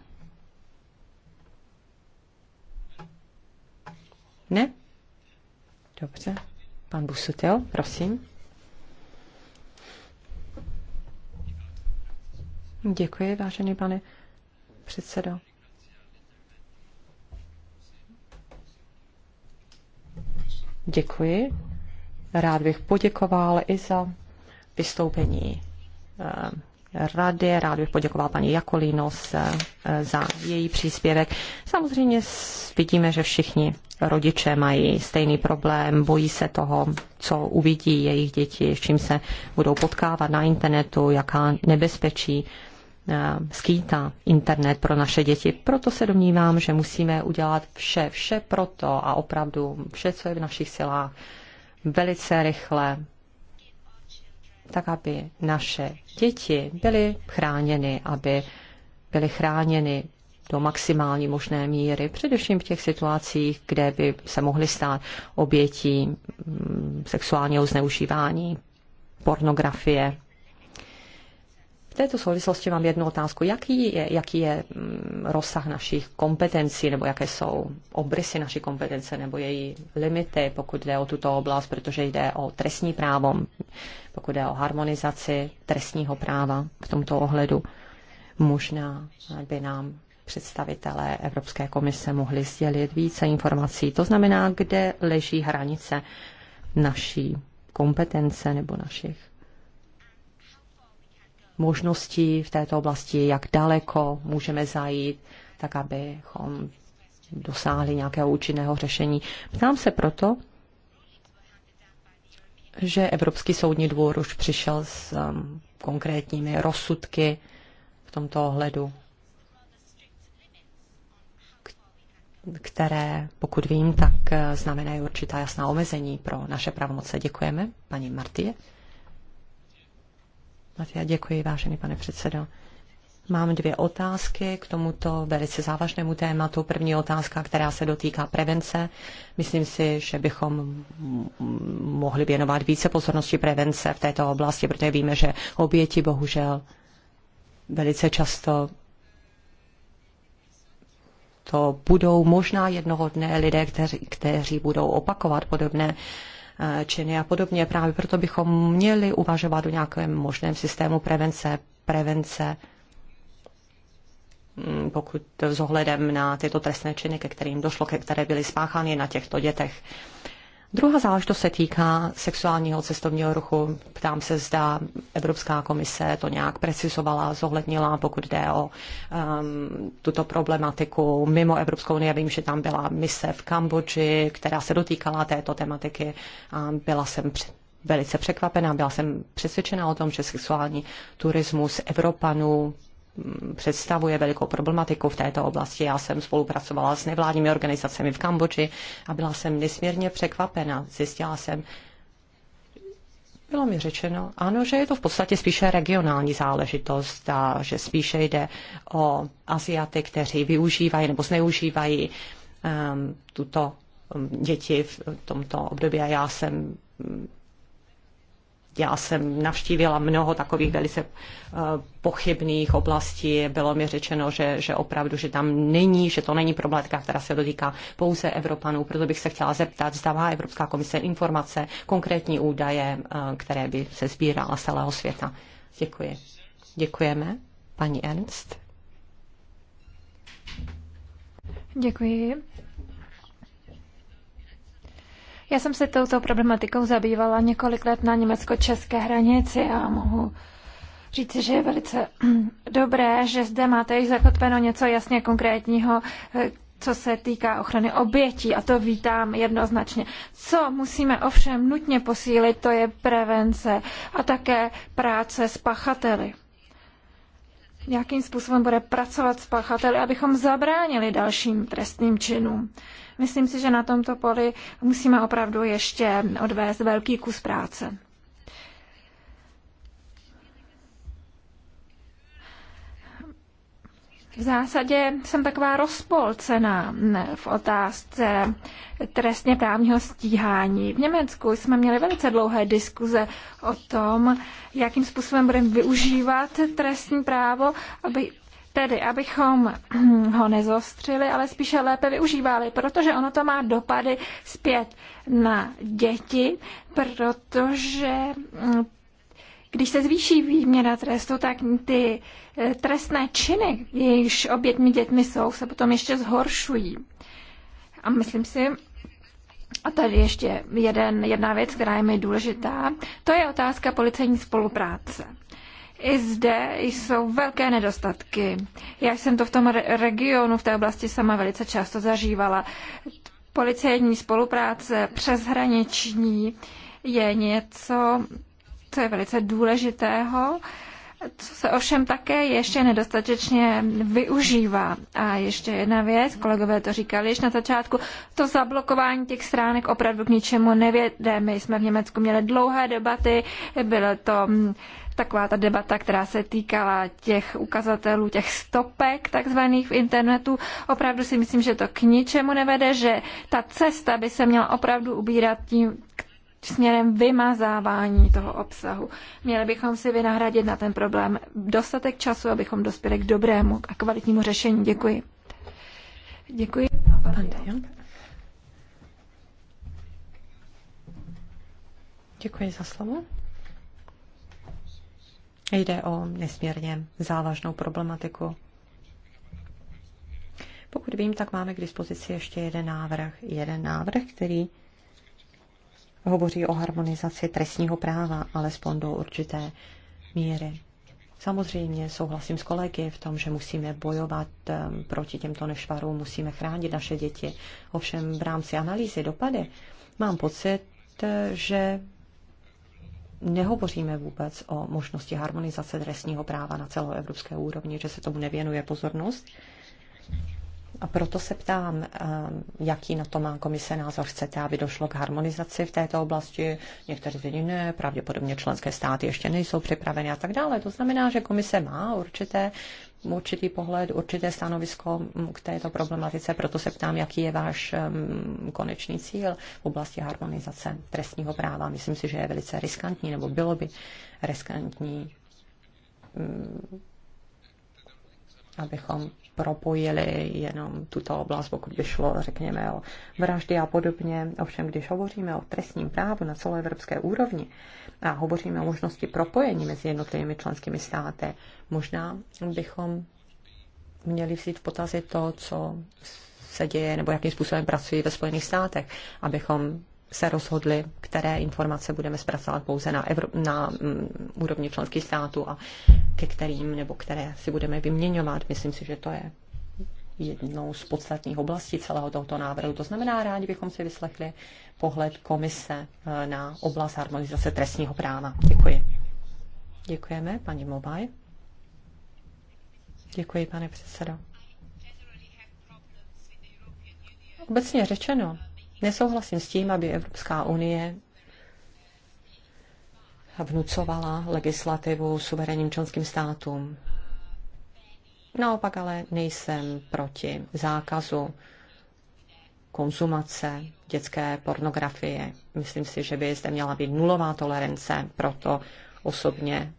Ne? Dobře. Pan Busutel, prosím. Děkuji, vážený pane předsedo. Děkuji. Rád bych poděkoval i za vystoupení eh, rady. Rád bych poděkoval paní Jakolinos e, za její příspěvek. Samozřejmě vidíme, že všichni rodiče mají stejný problém, bojí se toho, co uvidí jejich děti, s čím se budou potkávat na internetu, jaká nebezpečí e, skýtá internet pro naše děti. Proto se domnívám, že musíme udělat vše, vše proto a opravdu vše, co je v našich silách, velice rychle tak aby naše děti byly chráněny, aby byly chráněny do maximální možné míry, především v těch situacích, kde by se mohly stát obětí mm, sexuálního zneužívání, pornografie v této souvislosti mám jednu otázku. Jaký je, jaký je mm, rozsah našich kompetencí, nebo jaké jsou obrysy naší kompetence, nebo její limity, pokud jde o tuto oblast, protože jde o trestní právo, pokud jde o harmonizaci trestního práva v tomto ohledu. Možná by nám představitelé Evropské komise mohli sdělit více informací. To znamená, kde leží hranice naší kompetence nebo našich možností v této oblasti, jak daleko můžeme zajít, tak abychom dosáhli nějakého účinného řešení. Ptám se proto, že Evropský soudní dvůr už přišel s um, konkrétními rozsudky v tomto ohledu, které, pokud vím, tak eh, znamenají určitá jasná omezení pro naše pravomoce. Děkujeme, paní Martie. Já děkuji, vážený pane předsedo. Mám dvě otázky k tomuto velice závažnému tématu. První otázka, která se dotýká prevence. Myslím si, že bychom mohli věnovat více pozornosti prevence v této oblasti, protože víme, že oběti bohužel velice často to budou možná jednoho dne lidé, kteří, kteří budou opakovat podobné uh, Eh, činy a podobně. Právě proto bychom měli uvažovat o nějakém možném systému prevence, prevence mm, pokud s ohledem na tyto trestné činy, ke kterým došlo, ke které byly spáchány na těchto dětech. Druhá záležitost se týká sexuálního cestovního ruchu. Ptám se, zda Evropská komise to nějak precizovala, zohlednila, pokud jde o um, tuto problematiku. Mimo Evropskou unii, já vím, že tam byla mise v Kambodži, která se dotýkala této tematiky. Um, byla jsem velice překvapená, byla jsem přesvědčena o tom, že sexuální turismus Evropanů představuje velikou problematiku v této oblasti. Já jsem spolupracovala s nevládními organizacemi v Kambodži a byla jsem nesmírně překvapena. Zjistila jsem, bylo mi řečeno, ano, že je to v podstatě spíše regionální záležitost a že spíše jde o Aziaty, kteří využívají nebo zneužívají um, tuto um, děti v tomto období a já jsem já jsem navštívila mnoho takových velice eh, pochybných oblastí. Bylo mi řečeno, že, že opravdu, že tam není, že to není problematika, která se dotýká pouze Evropanů. Proto bych se chtěla zeptat, zda má Evropská komise informace, konkrétní údaje, eh, které by se sbírala z celého světa. Děkuji. Děkujeme. Paní Ernst. Děkuji. Já jsem se touto problematikou zabývala několik let na německo-české hranici a mohu říci, že je velice dobré, že zde máte již zakotveno něco jasně konkrétního, eh, co se týká ochrany obětí a to vítám jednoznačně. Co musíme ovšem nutně posílit, to je prevence a také práce s pachateli nějakým způsobem bude pracovat s pachateli, abychom zabránili dalším trestným činům. Myslím si, že na tomto poli musíme opravdu ještě odvést velký kus práce. V zásadě jsem taková rozpolcená v otázce trestně právního stíhání. V Německu jsme měli velice dlouhé diskuze o tom, jakým způsobem budeme využívat trestní právo, aby Tedy, abychom ho nezostřili, ale spíše lépe využívali, protože ono to má dopady zpět na děti, protože když se zvýší výměra trestu, tak ty eh, trestné činy, jejichž obětmi dětmi jsou, se potom ještě zhoršují. A myslím si, a tady ještě jeden, jedna věc, která je mi důležitá, to je otázka policejní spolupráce. I zde jsou velké nedostatky. Já jsem to v tom regionu, v té oblasti sama velice často zažívala. Policejní spolupráce přeshraniční je něco, co je velice důležitého, co se ovšem také ještě nedostatečně využívá. A ještě jedna věc, kolegové to říkali již na začátku, to zablokování těch stránek opravdu k ničemu nevěde. My jsme v Německu měli dlouhé debaty, bylo to mm, taková ta debata, která se týkala těch ukazatelů, těch stopek takzvaných v internetu. Opravdu si myslím, že to k ničemu nevede, že ta cesta by se měla opravdu ubírat tím, k směrem vymazávání toho obsahu. Měli bychom si vynahradit na ten problém dostatek času, abychom dospěli k dobrému a kvalitnímu řešení. Děkuji. Děkuji. Děkuji za slovo. Jde o nesmírně závažnou problematiku. Pokud vím, tak máme k dispozici ještě jeden návrh. Jeden návrh, který hovoří o harmonizaci trestního práva, alespoň do určité míry. Samozřejmě souhlasím s kolegy v tom, že musíme bojovat ehm, proti těmto nešvarům, musíme chránit naše děti. Ovšem v rámci analýzy dopady mám pocit, že nehovoříme vůbec o možnosti harmonizace trestního práva na celoevropské úrovni, že se tomu nevěnuje pozornost. A proto se ptám, eh, jaký na to má komise názor. Chcete, aby došlo k harmonizaci v této oblasti? Někteří říkají ne, pravděpodobně členské státy ještě nejsou připraveny a tak dále. To znamená, že komise má určité určitý pohled, určité stanovisko mm, k této problematice, proto se ptám, jaký je váš mm, konečný cíl v oblasti harmonizace trestního práva. Myslím si, že je velice riskantní, nebo bylo by riskantní mm, abychom propojili jenom tuto oblast, pokud by šlo, řekněme, o vraždy a podobně. Ovšem, když hovoříme o trestním právu na celé evropské úrovni a hovoříme o možnosti propojení mezi jednotlivými členskými státy, možná bychom měli vzít v potazy to, co se děje nebo jakým způsobem pracují ve Spojených státech, abychom se rozhodli, které informace budeme zpracovat pouze na, Evro- na um, úrovni členských států a ke kterým nebo které si budeme vyměňovat. Myslím si, že to je jednou z podstatných oblastí celého tohoto návrhu. To znamená, rádi bychom si vyslechli pohled komise eh, na oblast harmonizace trestního práva. Děkuji. Děkujeme, paní Mobaj. Děkuji, pane předsedo. Obecně řečeno, Nesouhlasím s tím, aby Evropská unie vnucovala legislativu suverénním členským státům. Naopak ale nejsem proti zákazu konzumace dětské pornografie. Myslím si, že by zde měla být nulová tolerance, proto osobně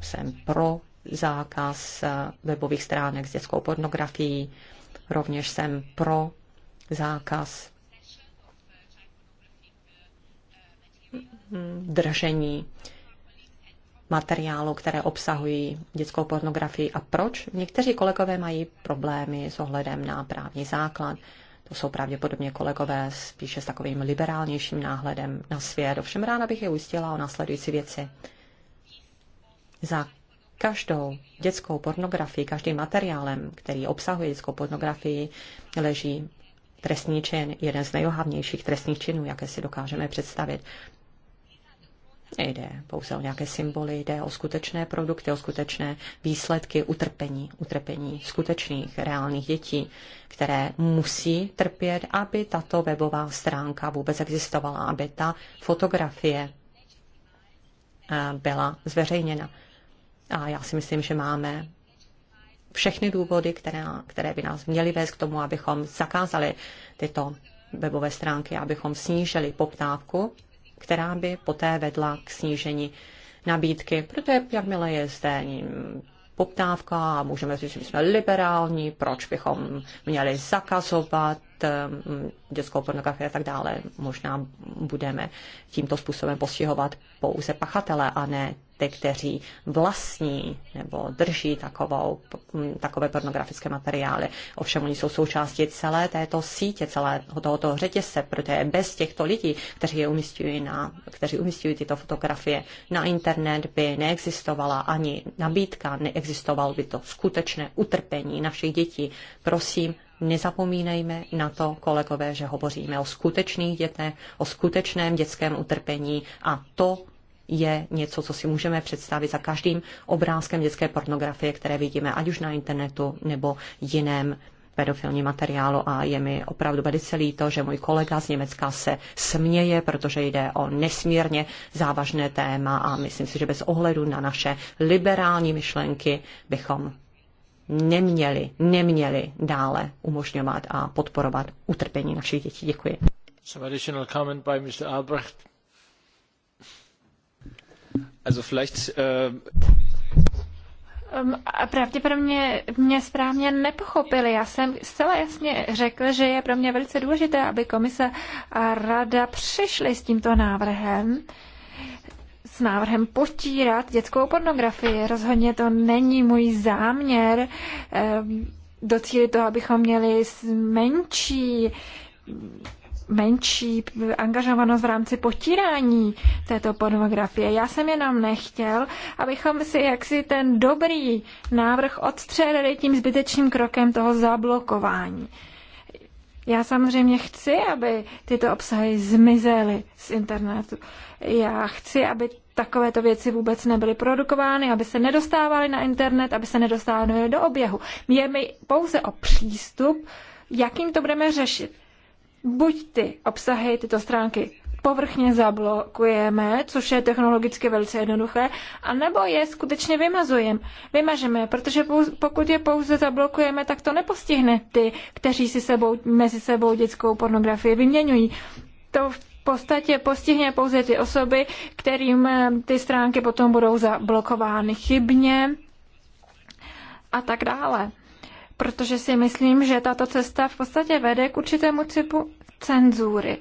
jsem pro zákaz webových stránek s dětskou pornografií. Rovněž jsem pro zákaz držení materiálu, které obsahují dětskou pornografii a proč. Někteří kolegové mají problémy s ohledem na právní základ. To jsou pravděpodobně kolegové spíše s takovým liberálnějším náhledem na svět. Ovšem ráda bych je ujistila o následující věci. Za každou dětskou pornografii, každým materiálem, který obsahuje dětskou pornografii, leží trestní čin, jeden z nejohavnějších trestních činů, jaké si dokážeme představit. Nejde pouze o nějaké symboly, jde o skutečné produkty, o skutečné výsledky utrpení, utrpení skutečných, reálných dětí, které musí trpět, aby tato webová stránka vůbec existovala, aby ta fotografie eh, byla zveřejněna. A já si myslím, že máme všechny důvody, které, které by nás měly vést k tomu, abychom zakázali tyto webové stránky, abychom snížili poptávku, která by poté vedla k snížení nabídky, protože jakmile je zde poptávka a můžeme říct, že jsme liberální, proč bychom měli zakazovat ehm, dětskou pornografii a tak dále. Možná budeme tímto způsobem postihovat pouze pachatele a ne ty, kteří vlastní nebo drží takovou, mm, takové pornografické materiály. Ovšem oni jsou součástí celé této sítě, celého tohoto řetězce, protože bez těchto lidí, kteří je umistují na, kteří umistují tyto fotografie na internet, by neexistovala ani nabídka, neexistovalo by to skutečné utrpení našich dětí. Prosím, nezapomínejme na to, kolegové, že hovoříme o skutečných dětech, o skutečném dětském utrpení a to je něco, co si můžeme představit za každým obrázkem dětské pornografie, které vidíme ať už na internetu nebo jiném pedofilní materiálu a je mi opravdu velice líto, že můj kolega z Německa se směje, protože jde o nesmírně závažné téma a myslím si, že bez ohledu na naše liberální myšlenky bychom neměli, neměli dále umožňovat a podporovat utrpení našich dětí. Děkuji. Some additional comment by Mr. Albrecht. Also vielleicht, äh, um, a pravděpodobně mě správně nepochopili. Já jsem zcela jasně řekl, že je pro mě velice důležité, aby komise a rada přišly s tímto návrhem, s návrhem potírat dětskou pornografii. Rozhodně to není můj záměr eh, docílit toho, abychom měli menší menší angažovanost v rámci potírání této pornografie. Já jsem jenom nechtěl, abychom si jaksi ten dobrý návrh odstřelili tím zbytečným krokem toho zablokování. Já samozřejmě chci, aby tyto obsahy zmizely z internetu. Já chci, aby takovéto věci vůbec nebyly produkovány, aby se nedostávaly na internet, aby se nedostávaly do oběhu. Je mi pouze o přístup, jakým to budeme řešit buď ty obsahy, tyto stránky povrchně zablokujeme, což je technologicky velice jednoduché, anebo je skutečně vymazujeme. Vymažeme, protože pokud je pouze zablokujeme, tak to nepostihne ty, kteří si sebou, mezi sebou dětskou pornografii vyměňují. To v podstatě postihne pouze ty osoby, kterým eh, ty stránky potom budou zablokovány chybně a tak dále protože si myslím, že tato cesta v podstatě vede k určitému typu cenzury.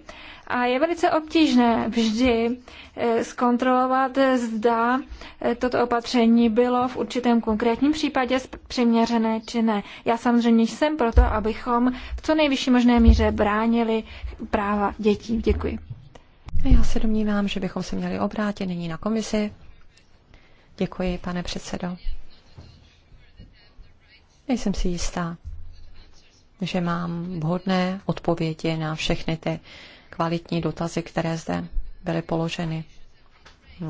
A je velice obtížné vždy eh, zkontrolovat, zda eh, toto opatření bylo v určitém konkrétním případě přiměřené či ne. Já samozřejmě jsem proto, abychom v co nejvyšší možné míře bránili práva dětí. Děkuji. Já se domnívám, že bychom se měli obrátit nyní na komisi. Děkuji, pane předsedo. Nejsem si jistá, že mám vhodné odpovědi na všechny ty kvalitní dotazy, které zde byly položeny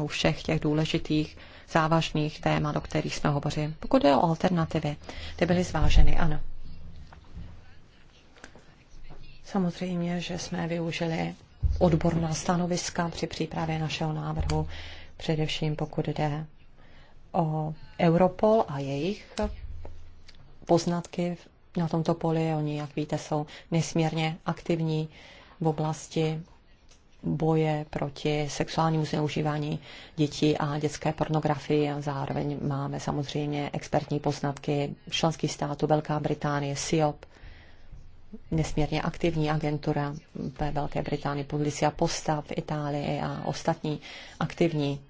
u všech těch důležitých závažných témat, o kterých jsme hovořili. Pokud je o alternativy, ty byly zváženy, ano. Samozřejmě, že jsme využili odborná stanoviska při přípravě našeho návrhu, především pokud jde o Europol a jejich poznatky na tomto poli. Oni, jak víte, jsou nesmírně aktivní v oblasti boje proti sexuálnímu zneužívání dětí a dětské pornografii. A zároveň máme samozřejmě expertní poznatky členských států Velká Británie, SIOP, nesmírně aktivní agentura ve Velké Británii, Publicia Posta v Itálii a ostatní aktivní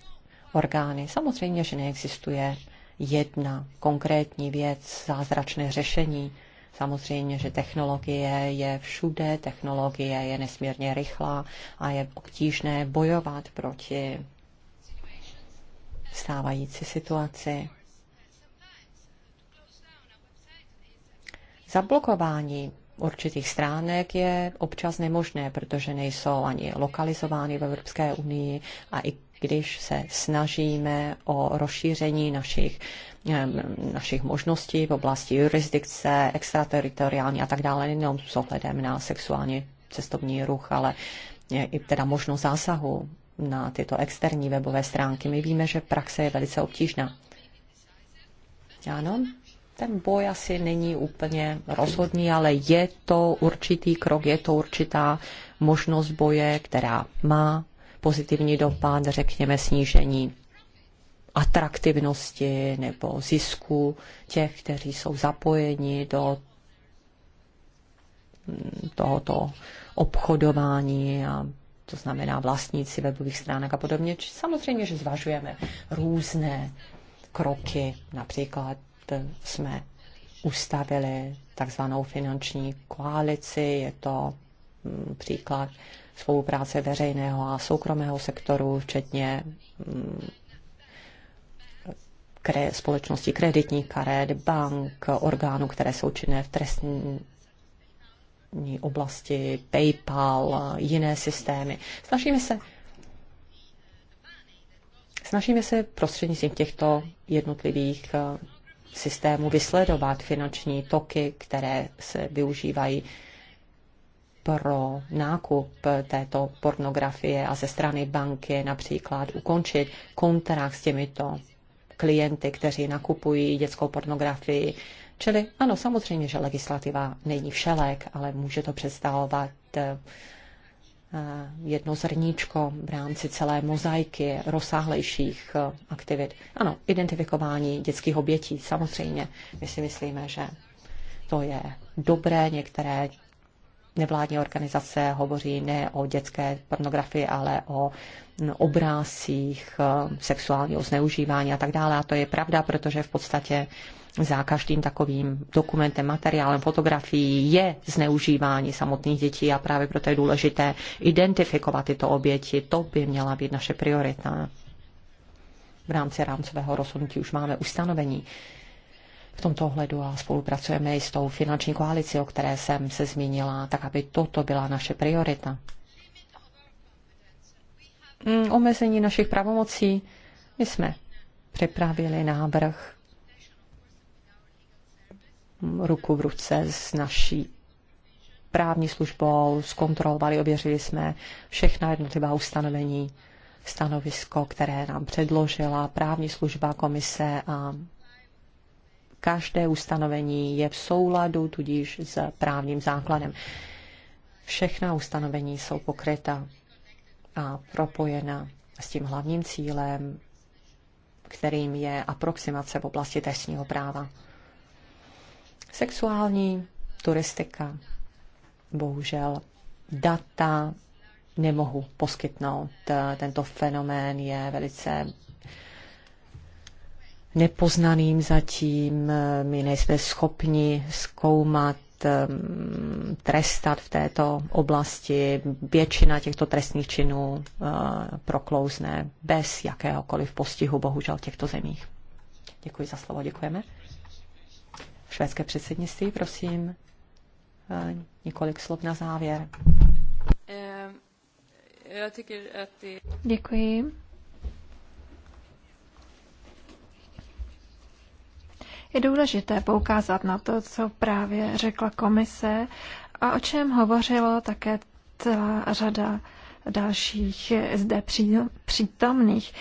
orgány. Samozřejmě, že neexistuje jedna konkrétní věc, zázračné řešení. Samozřejmě, že technologie je všude, technologie je nesmírně rychlá a je obtížné bojovat proti stávající situaci. Zablokování určitých stránek je občas nemožné, protože nejsou ani lokalizovány v Evropské unii a i když se snažíme o rozšíření našich, našich možností v oblasti jurisdikce, extrateritoriální a tak dále, nejenom s ohledem na sexuální cestovní ruch, ale i teda možnost zásahu na tyto externí webové stránky. My víme, že praxe je velice obtížná. Ano, ten boj asi není úplně rozhodný, ale je to určitý krok, je to určitá možnost boje, která má pozitivní dopad, řekněme, snížení atraktivnosti nebo zisku těch, kteří jsou zapojeni do tohoto obchodování a to znamená vlastníci webových stránek a podobně. Samozřejmě, že zvažujeme různé kroky. Například jsme ustavili takzvanou finanční koalici, je to mm, příklad spolupráce veřejného a soukromého sektoru, včetně mm, kre, společnosti kreditních karet, bank, orgánů, které jsou činné v trestní oblasti, PayPal, jiné systémy. Snažíme se Snažíme se prostřednictvím těchto jednotlivých eh, systémů vysledovat finanční toky, které se využívají pro nákup této pornografie a ze strany banky například ukončit kontrakt s těmito klienty, kteří nakupují dětskou pornografii. Čili ano, samozřejmě, že legislativa není všelek, ale může to představovat eh, jedno zrníčko v rámci celé mozaiky rozsáhlejších eh, aktivit. Ano, identifikování dětských obětí, samozřejmě. My si myslíme, že to je dobré, některé nevládní organizace hovoří ne o dětské pornografii, ale o obrázcích eh, sexuálního zneužívání a tak dále. A to je pravda, protože v podstatě za každým takovým dokumentem, materiálem, fotografií je zneužívání samotných dětí a právě proto je důležité identifikovat tyto oběti. To by měla být naše priorita. V rámci rámcového rozhodnutí už máme ustanovení, v tomto ohledu a spolupracujeme i s tou finanční koalicí, o které jsem se zmínila, tak aby toto byla naše priorita. Mm, omezení našich pravomocí. My jsme připravili návrh ruku v ruce s naší právní službou, zkontrolovali, ověřili jsme všechna jednotlivá ustanovení, stanovisko, které nám předložila právní služba komise a každé ustanovení je v souladu, tudíž s právním základem. Všechna ustanovení jsou pokryta a propojena s tím hlavním cílem, kterým je aproximace v oblasti trestního práva. Sexuální turistika. Bohužel data nemohu poskytnout. Tento fenomén je velice nepoznaným zatím. My nejsme schopni zkoumat trestat v této oblasti. Většina těchto trestných činů eh, proklouzne bez jakéhokoliv postihu, bohužel, v těchto zemích. Děkuji za slovo, děkujeme. Švédské předsednictví, prosím, eh, několik slov na závěr. Děkuji. je důležité poukázat na to, co právě řekla komise a o čem hovořilo také celá řada dalších zde přítomných.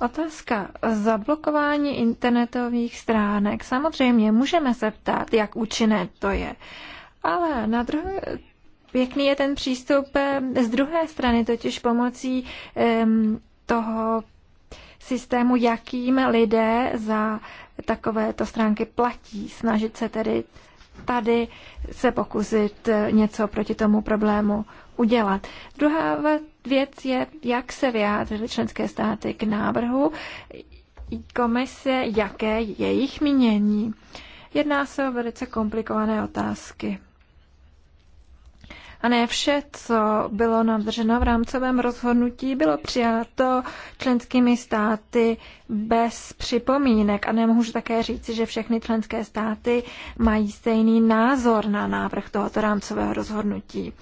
Otázka zablokování internetových stránek. Samozřejmě můžeme se ptát, jak účinné to je. Ale na druhé, pěkný je ten přístup eh, z druhé strany, totiž pomocí um, toho systému, jakým lidé za takovéto stránky platí. Snažit se tedy tady se pokusit něco proti tomu problému udělat. Druhá věc je, jak se vyjádřily členské státy k návrhu komise, jaké je jejich mínění. Jedná se o velice komplikované otázky. A ne vše, co bylo navrženo v rámcovém rozhodnutí, bylo přijato členskými státy bez připomínek. A nemohu také říci, že všechny členské státy mají stejný názor na návrh tohoto rámcového rozhodnutí.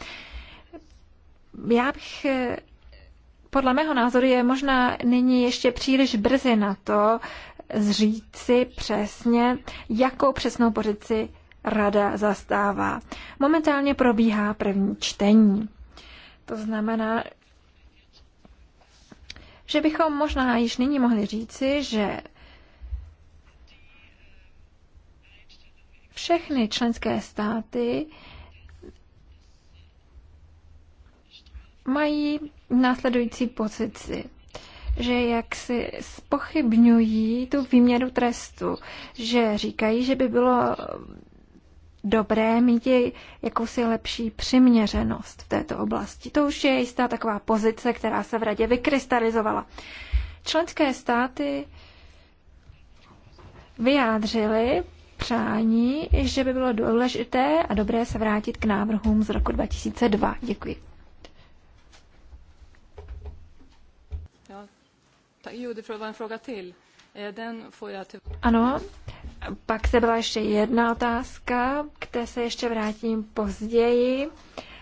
Já bych podle mého názoru je možná nyní ještě příliš brzy na to zříci přesně, jakou přesnou pozici rada zastává. Momentálně probíhá první čtení. To znamená, že bychom možná již nyní mohli říci, že všechny členské státy mají následující pozici že jak si spochybňují tu výměru trestu, že říkají, že by bylo dobré mít je jakousi lepší přiměřenost v této oblasti. To už je jistá taková pozice, která se v radě vykrystalizovala. Členské státy vyjádřily přání, že by bylo důležité a dobré se vrátit k návrhům z roku 2002. Děkuji. Tak, jo, det var en fråga till. Ano, pak se byla ještě jedna otázka, které se ještě vrátím později.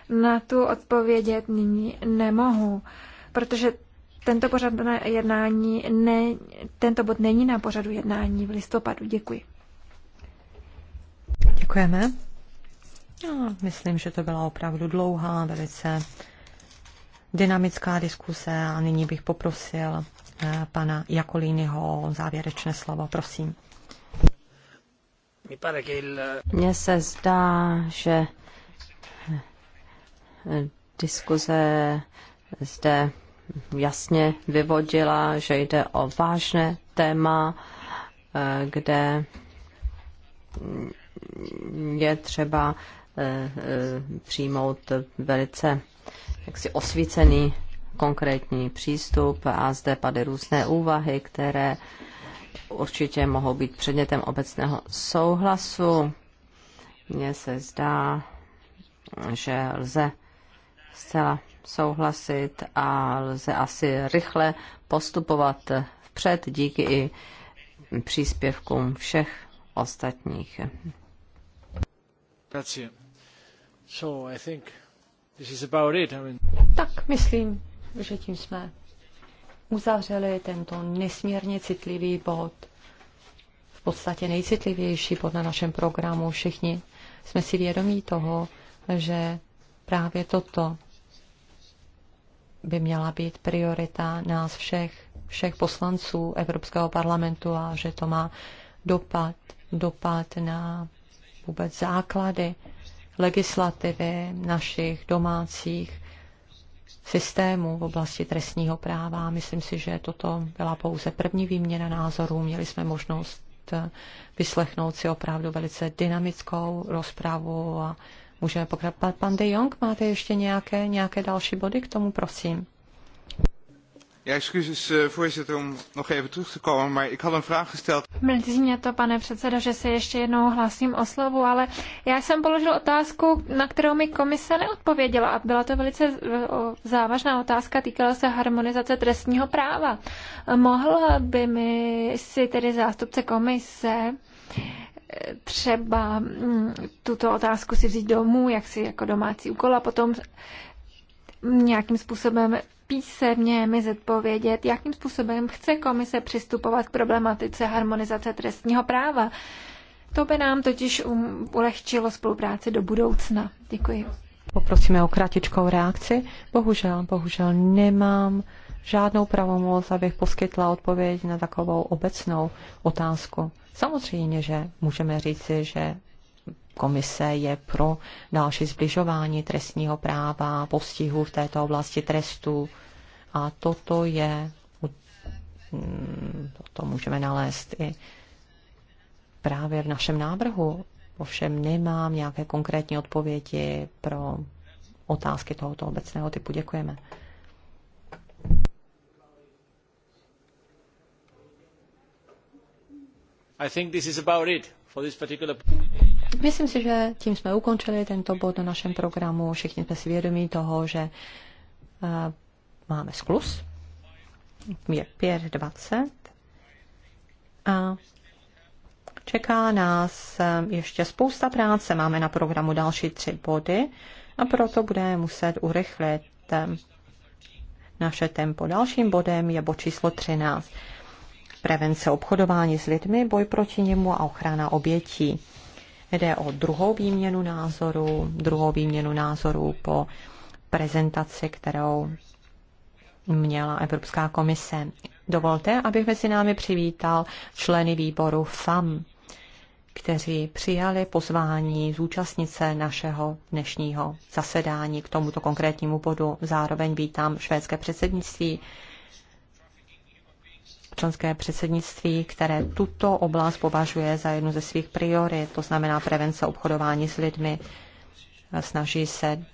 Na tu odpovědět nyní nemohu, protože tento, pořad na jednání ne, tento bod není na pořadu jednání v listopadu. Děkuji. Děkujeme. No, myslím, že to byla opravdu dlouhá, velice dynamická diskuse a nyní bych poprosil Eh, pana Jakolínyho závěrečné slovo. Prosím. Mně se zdá, že eh, diskuze zde jasně vyvodila, že jde o vážné téma, eh, kde mm, je třeba přijmout velice jaksi osvícený konkrétní přístup a zde padly různé úvahy, které určitě mohou být předmětem obecného souhlasu. Mně se zdá, že lze zcela souhlasit a lze asi rychle postupovat vpřed díky i příspěvkům všech ostatních. Tak myslím, že tím jsme uzavřeli tento nesmírně citlivý bod, v podstatě nejcitlivější bod na našem programu. Všichni jsme si vědomí toho, že právě toto by měla být priorita nás všech, všech poslanců Evropského parlamentu a že to má dopad, dopad na vůbec základy legislativy našich domácích systému v oblasti trestního práva. Myslím si, že toto byla pouze první výměna názorů. Měli jsme možnost eh, vyslechnout si opravdu velice dynamickou rozpravu a můžeme pokračovat. Pan De Jong, máte ještě nějaké, nějaké další body k tomu, prosím? Ja, excuses, eh, voorzitter, om nog even terug te komen, maar ik had een vraag gesteld. Mrzí mě to, pane předsedo, že se ještě jednou hlásím o slovu, ale já jsem položil otázku, na kterou mi komise neodpověděla a byla to velice eh, závažná otázka, týkala se harmonizace trestního práva. Mohl by mi si tedy zástupce komise eh, třeba mm, tuto otázku si vzít domů, jak si jako domácí úkol a potom mm, nějakým způsobem písemně mi zodpovědět, jakým způsobem chce komise přistupovat k problematice harmonizace trestního práva. To by nám totiž um, ulehčilo spolupráci do budoucna. Děkuji. Poprosíme o kratičkou reakci. Bohužel, bohužel nemám žádnou pravomoc, abych poskytla odpověď na takovou obecnou otázku. Samozřejmě, že můžeme říci, že Komise je pro další zbližování trestního práva, postihu v této oblasti trestu. A toto je, mm, toto můžeme nalézt i právě v našem návrhu. Ovšem nemám nějaké konkrétní odpovědi pro otázky tohoto obecného typu. Děkujeme. I think this is about it for this particular... Myslím si, že tím jsme ukončili tento bod na našem programu. Všichni jsme si vědomí toho, že uh, máme sklus. Je 5.20. A čeká nás eh, ještě spousta práce. Máme na programu další tři body a proto budeme muset urychlit eh, naše tempo. Dalším bodem je bod číslo 13. Prevence obchodování s lidmi, boj proti němu a ochrana obětí. Jde o druhou výměnu názoru, druhou výměnu názoru po prezentaci, kterou měla Evropská komise. Dovolte, abych mezi námi přivítal členy výboru FAM, kteří přijali pozvání zúčastnit se našeho dnešního zasedání k tomuto konkrétnímu bodu. Zároveň vítám švédské předsednictví, občanské předsednictví, které tuto oblast považuje za jednu ze svých priorit, to znamená prevence obchodování s lidmi. Snaží se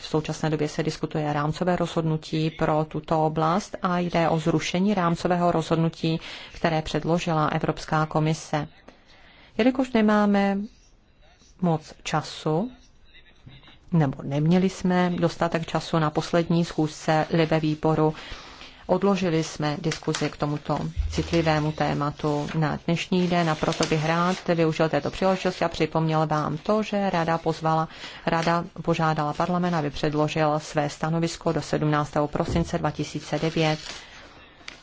v současné době se diskutuje rámcové rozhodnutí pro tuto oblast a jde o zrušení rámcového rozhodnutí, které předložila Evropská komise. Jelikož nemáme moc času, nebo neměli jsme dostatek času na poslední schůzce Libe výboru, Odložili jsme diskuzi k tomuto citlivému tématu na dnešní den a proto bych rád využil této příležitosti a připomněl vám to, že Rada pozvala, Rada požádala parlament, aby předložil své stanovisko do 17. prosince 2009.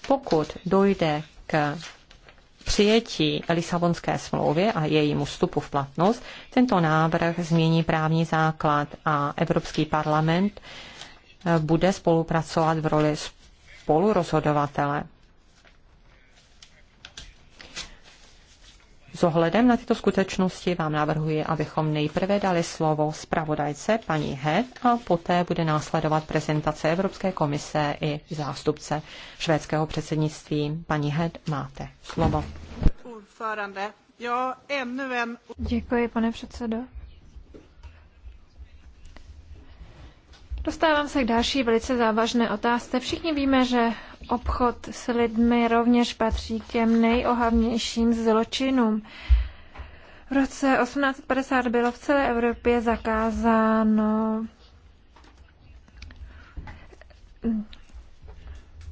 Pokud dojde k přijetí Lisabonské smlouvy a jejímu vstupu v platnost, tento návrh změní právní základ a Evropský parlament bude spolupracovat v roli spolurozhodovatele. S ohledem na tyto skutečnosti vám navrhuji, abychom nejprve dali slovo zpravodajce paní He a poté bude následovat prezentace Evropské komise i zástupce švédského předsednictví. Paní He, máte slovo. Děkuji, pane předsedo. Dostávám se k další velice závažné otázce. Všichni víme, že obchod s lidmi rovněž patří k těm nejohavnějším zločinům. V roce 1850 bylo v celé Evropě zakázáno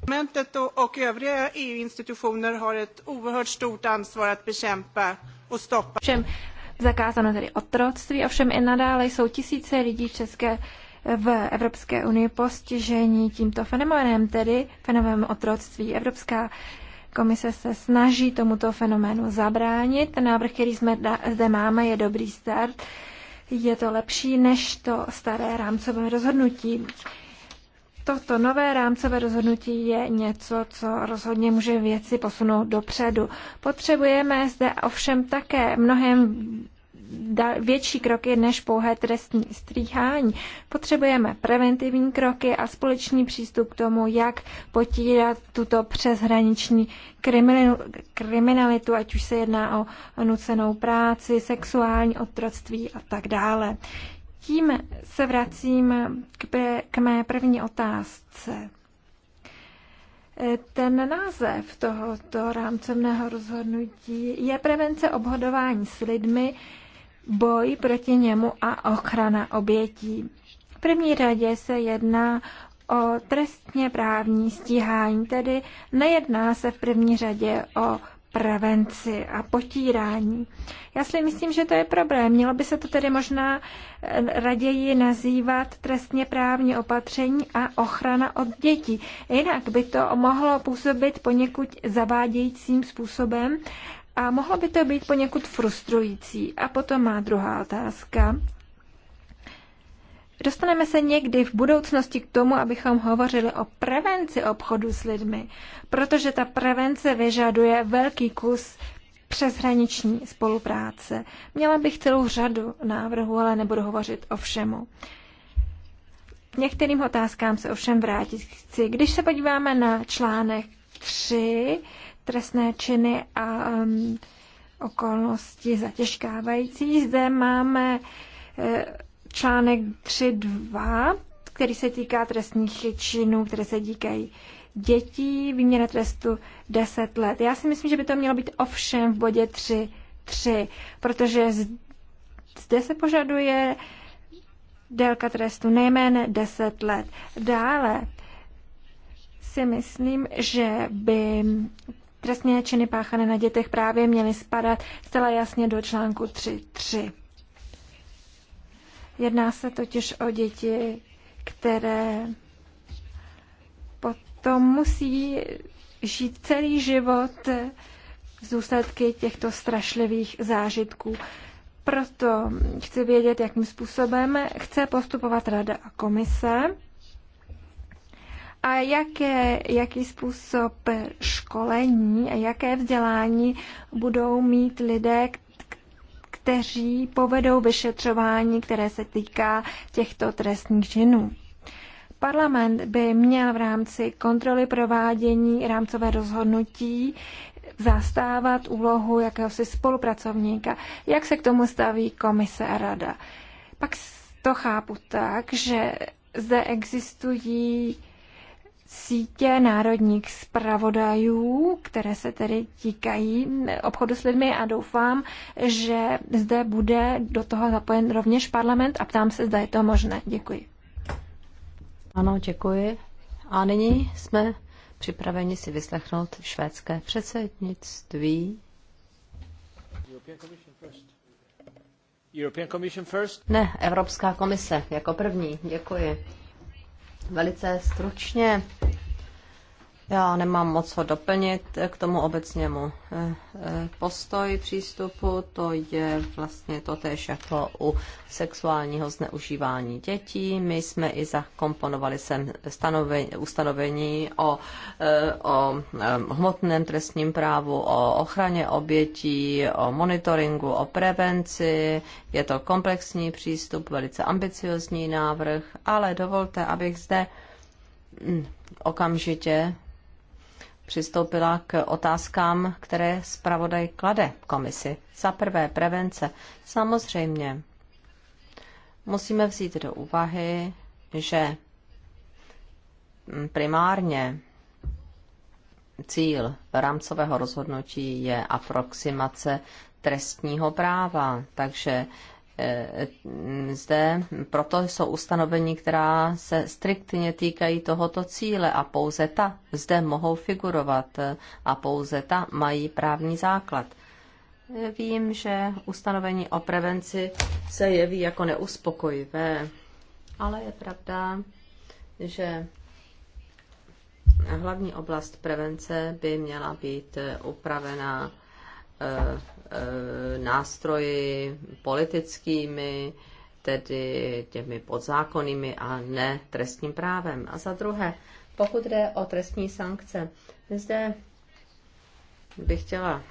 Parlamentet och övriga EU-institutioner har ett oerhört stort ansvar att bekämpa och stoppa. Všem zakázáno tedy otroctví, ovšem i nadále jsou tisíce lidí v České v Evropské unii postižení tímto fenoménem, tedy fenoménem otroctví. Evropská komise se snaží tomuto fenoménu zabránit. Ten návrh, který jsme zde máme, je dobrý start. Je to lepší než to staré rámcové rozhodnutí. Toto nové rámcové rozhodnutí je něco, co rozhodně může věci posunout dopředu. Potřebujeme zde ovšem také mnohem větší kroky než pouhé trestní stříhání. Potřebujeme preventivní kroky a společný přístup k tomu, jak potírat tuto přeshraniční kriminalitu, ať už se jedná o nucenou práci, sexuální otroctví a tak dále. Tím se vracím k, k mé první otázce. Ten název tohoto rámcovného rozhodnutí je prevence obhodování s lidmi, boj proti němu a ochrana obětí. V první řadě se jedná o trestně právní stíhání, tedy nejedná se v první řadě o prevenci a potírání. Já si myslím, že to je problém. Mělo by se to tedy možná eh, raději nazývat trestně právní opatření a ochrana od dětí. Jinak by to mohlo působit poněkud zavádějícím způsobem a mohlo by to být poněkud frustrující. A potom má druhá otázka. Dostaneme se někdy v budoucnosti k tomu, abychom hovořili o prevenci obchodu s lidmi, protože ta prevence vyžaduje velký kus přeshraniční spolupráce. Měla bych celou řadu návrhů, ale nebudu hovořit o všemu. K některým otázkám se ovšem vrátit chci. Když se podíváme na článek 3, trestné činy a um, okolnosti zatěžkávající. Zde máme eh, článek 3.2, který se týká trestních činů, které se díkají dětí, výměna trestu 10 let. Já si myslím, že by to mělo být ovšem v bodě 3.3, protože zde se požaduje délka trestu nejméně 10 let. Dále si myslím, že by trestné činy páchané na dětech právě měly spadat zcela jasně do článku 3.3. Jedná se totiž o děti, které potom musí žít celý život z důsledky těchto strašlivých zážitků. Proto chci vědět, jakým způsobem chce postupovat Rada a komise a jaké, jaký způsob školení a jaké vzdělání budou mít lidé, kteří povedou vyšetřování, které se týká těchto trestních činů. Parlament by měl v rámci kontroly provádění rámcové rozhodnutí zastávat úlohu jakéhosi spolupracovníka. Jak se k tomu staví komise a rada? Pak to chápu tak, že zde existují sítě národních zpravodajů, které se tedy týkají obchodu s lidmi a doufám, že zde bude do toho zapojen rovněž parlament a ptám se, zda je to možné. Děkuji. Ano, děkuji. A nyní jsme připraveni si vyslechnout švédské předsednictví. Ne, Evropská komise jako první. Děkuji. Velice stručně já nemám moc co doplnit k tomu obecnému eh, eh, postoji přístupu. To je vlastně to též jako u sexuálního zneužívání dětí. My jsme i zakomponovali sem stanovení, ustanovení o, eh, o hmotném trestním právu, o ochraně obětí, o monitoringu, o prevenci. Je to komplexní přístup, velice ambiciozní návrh, ale dovolte, abych zde hm, okamžitě přistoupila k otázkám, které zpravodaj klade komisi. Za prvé prevence. Samozřejmě musíme vzít do úvahy, že primárně cíl rámcového rozhodnutí je aproximace trestního práva, takže Eh, zde proto jsou ustanovení, která se striktně týkají tohoto cíle a pouze ta zde mohou figurovat eh, a pouze ta mají právní základ. Eh, vím, že ustanovení o prevenci se jeví jako neuspokojivé, ale je pravda, že hlavní oblast prevence by měla být upravená Eh, eh, nástroji politickými, tedy těmi podzákonnými a ne trestním právem. A za druhé, pokud jde o trestní sankce, zde bych chtěla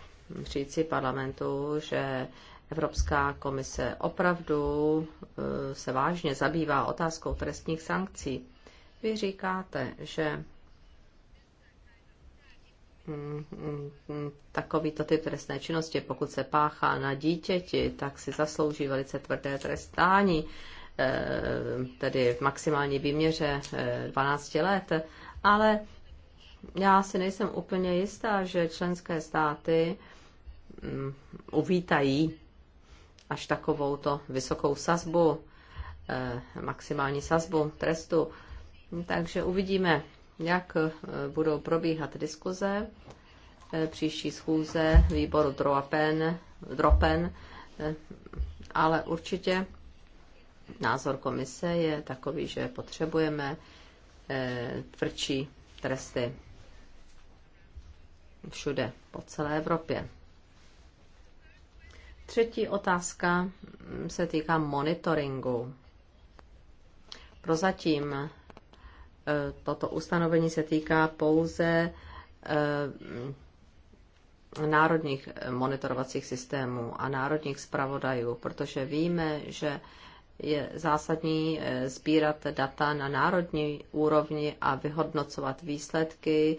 říci parlamentu, že Evropská komise opravdu eh, se vážně zabývá otázkou trestních sankcí. Vy říkáte, že takovýto typ trestné činnosti, pokud se páchá na dítěti, tak si zaslouží velice tvrdé trestání, eh, tedy v maximální výměře 12 eh, let, ale já si nejsem úplně jistá, že členské státy mm, uvítají až takovouto vysokou sazbu, eh, maximální sazbu trestu. Takže uvidíme, jak eh, budou probíhat diskuze eh, příští schůze výboru Dropen, Dropen eh, ale určitě názor komise je takový, že potřebujeme tvrdší tresty všude, po celé Evropě. Třetí otázka mm, se týká monitoringu. Prozatím Eh, toto ustanovení se týká pouze eh, národních monitorovacích systémů a národních zpravodajů, protože víme, že je zásadní eh, sbírat data na národní úrovni a vyhodnocovat výsledky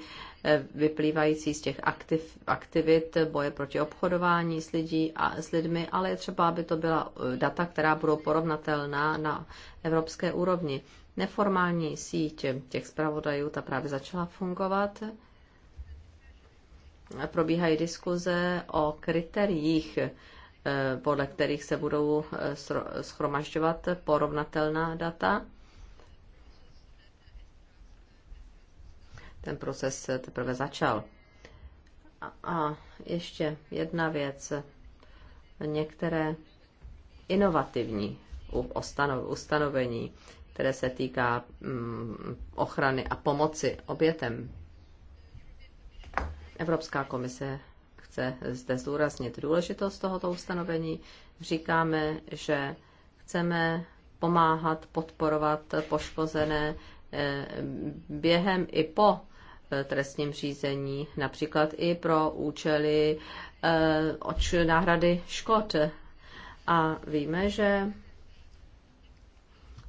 vyplývající z těch aktiv, aktivit boje proti obchodování s, lidí a, s lidmi, ale je třeba, aby to byla data, která budou porovnatelná na evropské úrovni. Neformální síť těch zpravodajů, ta právě začala fungovat. Probíhají diskuze o kritériích, eh, podle kterých se budou eh, schromažďovat porovnatelná data. Ten proces teprve začal. A ještě jedna věc. Některé inovativní ustanovení které se týká mm, ochrany a pomoci obětem. Evropská komise chce zde zdůraznit důležitost tohoto ustanovení. Říkáme, že chceme pomáhat, podporovat poškozené eh, během i po eh, trestním řízení, například i pro účely eh, náhrady škod. A víme, že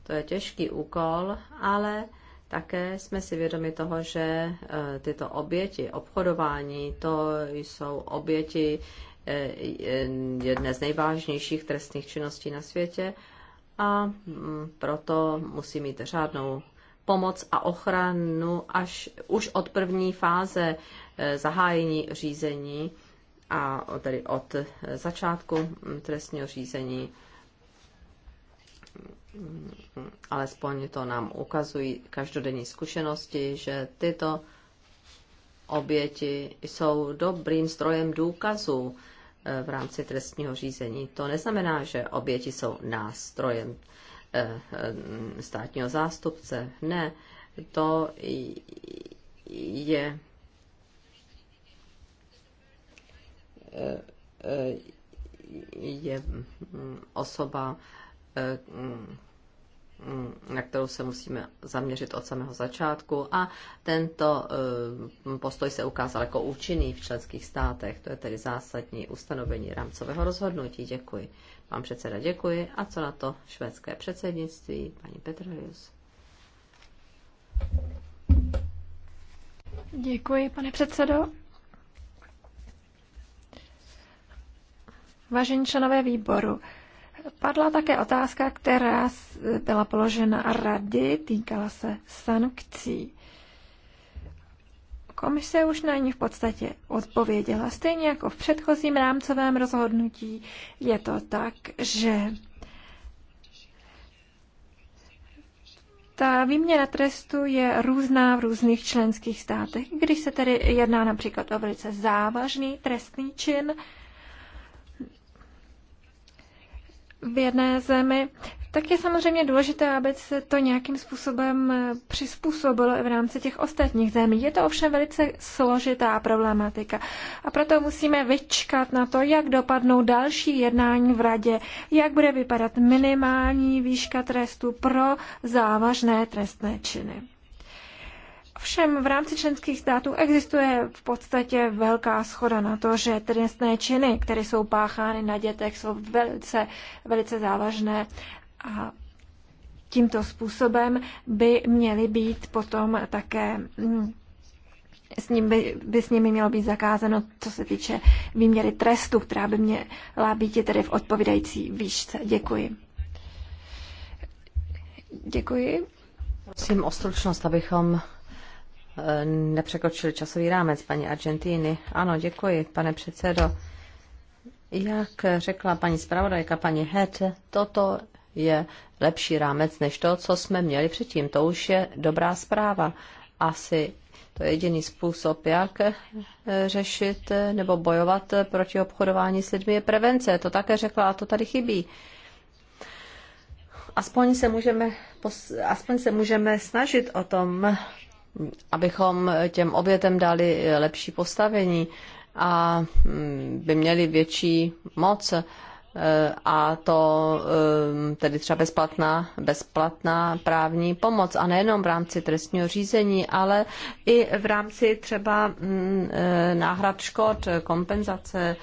to je těžký úkol, ale také jsme si vědomi toho, že eh, tyto oběti obchodování, to jsou oběti eh, eh, jedné z nejvážnějších trestných činností na světě a mm, proto musí mít řádnou pomoc a ochranu až už od první fáze zahájení řízení a tedy od začátku mm, trestního řízení alespoň to nám ukazují každodenní zkušenosti, že tyto oběti jsou dobrým zdrojem důkazů eh, v rámci trestního řízení. To neznamená, že oběti jsou nástrojem eh, eh, státního zástupce. Ne, to je je mm, osoba, mm, Mm, na kterou se musíme zaměřit od samého začátku a tento eh, postoj se ukázal jako účinný v členských státech. To je tedy zásadní ustanovení rámcového rozhodnutí. Děkuji. Pan předseda děkuji. A co na to švédské předsednictví, paní Petrelius? Děkuji, pane předsedo. Vážení členové výboru, Padla také otázka, která byla položena radě, týkala se sankcí. Komise už na ní v podstatě odpověděla. Stejně jako v předchozím rámcovém rozhodnutí je to tak, že Ta výměna trestu je různá v různých členských státech. Když se tedy jedná například o velice závažný trestný čin, v jedné zemi, tak je samozřejmě důležité, aby se to nějakým způsobem eh, přizpůsobilo i v rámci těch ostatních zemí. Je to ovšem velice složitá problematika a proto musíme vyčkat na to, jak dopadnou další jednání v radě, jak bude vypadat minimální výška trestu pro závažné trestné činy. Ovšem v rámci členských států existuje v podstatě velká schoda na to, že trestné činy, které jsou páchány na dětech, jsou velice, velice závažné a tímto způsobem by měly být potom také mm, s ním by, by s nimi mělo být zakázeno, co se týče výměry trestu, která by měla být tedy v odpovídající výšce. Děkuji. Děkuji. Prosím o stručnost, abychom Eh, nepřekročili časový rámec paní Argentíny. Ano, děkuji, pane předsedo. Jak řekla paní zpravodajka, paní Het, toto je lepší rámec než to, co jsme měli předtím. To už je dobrá zpráva. Asi to je jediný způsob, jak eh, řešit eh, nebo bojovat proti obchodování s lidmi je prevence. To také řekla a to tady chybí. Aspoň se můžeme, aspoň se můžeme snažit o tom abychom těm obětem dali lepší postavení a mm, by měli větší moc e, a to e, tedy třeba bezplatná, bezplatná právní pomoc a nejenom v rámci trestního řízení, ale i v rámci třeba mm, e, náhrad škod, kompenzace,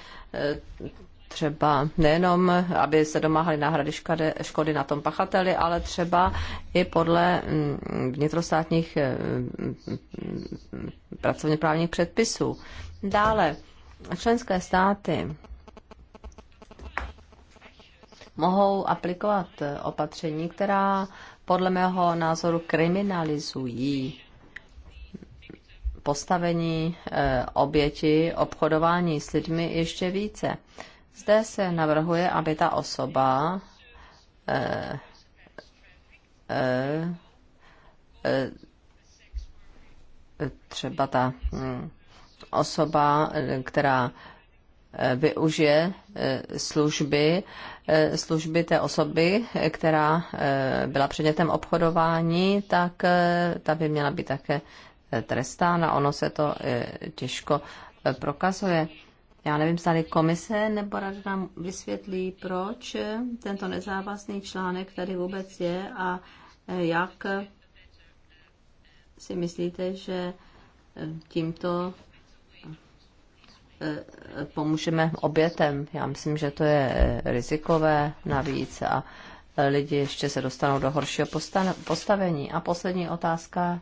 třeba nejenom, aby se domáhali náhrady škody, škody na tom pachateli, ale třeba i podle mm, vnitrostátních eh, mm, pracovně právních předpisů. Dále, členské státy mohou aplikovat opatření, která podle mého názoru kriminalizují postavení eh, oběti obchodování s lidmi ještě více. Zde se navrhuje, aby ta osoba eh, eh, eh, třeba ta hm, osoba, která využije služby, služby té osoby, která byla předmětem obchodování, tak ta by měla být také trestána. Ono se to těžko prokazuje. Já nevím, zda komise nebo rada nám vysvětlí, proč tento nezávazný článek tady vůbec je a e, jak si myslíte, že e, tímto e, pomůžeme obětem. Já myslím, že to je rizikové navíc a lidi ještě se dostanou do horšího postavení. A poslední otázka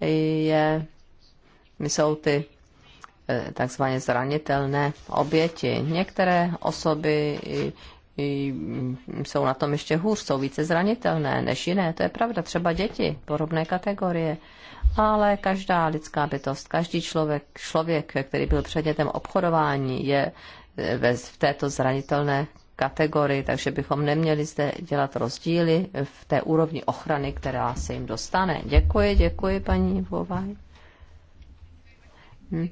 je, jsou ty takzvaně zranitelné oběti. Některé osoby jsou na tom ještě hůř, jsou více zranitelné než jiné. To je pravda, třeba děti, podobné kategorie. Ale každá lidská bytost, každý člověk, člověk který byl předmětem obchodování, je eh, v této zranitelné kategorii, takže bychom neměli zde dělat rozdíly v té úrovni ochrany, která se jim dostane. Děkuji, děkuji, paní Vovaj. Hm.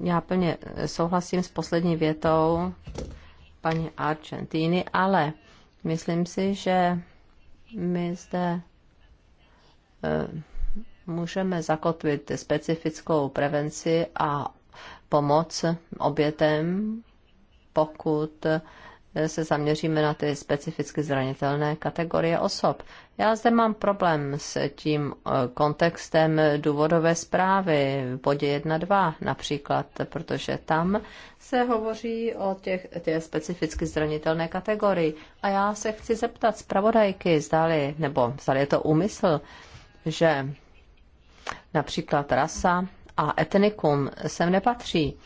Já plně souhlasím s poslední větou paní Argentiny, ale myslím si, že my zde eh, můžeme zakotvit specifickou prevenci a pomoc obětem, pokud se zaměříme na ty specificky zranitelné kategorie osob. Já zde mám problém s tím eh, kontextem důvodové zprávy v bodě 1.2 například, protože tam se hovoří o těch, těch specificky zranitelné kategorii. A já se chci zeptat zpravodajky, zdali, nebo zdali je to úmysl, že například rasa a etnikum sem nepatří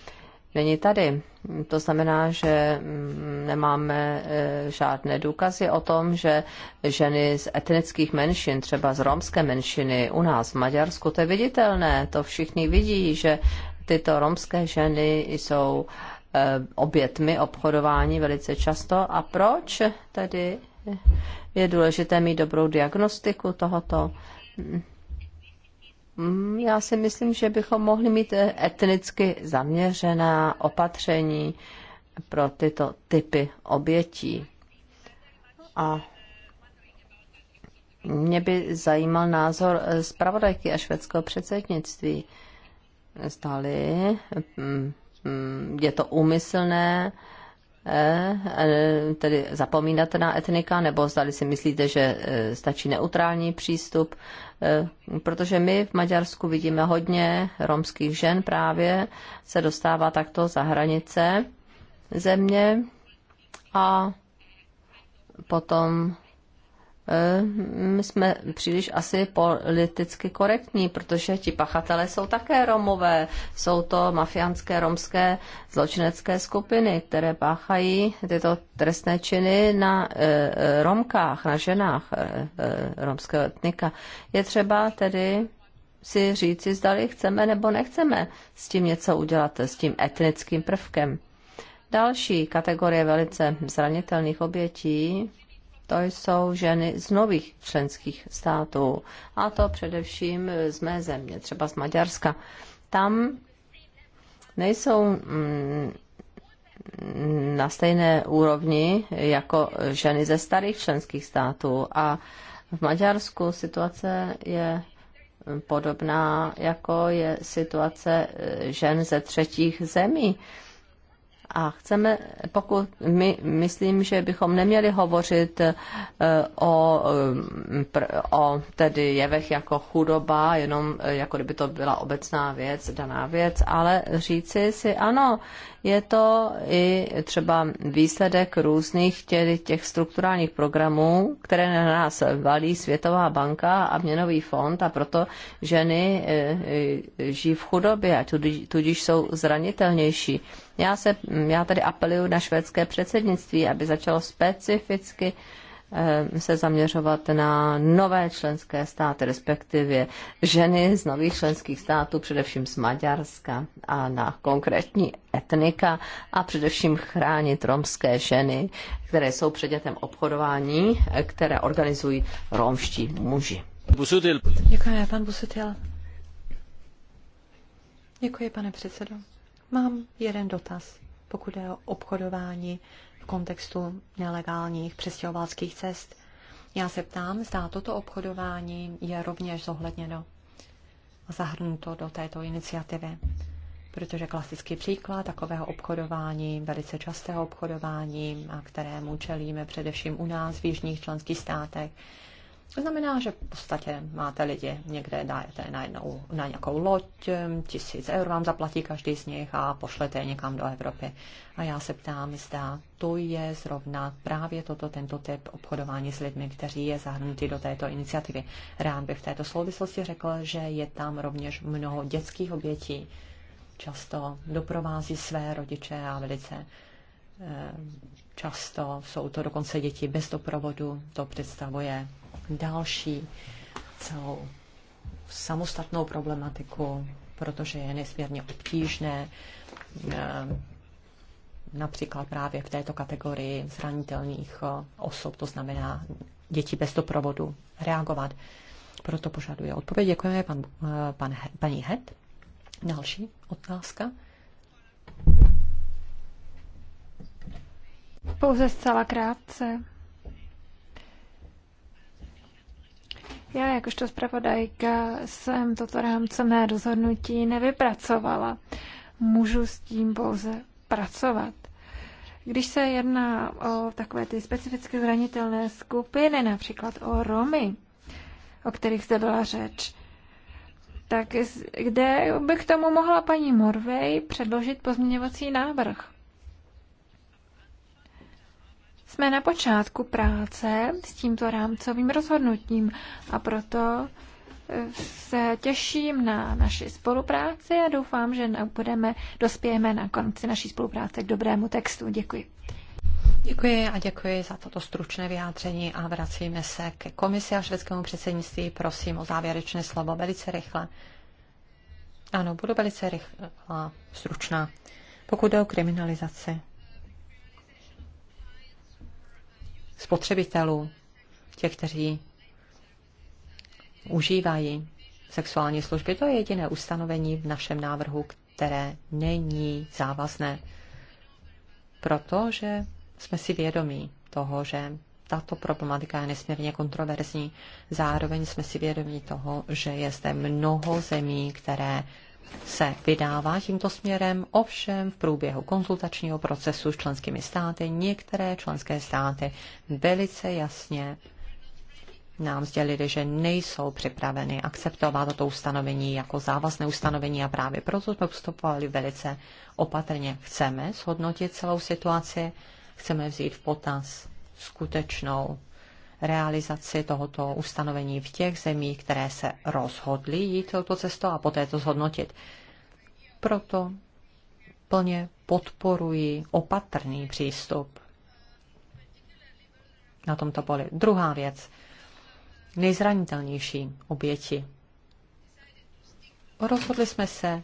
není tady. To znamená, že mm, nemáme e, žádné důkazy o tom, že ženy z etnických menšin, třeba z romské menšiny u nás v Maďarsku, to je viditelné, to všichni vidí, že tyto romské ženy jsou e, obětmi obchodování velice často. A proč tedy je důležité mít dobrou diagnostiku tohoto? Mm, já si myslím, že bychom mohli mít eh, etnicky zaměřená opatření pro tyto typy obětí. A mě by zajímal názor eh, zpravodajky a švédského předsednictví. Zdali mm, mm, je to úmyslné E, e, tedy zapomínat na etnika, nebo zdali si myslíte, že e, stačí neutrální přístup, protože my v Maďarsku vidíme hodně romských žen právě se dostává takto za hranice země a potom E, my jsme příliš asi politicky korektní, protože ti pachatelé jsou také Romové, jsou to mafiánské romské zločinecké skupiny, které páchají tyto trestné činy na e, e Romkách, na ženách e, e, romského etnika. Je třeba tedy si říci, zdali chceme nebo nechceme s tím něco udělat, s tím etnickým prvkem. Další kategorie velice zranitelných obětí to jsou ženy z nových členských států, a to především z mé země, třeba z Maďarska. Tam nejsou mm, na stejné úrovni jako ženy ze starých členských států a v Maďarsku situace je podobná, jako je situace žen ze třetích zemí. A chceme, pokud my myslím, že bychom neměli hovořit eh, o, mm, o tedy jevech jako chudoba, jenom eh, jako kdyby to byla obecná věc, daná věc, ale říci si ano, je to i třeba výsledek různých těch, těch strukturálních programů, které na nás valí Světová banka a Měnový fond a proto ženy eh, žijí v chudobě a tudíž jsou zranitelnější. Já, se, já tady apeluju na švédské předsednictví, aby začalo specificky eh, se zaměřovat na nové členské státy, respektive ženy z nových členských států, především z Maďarska a na konkrétní etnika a především chránit romské ženy, které jsou předmětem obchodování, které organizují romští muži. Děkuji, pan Busutil. Děkuji, pane předsedo. Mám jeden dotaz, pokud je o obchodování v kontextu nelegálních přestěhovalských cest. Já se ptám, zda toto obchodování je rovněž zohledněno a zahrnuto do této iniciativy. Protože klasický příklad takového obchodování, velice častého obchodování, a kterému čelíme především u nás v jižních členských státech, to znamená, že v podstatě máte lidi, někde dáte na, jednou, na nějakou loď, tisíc eur vám zaplatí každý z nich a pošlete je někam do Evropy. A já se ptám, zda to je zrovna právě toto, tento typ obchodování s lidmi, kteří je zahrnutý do této iniciativy. Rád bych v této souvislosti řekl, že je tam rovněž mnoho dětských obětí. Často doprovází své rodiče a velice eh, často jsou to dokonce děti bez doprovodu. To představuje další celou samostatnou problematiku, protože je nesmírně obtížné eh, například právě v této kategorii zranitelných eh, osob, to znamená děti bez doprovodu, reagovat. Proto požaduje odpověď. Děkujeme pan, eh, pan, paní Het. Další otázka. Pouze zcela krátce. Já jakožto zpravodajka jsem toto rámcové rozhodnutí nevypracovala. Můžu s tím pouze pracovat. Když se jedná o takové ty specificky zranitelné skupiny, například o Romy, o kterých zde byla řeč, tak kde by k tomu mohla paní Morvej předložit pozměňovací návrh? Jsme na počátku práce s tímto rámcovým rozhodnutím a proto eh, se těším na naši spolupráci a doufám, že budeme, dospějeme na konci naší spolupráce k dobrému textu. Děkuji. Děkuji a děkuji za toto stručné vyjádření a vracíme se ke komisi a švédskému předsednictví. Prosím o závěrečné slovo velice rychle. Ano, budu velice rychlá, stručná. Pokud jde o kriminalizaci, spotřebitelů, těch, kteří užívají sexuální služby. To je jediné ustanovení v našem návrhu, které není závazné, protože jsme si vědomí toho, že tato problematika je nesmírně kontroverzní. Zároveň jsme si vědomí toho, že je zde mnoho zemí, které se vydává tímto směrem, ovšem v průběhu konzultačního procesu s členskými státy některé členské státy velice jasně nám sdělili, že nejsou připraveny akceptovat toto ustanovení jako závazné ustanovení a právě proto jsme postupovali velice opatrně. Chceme shodnotit celou situaci, chceme vzít v potaz skutečnou realizaci tohoto ustanovení v těch zemích, které se rozhodly jít touto cestou a poté to zhodnotit. Proto plně podporuji opatrný přístup na tomto poli. Druhá věc. Nejzranitelnější oběti. Rozhodli jsme se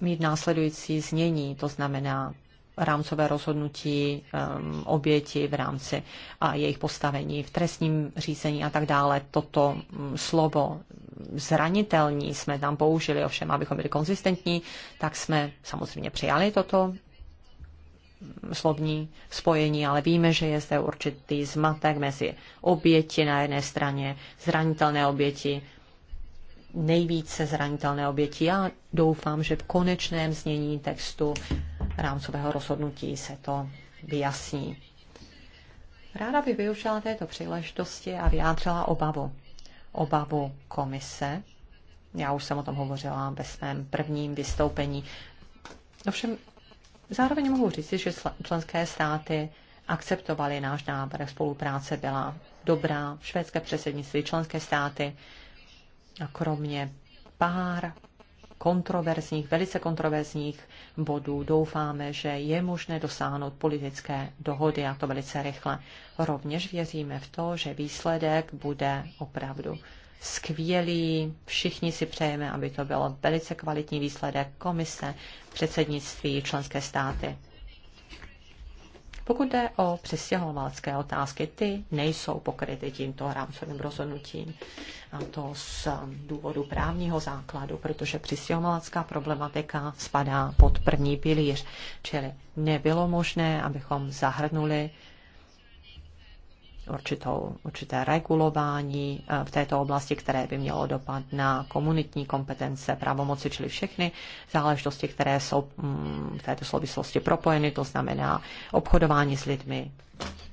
mít následující znění, to znamená rámcové rozhodnutí um, oběti v rámci a jejich postavení v trestním řízení a tak dále. Toto mm, slovo zranitelní jsme tam použili, ovšem, abychom byli konzistentní, tak jsme samozřejmě přijali toto mm, slovní spojení, ale víme, že je zde určitý zmatek mezi oběti na jedné straně, zranitelné oběti, nejvíce zranitelné oběti. Já doufám, že v konečném znění textu rámcového rozhodnutí se to vyjasní. Ráda by využila této příležitosti a vyjádřila obavu. Obavu komise. Já už jsem o tom hovořila ve svém prvním vystoupení. Ovšem, zároveň mohu říct, že členské státy akceptovali náš návrh. Spolupráce byla dobrá. Švédské předsednictví, členské státy a kromě pár kontroverzních, velice kontroverzních bodů. Doufáme, že je možné dosáhnout politické dohody a to velice rychle. Rovněž věříme v to, že výsledek bude opravdu skvělý. Všichni si přejeme, aby to byl velice kvalitní výsledek komise, předsednictví, členské státy. Pokud jde o přistěhovalecké otázky, ty nejsou pokryty tímto rámcovým rozhodnutím. A to z důvodu právního základu, protože přistěhovalecká problematika spadá pod první pilíř, čili nebylo možné, abychom zahrnuli určitou, určité regulování eh, v této oblasti, které by mělo dopad na komunitní kompetence, pravomoci, čili všechny záležitosti, které jsou mm, v této souvislosti propojeny, to znamená obchodování s lidmi,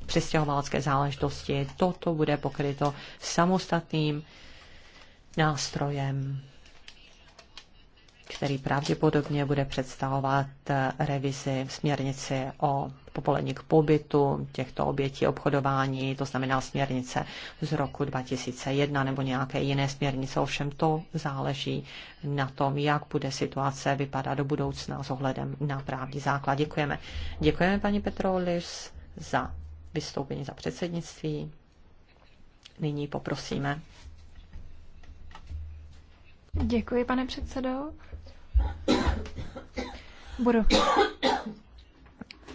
přistěhovalské záležitosti. Toto bude pokryto samostatným nástrojem který pravděpodobně bude představovat eh, revizi směrnici o povolení k pobytu těchto obětí obchodování, to znamená směrnice z roku 2001 nebo nějaké jiné směrnice. Ovšem to záleží na tom, jak bude situace vypadat do budoucna s ohledem na právní základ. Děkujeme. Děkujeme paní Petrolis za vystoupení za předsednictví. Nyní poprosíme. Děkuji, pane předsedo. Budu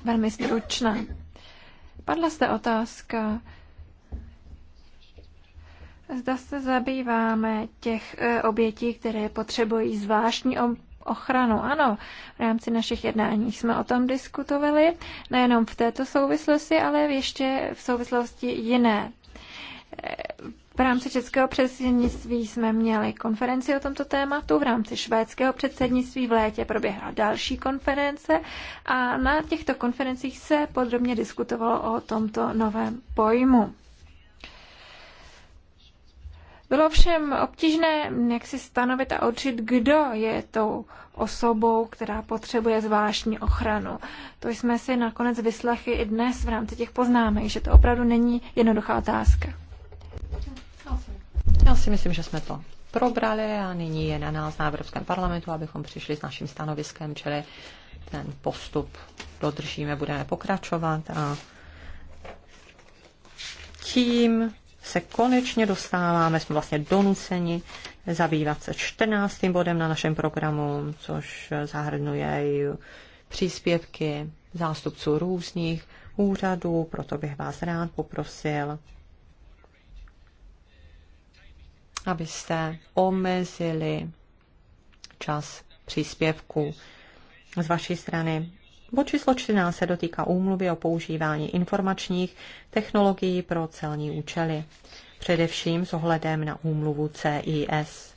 velmi stručná. Padla zde otázka, zda se zabýváme těch eh, obětí, které potřebují zvláštní ochranu. Ano, v rámci našich jednání jsme o tom diskutovali, nejenom v této souvislosti, ale ještě v souvislosti jiné. Eh, v rámci českého předsednictví jsme měli konferenci o tomto tématu, v rámci švédského předsednictví v létě proběhla další konference a na těchto konferencích se podrobně diskutovalo o tomto novém pojmu. Bylo všem obtížné, jak si stanovit a určit, kdo je tou osobou, která potřebuje zvláštní ochranu. To jsme si nakonec vyslechli i dnes v rámci těch poznámek, že to opravdu není jednoduchá otázka. Já si myslím, že jsme to probrali a nyní je na nás na Evropském parlamentu, abychom přišli s naším stanoviskem, čili ten postup dodržíme, budeme pokračovat a tím se konečně dostáváme, jsme vlastně donuceni zabývat se 14. bodem na našem programu, což zahrnuje i příspěvky zástupců různých úřadů, proto bych vás rád poprosil, abyste omezili čas příspěvku z vaší strany. Bod číslo 14 se dotýká úmluvy o používání informačních technologií pro celní účely, především s ohledem na úmluvu CIS.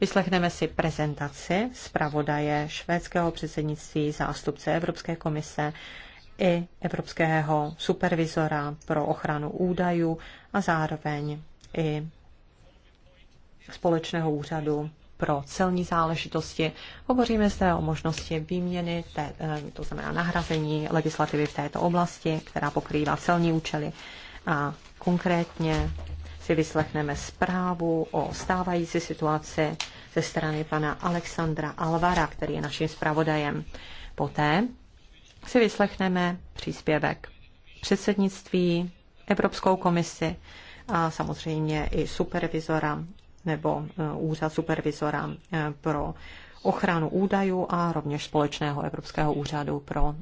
Vyslechneme si prezentaci zpravodaje švédského předsednictví zástupce Evropské komise i Evropského supervizora pro ochranu údajů a zároveň i společného úřadu pro celní záležitosti. Hovoříme zde o možnosti výměny, té, eh, to znamená nahrazení legislativy v této oblasti, která pokrývá celní účely. A konkrétně si vyslechneme zprávu o stávající situaci ze strany pana Alexandra Alvara, který je naším zpravodajem. Poté si vyslechneme příspěvek předsednictví, Evropskou komisi a samozřejmě i supervizora nebo eh, úřad supervizora eh, pro ochranu údajů a rovněž společného Evropského úřadu pro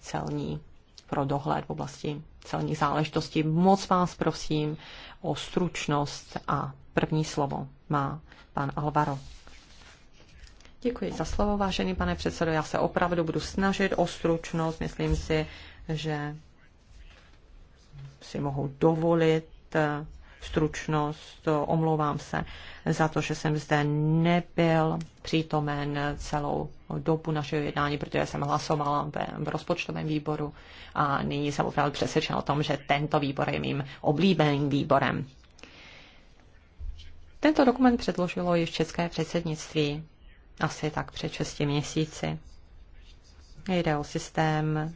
celní, pro dohled v oblasti celních záležitostí. Moc vás prosím o stručnost a první slovo má pan Alvaro. Děkuji za slovo, vážený pane předsedo. Já se opravdu budu snažit o stručnost. Myslím si, že si mohu dovolit eh, stručnost. Omlouvám se za to, že jsem zde nebyl přítomen celou dobu našeho jednání, protože jsem hlasovala v rozpočtovém výboru a nyní jsem opravdu přesvědčen o tom, že tento výbor je mým oblíbeným výborem. Tento dokument předložilo již české předsednictví asi tak před 6 měsíci. Jde o systém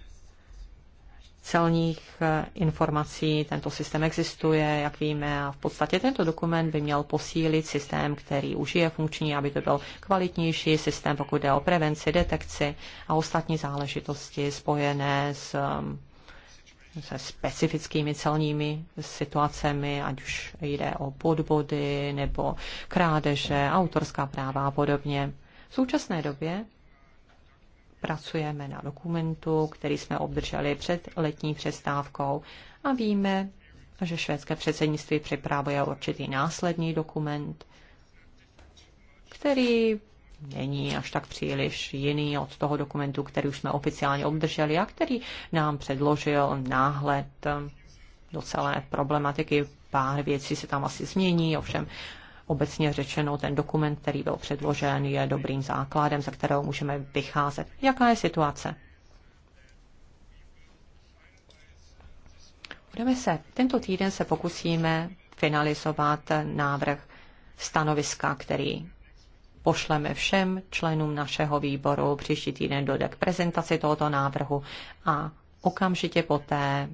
celních eh, informací. Tento systém existuje, jak víme, a v podstatě tento dokument by měl posílit systém, který už je funkční, aby to byl kvalitnější systém, pokud jde o prevenci, detekci a ostatní záležitosti spojené s eh, se specifickými celními situacemi, ať už jde o podbody nebo krádeže, autorská práva a podobně. V současné době pracujeme na dokumentu, který jsme obdrželi před letní přestávkou a víme, že švédské předsednictví připravuje určitý následný dokument, který není až tak příliš jiný od toho dokumentu, který už jsme oficiálně obdrželi a který nám předložil náhled do celé problematiky. Pár věcí se tam asi změní, ovšem Obecně řečeno, ten dokument, který byl předložen, je dobrým základem, ze kterého můžeme vycházet. Jaká je situace? Budeme se, tento týden se pokusíme finalizovat návrh stanoviska, který pošleme všem členům našeho výboru příští týden dojde k prezentaci tohoto návrhu a okamžitě poté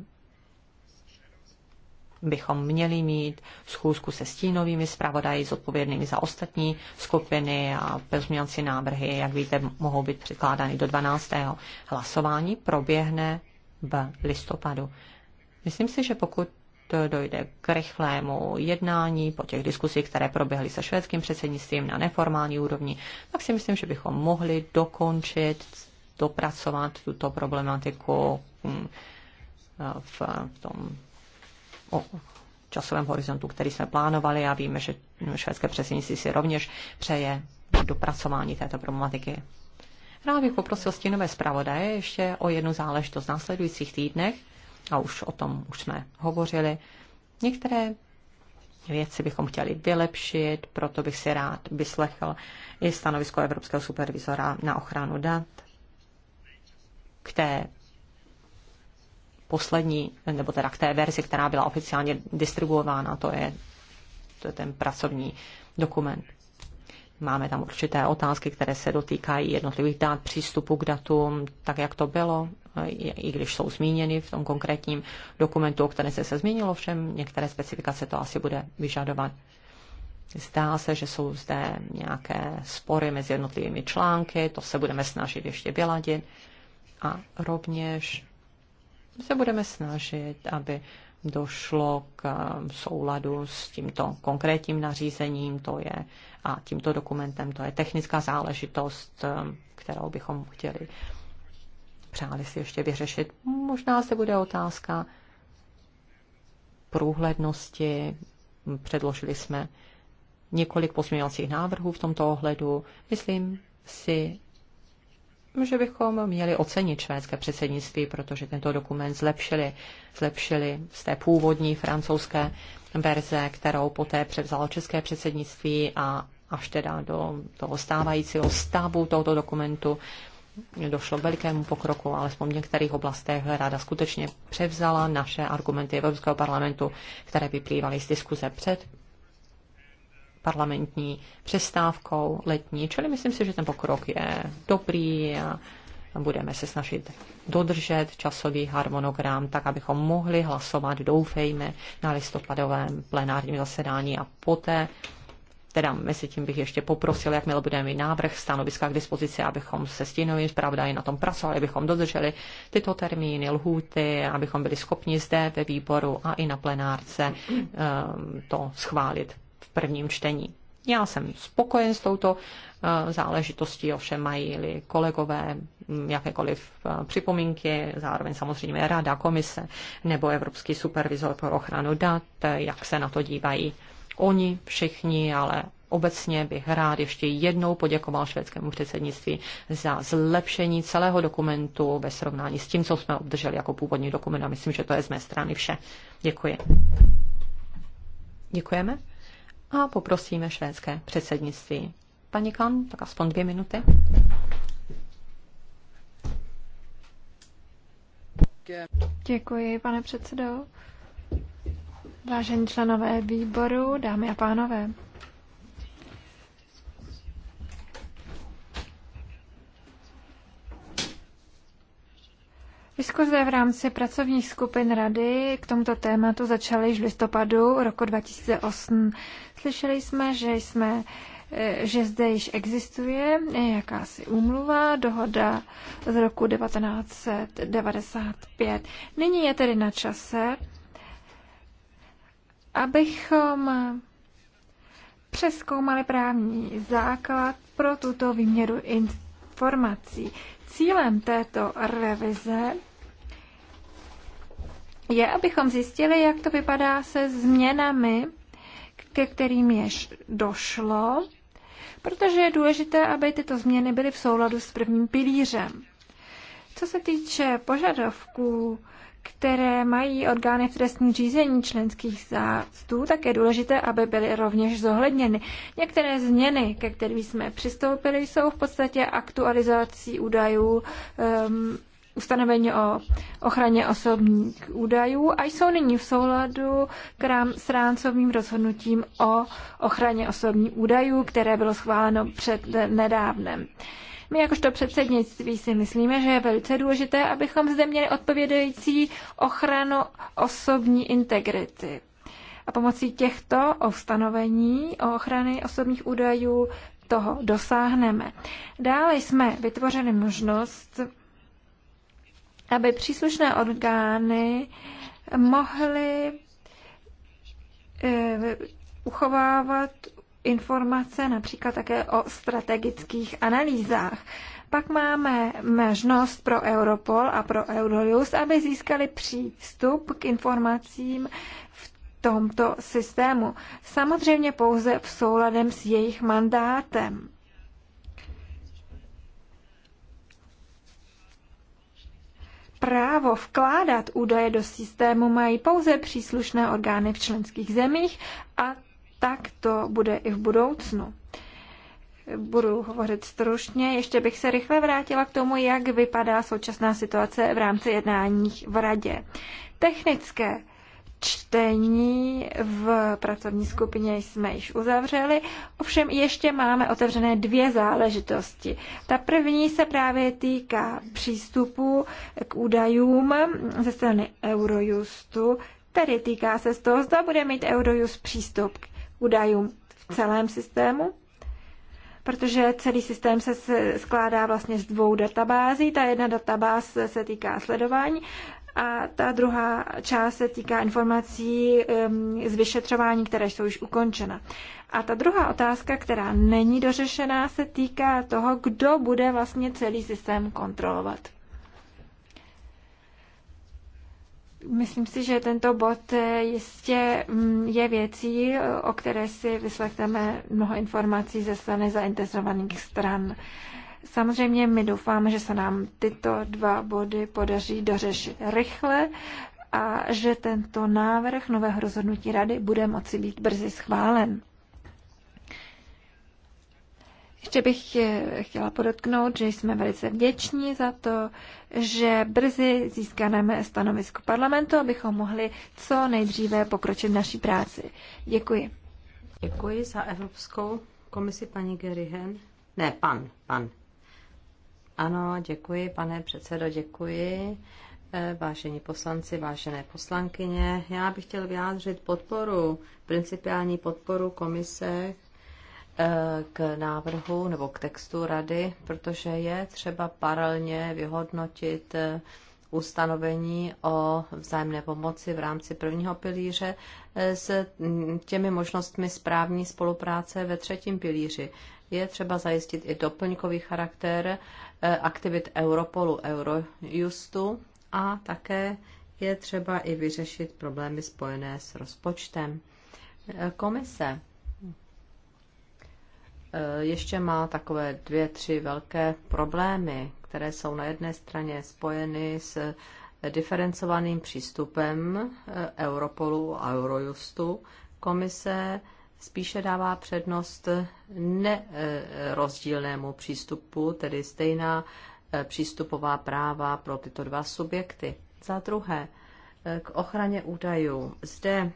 bychom měli mít schůzku se stínovými zpravodaji zodpovědnými za ostatní skupiny a pozměňovací návrhy, jak víte, mohou být přikládány do 12. Hlasování proběhne v listopadu. Myslím si, že pokud dojde k rychlému jednání po těch diskusích, které proběhly se švédským předsednictvím na neformální úrovni, tak si myslím, že bychom mohli dokončit, dopracovat tuto problematiku hm, v tom o časovém horizontu, který jsme plánovali a víme, že švédské předsednictví si rovněž přeje dopracování této problematiky. Rád bych poprosil stínové zpravodaje ještě o jednu záležitost v následujících týdnech, a už o tom už jsme hovořili. Některé věci bychom chtěli vylepšit, proto bych si rád vyslechl i stanovisko Evropského supervizora na ochranu dat k té poslední, nebo teda k té verzi, která byla oficiálně distribuována, to je, to je ten pracovní dokument. Máme tam určité otázky, které se dotýkají jednotlivých dát, přístupu k datům, tak jak to bylo, i když jsou zmíněny v tom konkrétním dokumentu, o které se, se zmínilo všem, některé specifikace to asi bude vyžadovat. Zdá se, že jsou zde nějaké spory mezi jednotlivými články, to se budeme snažit ještě vyladit. A rovněž se budeme snažit, aby došlo k eh, souladu s tímto konkrétním nařízením, to je a tímto dokumentem, to je technická záležitost, eh, kterou bychom chtěli přáli si ještě vyřešit. Možná se bude otázka průhlednosti. Předložili jsme několik pozměňovacích návrhů v tomto ohledu. Myslím si, že bychom měli ocenit švédské předsednictví, protože tento dokument zlepšili, zlepšili z té původní francouzské verze, kterou poté převzalo české předsednictví a až teda do toho stávajícího stavu tohoto dokumentu došlo k velikému pokroku, ale v některých oblastech ráda skutečně převzala naše argumenty Evropského parlamentu, které vyplývaly z diskuze před parlamentní přestávkou letní. Čili myslím si, že ten pokrok je dobrý a budeme se snažit dodržet časový harmonogram, tak abychom mohli hlasovat, doufejme, na listopadovém plenárním zasedání a poté Teda mezi tím bych ještě poprosil, jakmile budeme mít návrh stanoviska k dispozici, abychom se stínovým i na tom pracovali, abychom dodrželi tyto termíny, lhůty, abychom byli schopni zde ve výboru a i na plenárce um, to schválit v prvním čtení. Já jsem spokojen s touto eh, záležitostí, ovšem mají kolegové hm, jakékoliv eh, připomínky, zároveň samozřejmě Rada, Komise nebo Evropský supervizor pro ochranu dat, jak se na to dívají oni všichni, ale Obecně bych rád ještě jednou poděkoval švédskému předsednictví za zlepšení celého dokumentu ve srovnání s tím, co jsme obdrželi jako původní dokument a myslím, že to je z mé strany vše. Děkuji. Děkujeme a poprosíme švédské předsednictví. Paní Kan, tak aspoň dvě minuty. Děkuji, pane předsedo. Vážení členové výboru, dámy a pánové. Diskuze v rámci pracovních skupin Rady k tomuto tématu začaly již v listopadu roku 2008. Slyšeli jsme, že jsme eh, že zde již existuje jakási úmluva, dohoda z roku 1995. Nyní je tedy na čase, abychom přeskoumali právní základ pro tuto výměru informací. Cílem této revize je, abychom zjistili, jak to vypadá se změnami, ke kterým jež došlo, protože je důležité, aby tyto změny byly v souladu s prvním pilířem. Co se týče požadavků které mají orgány v trestním řízení členských států, tak je důležité, aby byly rovněž zohledněny. Některé změny, ke kterým jsme přistoupili, jsou v podstatě aktualizací údajů um, ustanovení o ochraně osobních údajů a jsou nyní v souladu rám, s ráncovým rozhodnutím o ochraně osobních údajů, které bylo schváleno před nedávnem. Uh, my jakožto předsednictví si myslíme, že je velice důležité, abychom zde měli odpovědající ochranu osobní integrity. A pomocí těchto ustanovení o ochrany osobních údajů toho dosáhneme. Dále jsme vytvořili možnost, aby příslušné orgány mohly eh, uchovávat informace například také o strategických analýzách. Pak máme možnost pro Europol a pro Eurolius, aby získali přístup k informacím v tomto systému. Samozřejmě pouze v souladem s jejich mandátem. právo vkládat údaje do systému mají pouze příslušné orgány v členských zemích a tak to bude i v budoucnu. Budu hovořit stručně. Ještě bych se rychle vrátila k tomu, jak vypadá současná situace v rámci jednání v radě. Technické čtení v pracovní skupině jsme již uzavřeli, ovšem ještě máme otevřené dvě záležitosti. Ta první se právě týká přístupu k údajům ze strany Eurojustu, tedy týká se z toho, zda bude mít Eurojust přístup k údajům v celém systému, protože celý systém se skládá vlastně z dvou databází. Ta jedna databáze se týká sledování a ta druhá část se týká informací z vyšetřování, které jsou již ukončena. A ta druhá otázka, která není dořešená, se týká toho, kdo bude vlastně celý systém kontrolovat. Myslím si, že tento bod eh, jistě mm, je věcí, eh, o které si vyslechneme mnoho informací ze strany zainteresovaných stran. Samozřejmě my doufáme, že se nám tyto dva body podaří dořešit rychle a že tento návrh nového rozhodnutí rady bude moci být brzy schválen. Ještě bych chtěla podotknout, že jsme velice vděční za to, že brzy získáme stanovisko parlamentu, abychom mohli co nejdříve pokročit v naší práci. Děkuji. Děkuji za Evropskou komisi paní Gerihen. Ne, pan, pan. Ano, děkuji, pane předsedo, děkuji. Eh, vážení poslanci, vážené poslankyně, já bych chtěl vyjádřit podporu, principiální podporu komise Eh, k návrhu nebo k textu rady, protože je třeba paralelně vyhodnotit eh, ustanovení o vzájemné pomoci v rámci prvního pilíře eh, s mm, těmi možnostmi správní spolupráce ve třetím pilíři. Je třeba zajistit i doplňkový charakter aktivit Europolu, Eurojustu a také je třeba i vyřešit problémy spojené s rozpočtem. Komise Eh, ještě má takové dvě, tři velké problémy, které jsou na jedné straně spojeny s diferencovaným přístupem eh, Europolu a Eurojustu. Komise spíše dává přednost nerozdílnému eh, přístupu, tedy stejná přístupová práva pro tyto dva subjekty. Za druhé, k ochraně údajů. Zde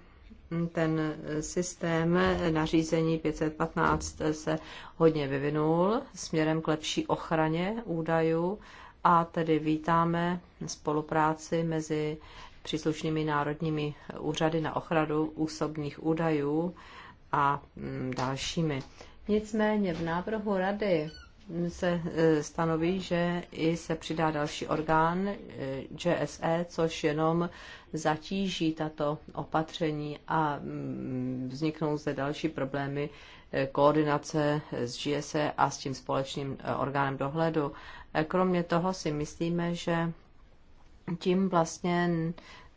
ten systém nařízení 515 se hodně vyvinul směrem k lepší ochraně údajů a tedy vítáme spolupráci mezi příslušnými národními úřady na ochranu úsobních údajů a mm, dalšími. Nicméně v návrhu rady se e, stanoví, že i se přidá další orgán JSE, e, což jenom zatíží tato opatření a mm, vzniknou zde další problémy e, koordinace s GSE a s tím společným e, orgánem dohledu. E, kromě toho si myslíme, že tím vlastně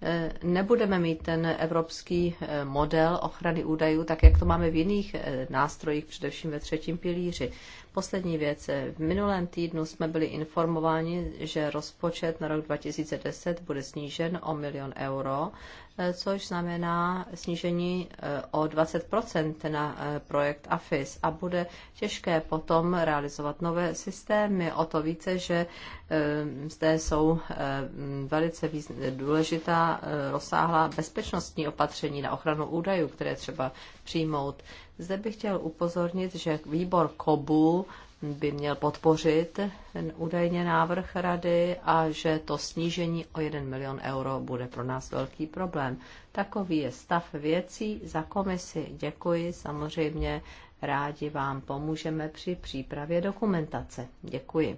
Eh, nebudeme mít ten evropský eh, model ochrany údajů, tak jak to máme v jiných eh, nástrojích, především ve třetím pilíři. Poslední věc. V minulém týdnu jsme byli informováni, že rozpočet na rok 2010 bude snížen o milion euro Eh, což znamená snížení eh, o 20 na eh, projekt AFIS a bude těžké potom realizovat nové systémy. O to více, že zde jsou velice důležitá rozsáhlá bezpečnostní opatření na ochranu údajů, které třeba přijmout. Zde bych chtěl upozornit, že výbor KOBU by měl podpořit ten údajně návrh rady a že to snížení o 1 milion euro bude pro nás velký problém. Takový je stav věcí za komisi. Děkuji, samozřejmě rádi vám pomůžeme při přípravě dokumentace. Děkuji.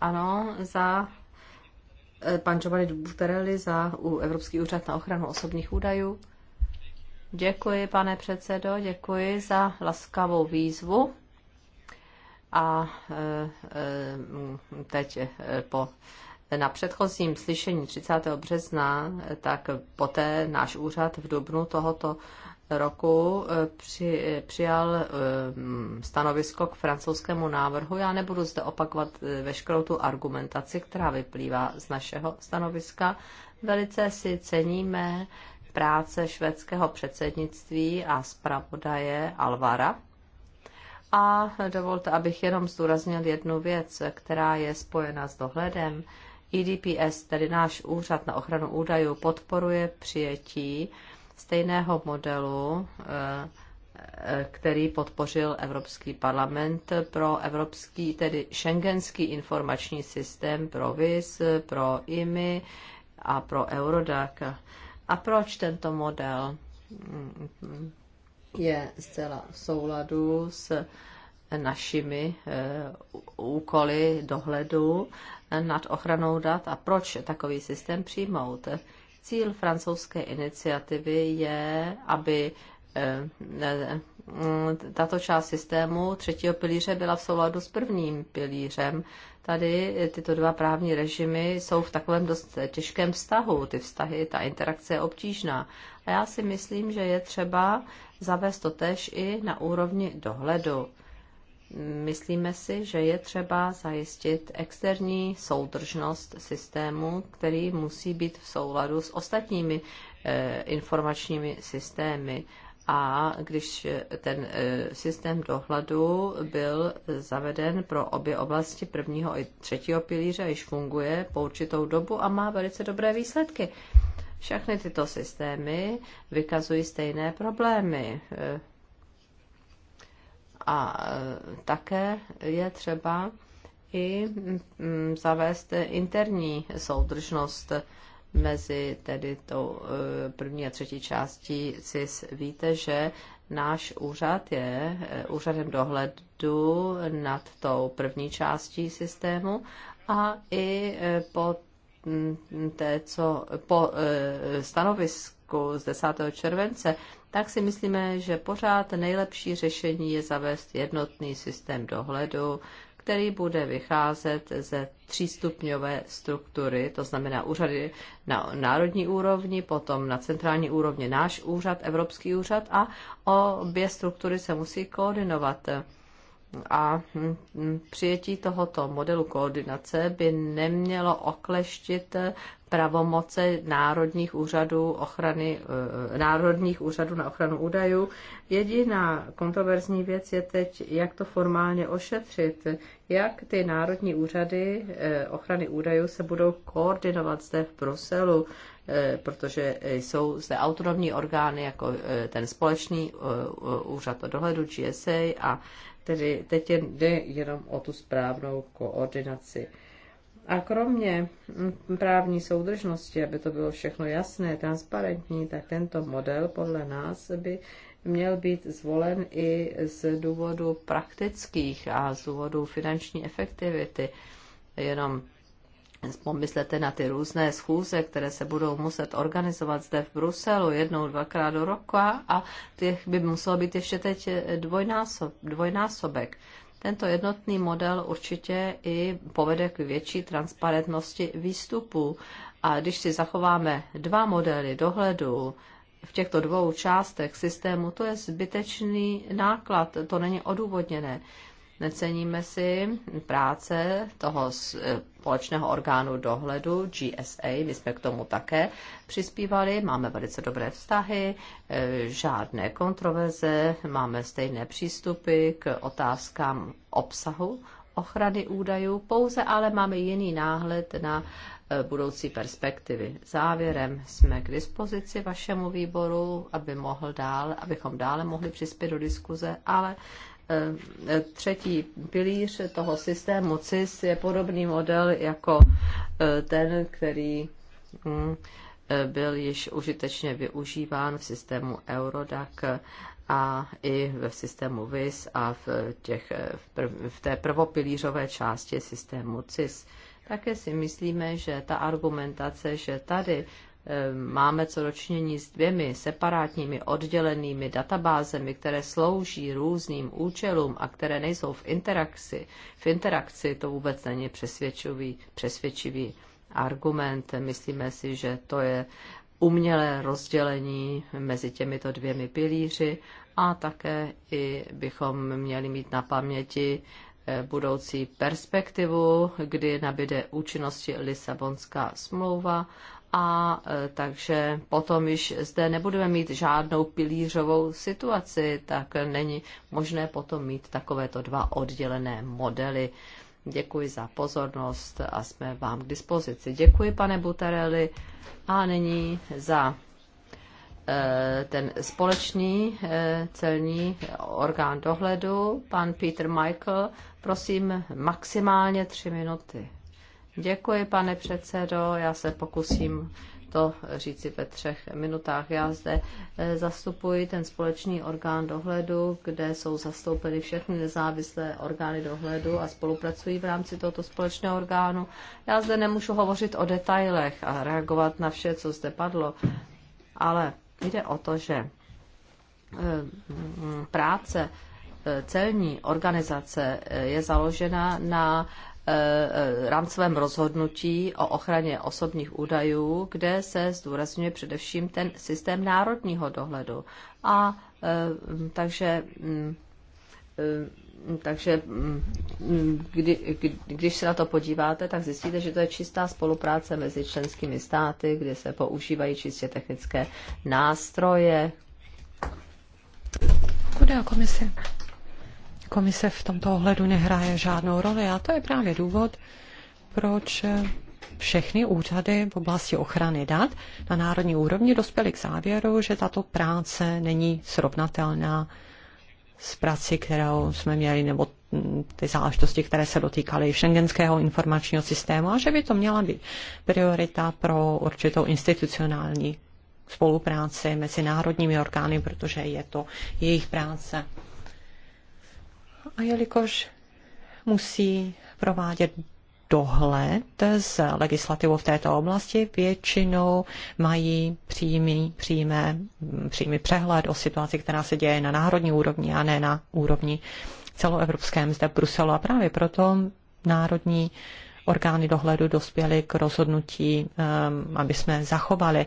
Ano, za eh, pan Giovanni Buterelli za Evropský úřad na ochranu osobních údajů. Děkuji, pane předsedo, děkuji za laskavou výzvu. A e, e, teď e, po na předchozím slyšení 30. března, tak poté náš úřad v dubnu tohoto roku při, přijal stanovisko k francouzskému návrhu. Já nebudu zde opakovat veškerou tu argumentaci, která vyplývá z našeho stanoviska. Velice si ceníme práce švédského předsednictví a zpravodaje Alvara. A dovolte, abych jenom zdůraznil jednu věc, která je spojena s dohledem. IDPS, e tedy náš úřad na ochranu údajů, podporuje přijetí stejného modelu, eh, eh, který podpořil Evropský parlament pro evropský, tedy šengenský informační systém pro VIS, pro IMI a pro Eurodac. A proč tento model je zcela v souladu s našimi eh, úkoly dohledu nad ochranou dat a proč takový systém přijmout? Cíl francouzské iniciativy je, aby eh, eh, tato část systému třetího pilíře byla v souladu s prvním pilířem, tady tyto dva právní režimy jsou v takovém dost těžkém vztahu. Ty vztahy, ta interakce je obtížná. A já si myslím, že je třeba zavést to tež i na úrovni dohledu. Myslíme si, že je třeba zajistit externí soudržnost systému, který musí být v souladu s ostatními eh, informačními systémy a když ten e, systém dohledu byl zaveden pro obě oblasti prvního i třetího pilíře, již funguje po určitou dobu a má velice dobré výsledky. Všechny tyto systémy vykazují stejné problémy. E, a e, také je třeba i zavést interní soudržnost mezi tedy tou eh, první a třetí částí CIS. Víte, že náš úřad je eh, úřadem dohledu nad tou první částí systému a i eh, po mm, té, co po stanovisku z 10. července, tak si myslíme, že pořád nejlepší řešení je zavést jednotný systém dohledu, který bude vycházet ze třístupňové struktury, to znamená úřady na národní úrovni, potom na centrální úrovni náš úřad, Evropský úřad a obě struktury se musí koordinovat a hm, hm, přijetí tohoto modelu koordinace by nemělo okleštit pravomoce národních úřadů ochrany, eh, národních úřadů na ochranu údajů. Jediná kontroverzní věc je teď, jak to formálně ošetřit, jak ty národní úřady eh, ochrany údajů se budou koordinovat zde v Bruselu, eh, protože jsou zde autonomní orgány, jako ten společný úřad o dohledu GSA a Tedy teď jde jenom o tu správnou koordinaci. A kromě mm, právní soudržnosti, aby to bylo všechno jasné, transparentní, tak tento model podle nás by měl být zvolen i z důvodu praktických a z důvodu finanční efektivity. Jenom pomyslete na ty různé schůze, které se budou muset organizovat zde v Bruselu jednou, dvakrát do roku a těch by muselo být ještě teď eh, dvojnásob, dvojnásobek. Tento jednotný model určitě i povede k větší transparentnosti výstupů. A když si zachováme dva modely dohledu v těchto dvou částech systému, to je zbytečný náklad, to není odůvodněné. Neceníme si práce toho eh, společného orgánu dohledu GSA, my jsme k tomu také přispívali, máme velice dobré vztahy, eh, žádné kontroverze, máme stejné přístupy k otázkám obsahu ochrany údajů, pouze ale máme jiný náhled na eh, budoucí perspektivy. Závěrem jsme k dispozici vašemu výboru, aby mohl dál, abychom dále mohli přispět do diskuze, ale Eh, třetí pilíř toho systému CIS je podobný model jako eh, ten, který hm, eh, byl již užitečně využíván v systému Eurodac a i v systému VIS a v, těch, v, prv, v té prvopilířové části systému CIS. Také si myslíme, že ta argumentace, že tady Ehm, máme co dočinění s dvěmi separátními oddělenými databázemi, které slouží různým účelům a které nejsou v interakci. V interakci to vůbec není přesvědčivý, přesvědčivý argument. Myslíme si, že to je umělé rozdělení mezi těmito dvěmi pilíři a také i bychom měli mít na paměti eh, budoucí perspektivu, kdy nabide účinnosti Lisabonská smlouva a e, takže potom již zde nebudeme mít žádnou pilířovou situaci, tak není možné potom mít takovéto dva oddělené modely. Děkuji za pozornost a jsme vám k dispozici. Děkuji, pane Butarelli. A nyní za e, ten společný e, celní orgán dohledu, pan Peter Michael, prosím maximálně tři minuty. Děkuji, pane předsedo. Já se pokusím to říci ve třech minutách. Já zde eh, zastupuji ten společný orgán dohledu, kde jsou zastoupeny všechny nezávislé orgány dohledu a spolupracují v rámci tohoto společného orgánu. Já zde nemůžu hovořit o detailech a reagovat na vše, co zde padlo, ale jde o to, že eh, práce eh, celní organizace je založena na Eh, eh, rámcovém rozhodnutí o ochraně osobních údajů, kde se zdůrazňuje především ten systém národního dohledu. A eh, takže mm, takže mm, kdy, kdy, když se na to podíváte, tak zjistíte, že to je čistá spolupráce mezi členskými státy, kde se používají čistě technické nástroje. Kudá komise komise v tomto ohledu nehraje žádnou roli a to je právě důvod, proč všechny úřady v oblasti ochrany dat na národní úrovni dospěly k závěru, že tato práce není srovnatelná s prací, kterou jsme měli, nebo ty záležitosti, které se dotýkaly šengenského informačního systému a že by to měla být priorita pro určitou institucionální spolupráci mezi národními orgány, protože je to jejich práce. A jelikož musí provádět dohled s legislativou v této oblasti. Většinou mají přímý, přímé, přímý přehled o situaci, která se děje na národní úrovni a ne na úrovni celoevropském zde v Bruselu. A právě proto národní orgány dohledu dospěly k rozhodnutí, ehm, aby jsme zachovali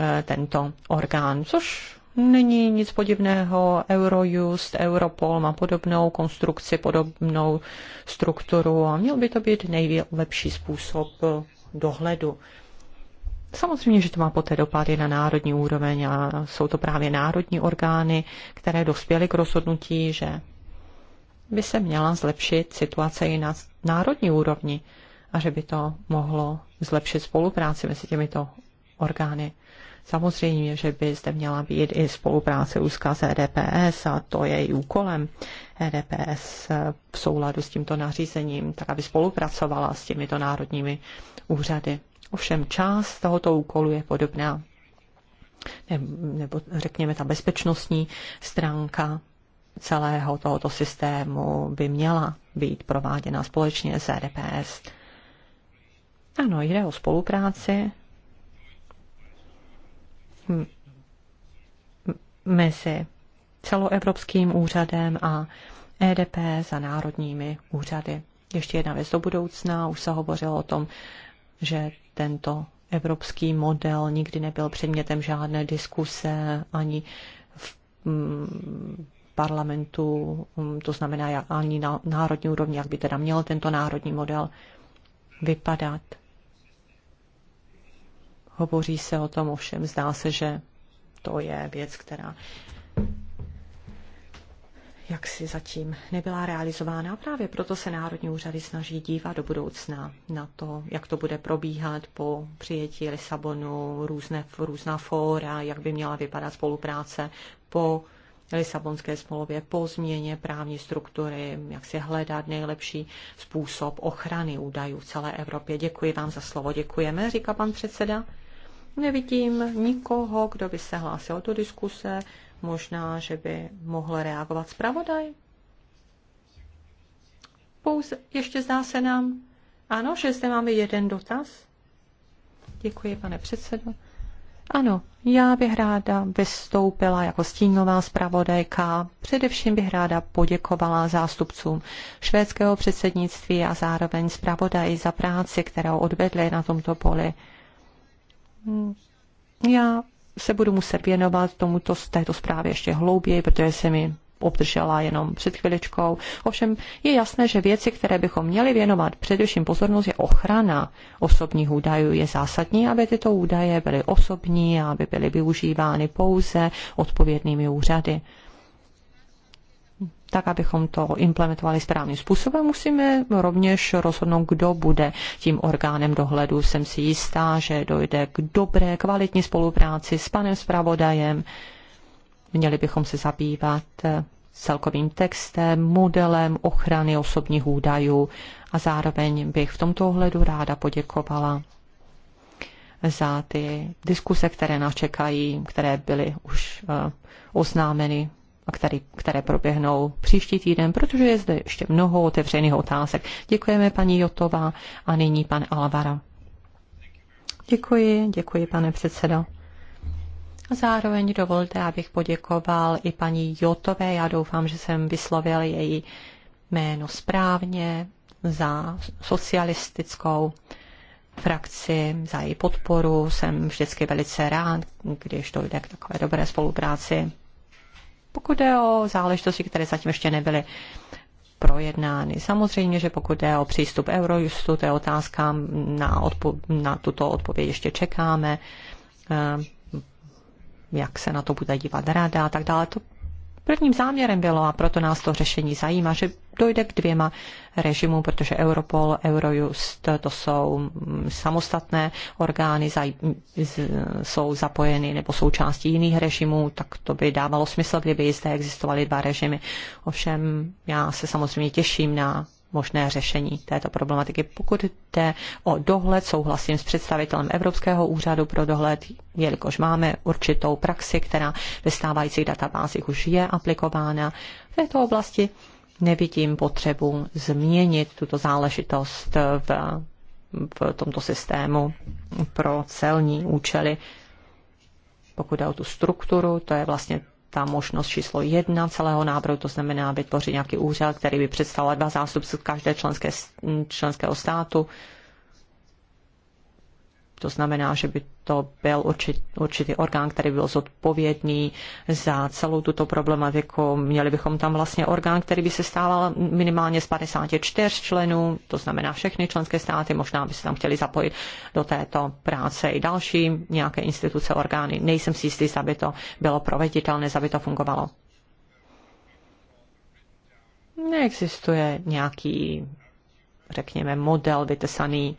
eh, tento orgán, což Není nic podivného, Eurojust, Europol má podobnou konstrukci, podobnou strukturu a měl by to být nejlepší způsob dohledu. Samozřejmě, že to má poté dopady na národní úroveň a jsou to právě národní orgány, které dospěly k rozhodnutí, že by se měla zlepšit situace i na národní úrovni a že by to mohlo zlepšit spolupráci mezi těmito orgány. Samozřejmě, že by zde měla být i spolupráce úzká s EDPS a to je i úkolem EDPS v souladu s tímto nařízením, tak aby spolupracovala s těmito národními úřady. Ovšem část tohoto úkolu je podobná, nebo řekněme ta bezpečnostní stránka celého tohoto systému by měla být prováděna společně s EDPS. Ano, jde o spolupráci mezi celoevropským úřadem a EDP za národními úřady. Ještě jedna věc do budoucna, už se hovořilo o tom, že tento evropský model nikdy nebyl předmětem žádné diskuse ani v mm, parlamentu, mm, to znamená ani na národní úrovni, jak by teda měl tento národní model vypadat. Hovoří se o tom ovšem, zdá se, že to je věc, která jak si zatím nebyla realizována. Právě proto se národní úřady snaží dívat do budoucna na to, jak to bude probíhat po přijetí Lisabonu, různé, různá fóra, jak by měla vypadat spolupráce po Lisabonské smlouvě, po změně právní struktury, jak si hledat nejlepší způsob ochrany údajů v celé Evropě. Děkuji vám za slovo, děkujeme, říká pan předseda. Nevidím nikoho, kdo by se hlásil do diskuse. Možná, že by mohl reagovat zpravodaj. Pouze ještě zdá se nám, ano, že zde máme jeden dotaz. Děkuji, pane předsedo. Ano, já bych ráda vystoupila jako stínová zpravodajka. Především bych ráda poděkovala zástupcům švédského předsednictví a zároveň zpravodaji za práci, kterou odvedli na tomto poli. Mm, já se budu muset věnovat tomuto z této zprávy ještě hlouběji, protože se mi obdržela jenom před chviličkou. Ovšem je jasné, že věci, které bychom měli věnovat především pozornost, je ochrana osobních údajů. Je zásadní, aby tyto údaje byly osobní a aby byly využívány pouze odpovědnými úřady tak abychom to implementovali správným způsobem, musíme rovněž rozhodnout, kdo bude tím orgánem dohledu. Jsem si jistá, že dojde k dobré, kvalitní spolupráci s panem zpravodajem. Měli bychom se zabývat eh, celkovým textem, modelem ochrany osobních údajů a zároveň bych v tomto ohledu ráda poděkovala za ty diskuse, které nás čekají, které byly už eh, oznámeny který, které proběhnou příští týden, protože je zde ještě mnoho otevřených otázek. Děkujeme paní Jotová a nyní pan Alvara. Děkuji, děkuji pane předsedo. Zároveň dovolte, abych poděkoval i paní Jotové. Já doufám, že jsem vyslovil její jméno správně za socialistickou frakci, za její podporu. Jsem vždycky velice rád, když dojde k takové dobré spolupráci pokud jde o záležitosti, které zatím ještě nebyly projednány. Samozřejmě, že pokud jde o přístup Eurojustu, to je otázka, na, odpo- na tuto odpověď ještě čekáme, eh, jak se na to bude dívat rada a tak dále. To Prvním záměrem bylo, a proto nás to řešení zajímá, že dojde k dvěma režimům, protože Europol, Eurojust, to jsou mm, samostatné orgány, jsou zapojeny nebo součástí jiných režimů, tak to by dávalo smysl, kdyby zde existovaly dva režimy. Ovšem já se samozřejmě těším na možné řešení této problematiky. Pokud jde o dohled, souhlasím s představitelem Evropského úřadu pro dohled, jelikož máme určitou praxi, která ve stávajících databázích už je aplikována. V této oblasti nevidím potřebu změnit tuto záležitost v, v tomto systému pro celní účely. Pokud jde o tu strukturu, to je vlastně ta možnost číslo jedna celého návrhu, to znamená vytvořit nějaký úřad, který by představoval dva zástupce každé členské, členského státu. To znamená, že by to byl určitý orgán, který byl zodpovědný za celou tuto problematiku. Měli bychom tam vlastně orgán, který by se stával minimálně z 54 členů, to znamená všechny členské státy, možná by se tam chtěli zapojit do této práce i další nějaké instituce, orgány. Nejsem si jistý, aby to bylo proveditelné, aby to fungovalo. Neexistuje nějaký, řekněme, model vytesaný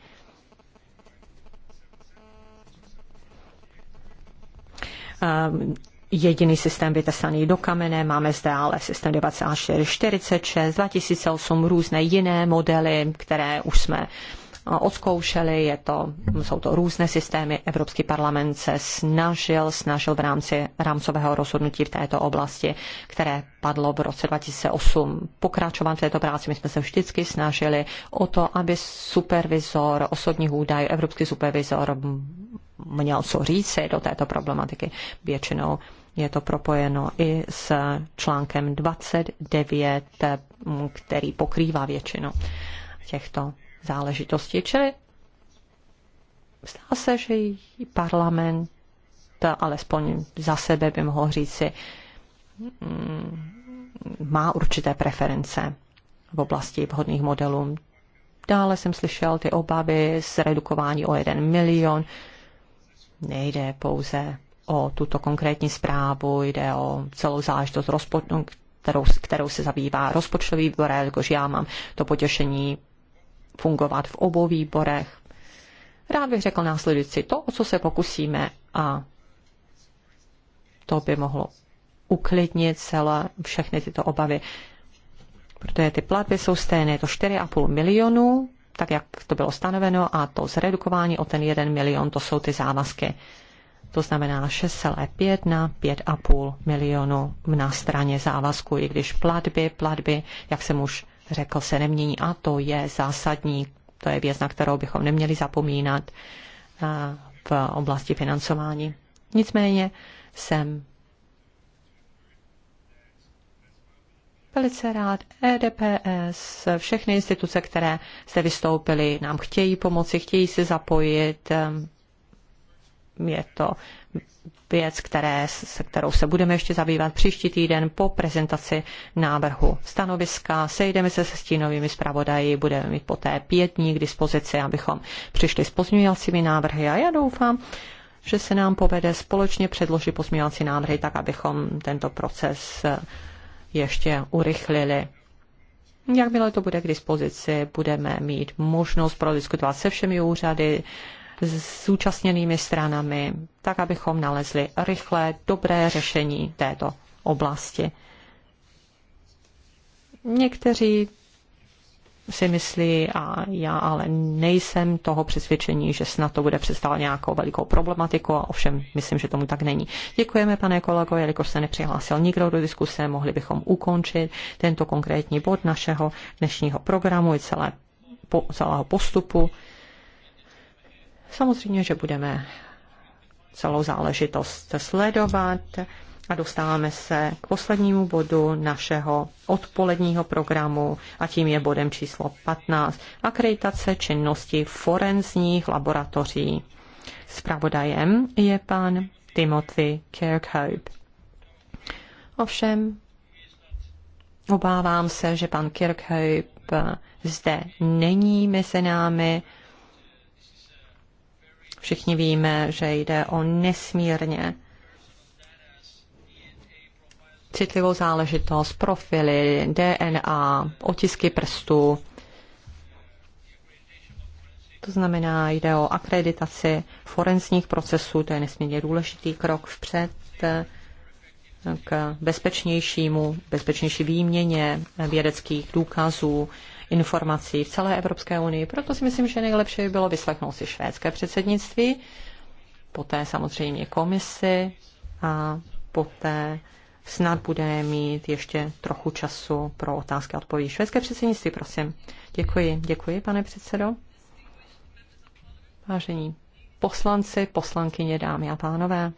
Ehm, jediný systém vytesaný do kamene, máme zde ale systém 2446, 2008, různé jiné modely, které už jsme eh, odzkoušeli, je to, jsou to různé systémy. Evropský parlament se snažil, snažil v rámci rámcového rozhodnutí v této oblasti, které padlo v roce 2008, pokračovat v této práci. My jsme se vždycky snažili o to, aby supervizor osobních údajů, evropský supervizor měl co říci do této problematiky. Většinou je to propojeno i s článkem 29, který pokrývá většinu těchto záležitostí. Čili zdá se, že i parlament alespoň za sebe by mohl říci, mm, má určité preference v oblasti vhodných modelů. Dále jsem slyšel ty obavy z redukování o jeden milion nejde pouze o tuto konkrétní zprávu, jde o celou záležitost rozpočtu, kterou, kterou se zabývá rozpočtový výbor, jakož já mám to potěšení fungovat v obou výborech. Rád bych řekl následující to, o co se pokusíme a to by mohlo uklidnit celé všechny tyto obavy, protože ty platby jsou stejné, je to 4,5 milionů tak jak to bylo stanoveno, a to zredukování o ten 1 milion, to jsou ty závazky. To znamená 6,5 na 5,5 milionu na straně závazku, i když platby, platby, jak jsem už řekl, se nemění a to je zásadní, to je věc, na kterou bychom neměli zapomínat eh, v oblasti financování. Nicméně jsem Velice rád EDPS, všechny instituce, které jste vystoupili, nám chtějí pomoci, chtějí se zapojit. Ehm, je to věc, které, se kterou se budeme ještě zabývat příští týden po prezentaci návrhu stanoviska. Sejdeme se se stínovými zpravodaji, budeme mít poté pět dní k dispozici, abychom přišli s pozměňovacími návrhy a já doufám, že se nám povede společně předložit pozměňovací návrhy, tak abychom tento proces ještě urychlili. Jakmile to bude k dispozici, budeme mít možnost prodiskutovat se všemi úřady, s zúčastněnými stranami, tak abychom nalezli rychlé, dobré řešení této oblasti. Někteří si myslí a já ale nejsem toho přesvědčení, že snad to bude představovat nějakou velikou problematiku a ovšem myslím, že tomu tak není. Děkujeme, pane kolego, jelikož se nepřihlásil nikdo do diskuse, mohli bychom ukončit tento konkrétní bod našeho dnešního programu i celé, po, celého postupu. Samozřejmě, že budeme celou záležitost sledovat a dostáváme se k poslednímu bodu našeho odpoledního programu a tím je bodem číslo 15. Akreditace činnosti forenzních laboratoří. Spravodajem je pan Timothy Kirkhope. Ovšem, obávám se, že pan Kirkhope zde není mezi námi. Všichni víme, že jde o nesmírně citlivou záležitost, profily, DNA, otisky prstů. To znamená, jde o akreditaci forenzních procesů, to je nesmírně důležitý krok vpřed eh, k bezpečnějšímu, bezpečnější výměně vědeckých důkazů, informací v celé Evropské unii. Proto si myslím, že nejlepší by bylo vyslechnout si švédské předsednictví, poté samozřejmě komisi a poté snad budeme mít ještě trochu času pro otázky a odpovědi. Švédské předsednictví, prosím. Děkuji, děkuji, pane předsedo. Vážení poslanci, poslankyně, dámy a pánové.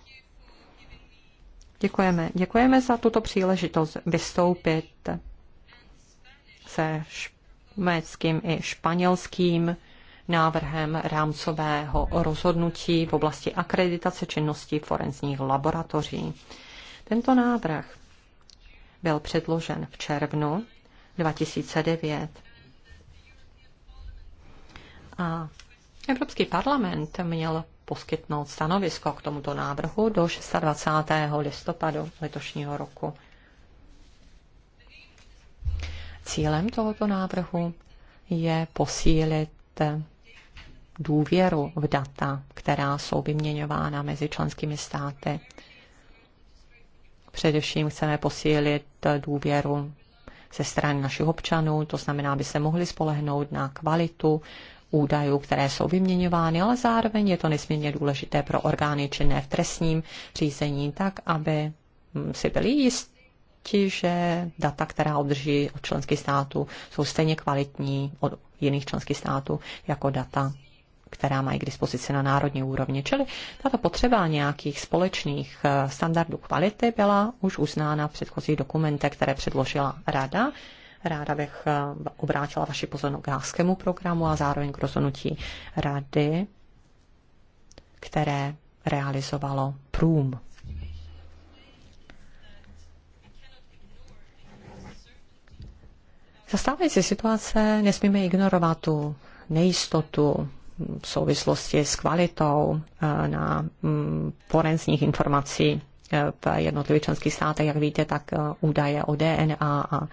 Děkujeme. Děkujeme za tuto příležitost vystoupit se švédským i španělským návrhem rámcového rozhodnutí v oblasti akreditace činnosti forenzních laboratoří. Tento návrh byl předložen v červnu 2009. A Evropský parlament měl poskytnout stanovisko k tomuto návrhu do 26. listopadu letošního roku. Cílem tohoto návrhu je posílit důvěru v data, která jsou vyměňována mezi členskými státy Především chceme posílit důvěru ze strany našich občanů, to znamená, aby se mohli spolehnout na kvalitu údajů, které jsou vyměňovány, ale zároveň je to nesmírně důležité pro orgány činné v trestním řízení, tak aby si byli jistí, že data, která obdrží od členských států, jsou stejně kvalitní od jiných členských států jako data která mají k dispozici na národní úrovni. Čili tato potřeba nějakých společných eh, standardů kvality byla už uznána v předchozích dokumentech, které předložila Rada. Ráda bych eh, obrátila vaši pozornost k háskému programu a zároveň k rozhodnutí Rady, které realizovalo prům. Zastávající situace nesmíme ignorovat tu nejistotu, v souvislosti s kvalitou eh, na mm, forenzních informací eh, v jednotlivých členských státech, jak víte, tak eh, údaje o DNA a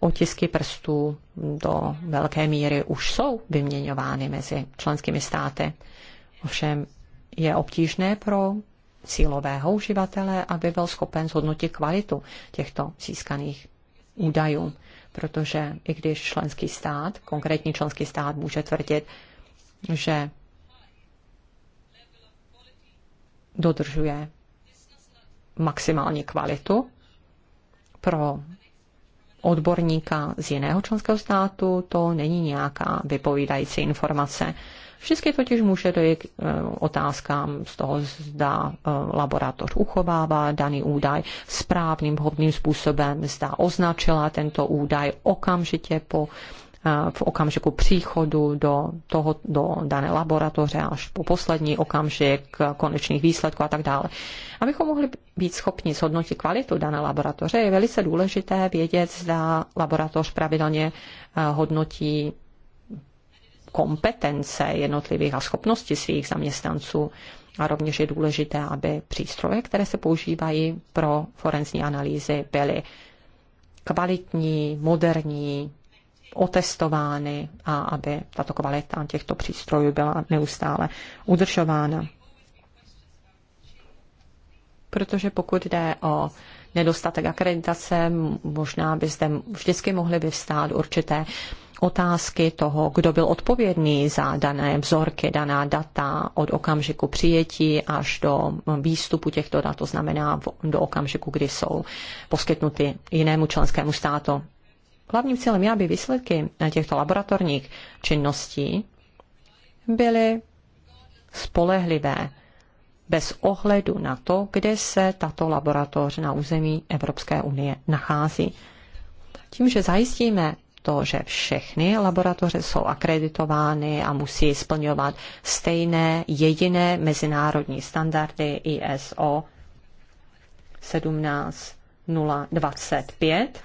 otisky prstů do velké míry už jsou vyměňovány mezi členskými státy. Ovšem je obtížné pro cílového uživatele, aby byl schopen zhodnotit kvalitu těchto získaných údajů, protože i když členský stát, konkrétní členský stát může tvrdit, že dodržuje maximální kvalitu pro odborníka z jiného členského státu, to není nějaká vypovídající informace. Vždycky totiž může dojít k eh, otázkám z toho, zda eh, laboratoř uchovává daný údaj správným, vhodným způsobem, zda označila tento údaj okamžitě po Eh, v okamžiku příchodu do, toho, do dané laboratoře až po poslední okamžik konečných výsledků a tak dále. Abychom mohli být schopni zhodnotit kvalitu dané laboratoře, je velice důležité vědět, zda laboratoř pravidelně eh, hodnotí kompetence jednotlivých a schopnosti svých zaměstnanců. A rovněž je důležité, aby přístroje, které se používají pro forenzní analýzy, byly kvalitní, moderní, otestovány a aby tato kvalita těchto přístrojů byla neustále udržována. Protože pokud jde o nedostatek akreditace, možná by zde vždycky mohly vyvstát určité otázky toho, kdo byl odpovědný za dané vzorky, daná data od okamžiku přijetí až do výstupu těchto dat, to znamená do okamžiku, kdy jsou poskytnuty jinému členskému státu. Hlavním cílem je, aby výsledky těchto laboratorních činností byly spolehlivé bez ohledu na to, kde se tato laboratoř na území Evropské unie nachází. Tím, že zajistíme to, že všechny laboratoře jsou akreditovány a musí splňovat stejné jediné mezinárodní standardy ISO 17025,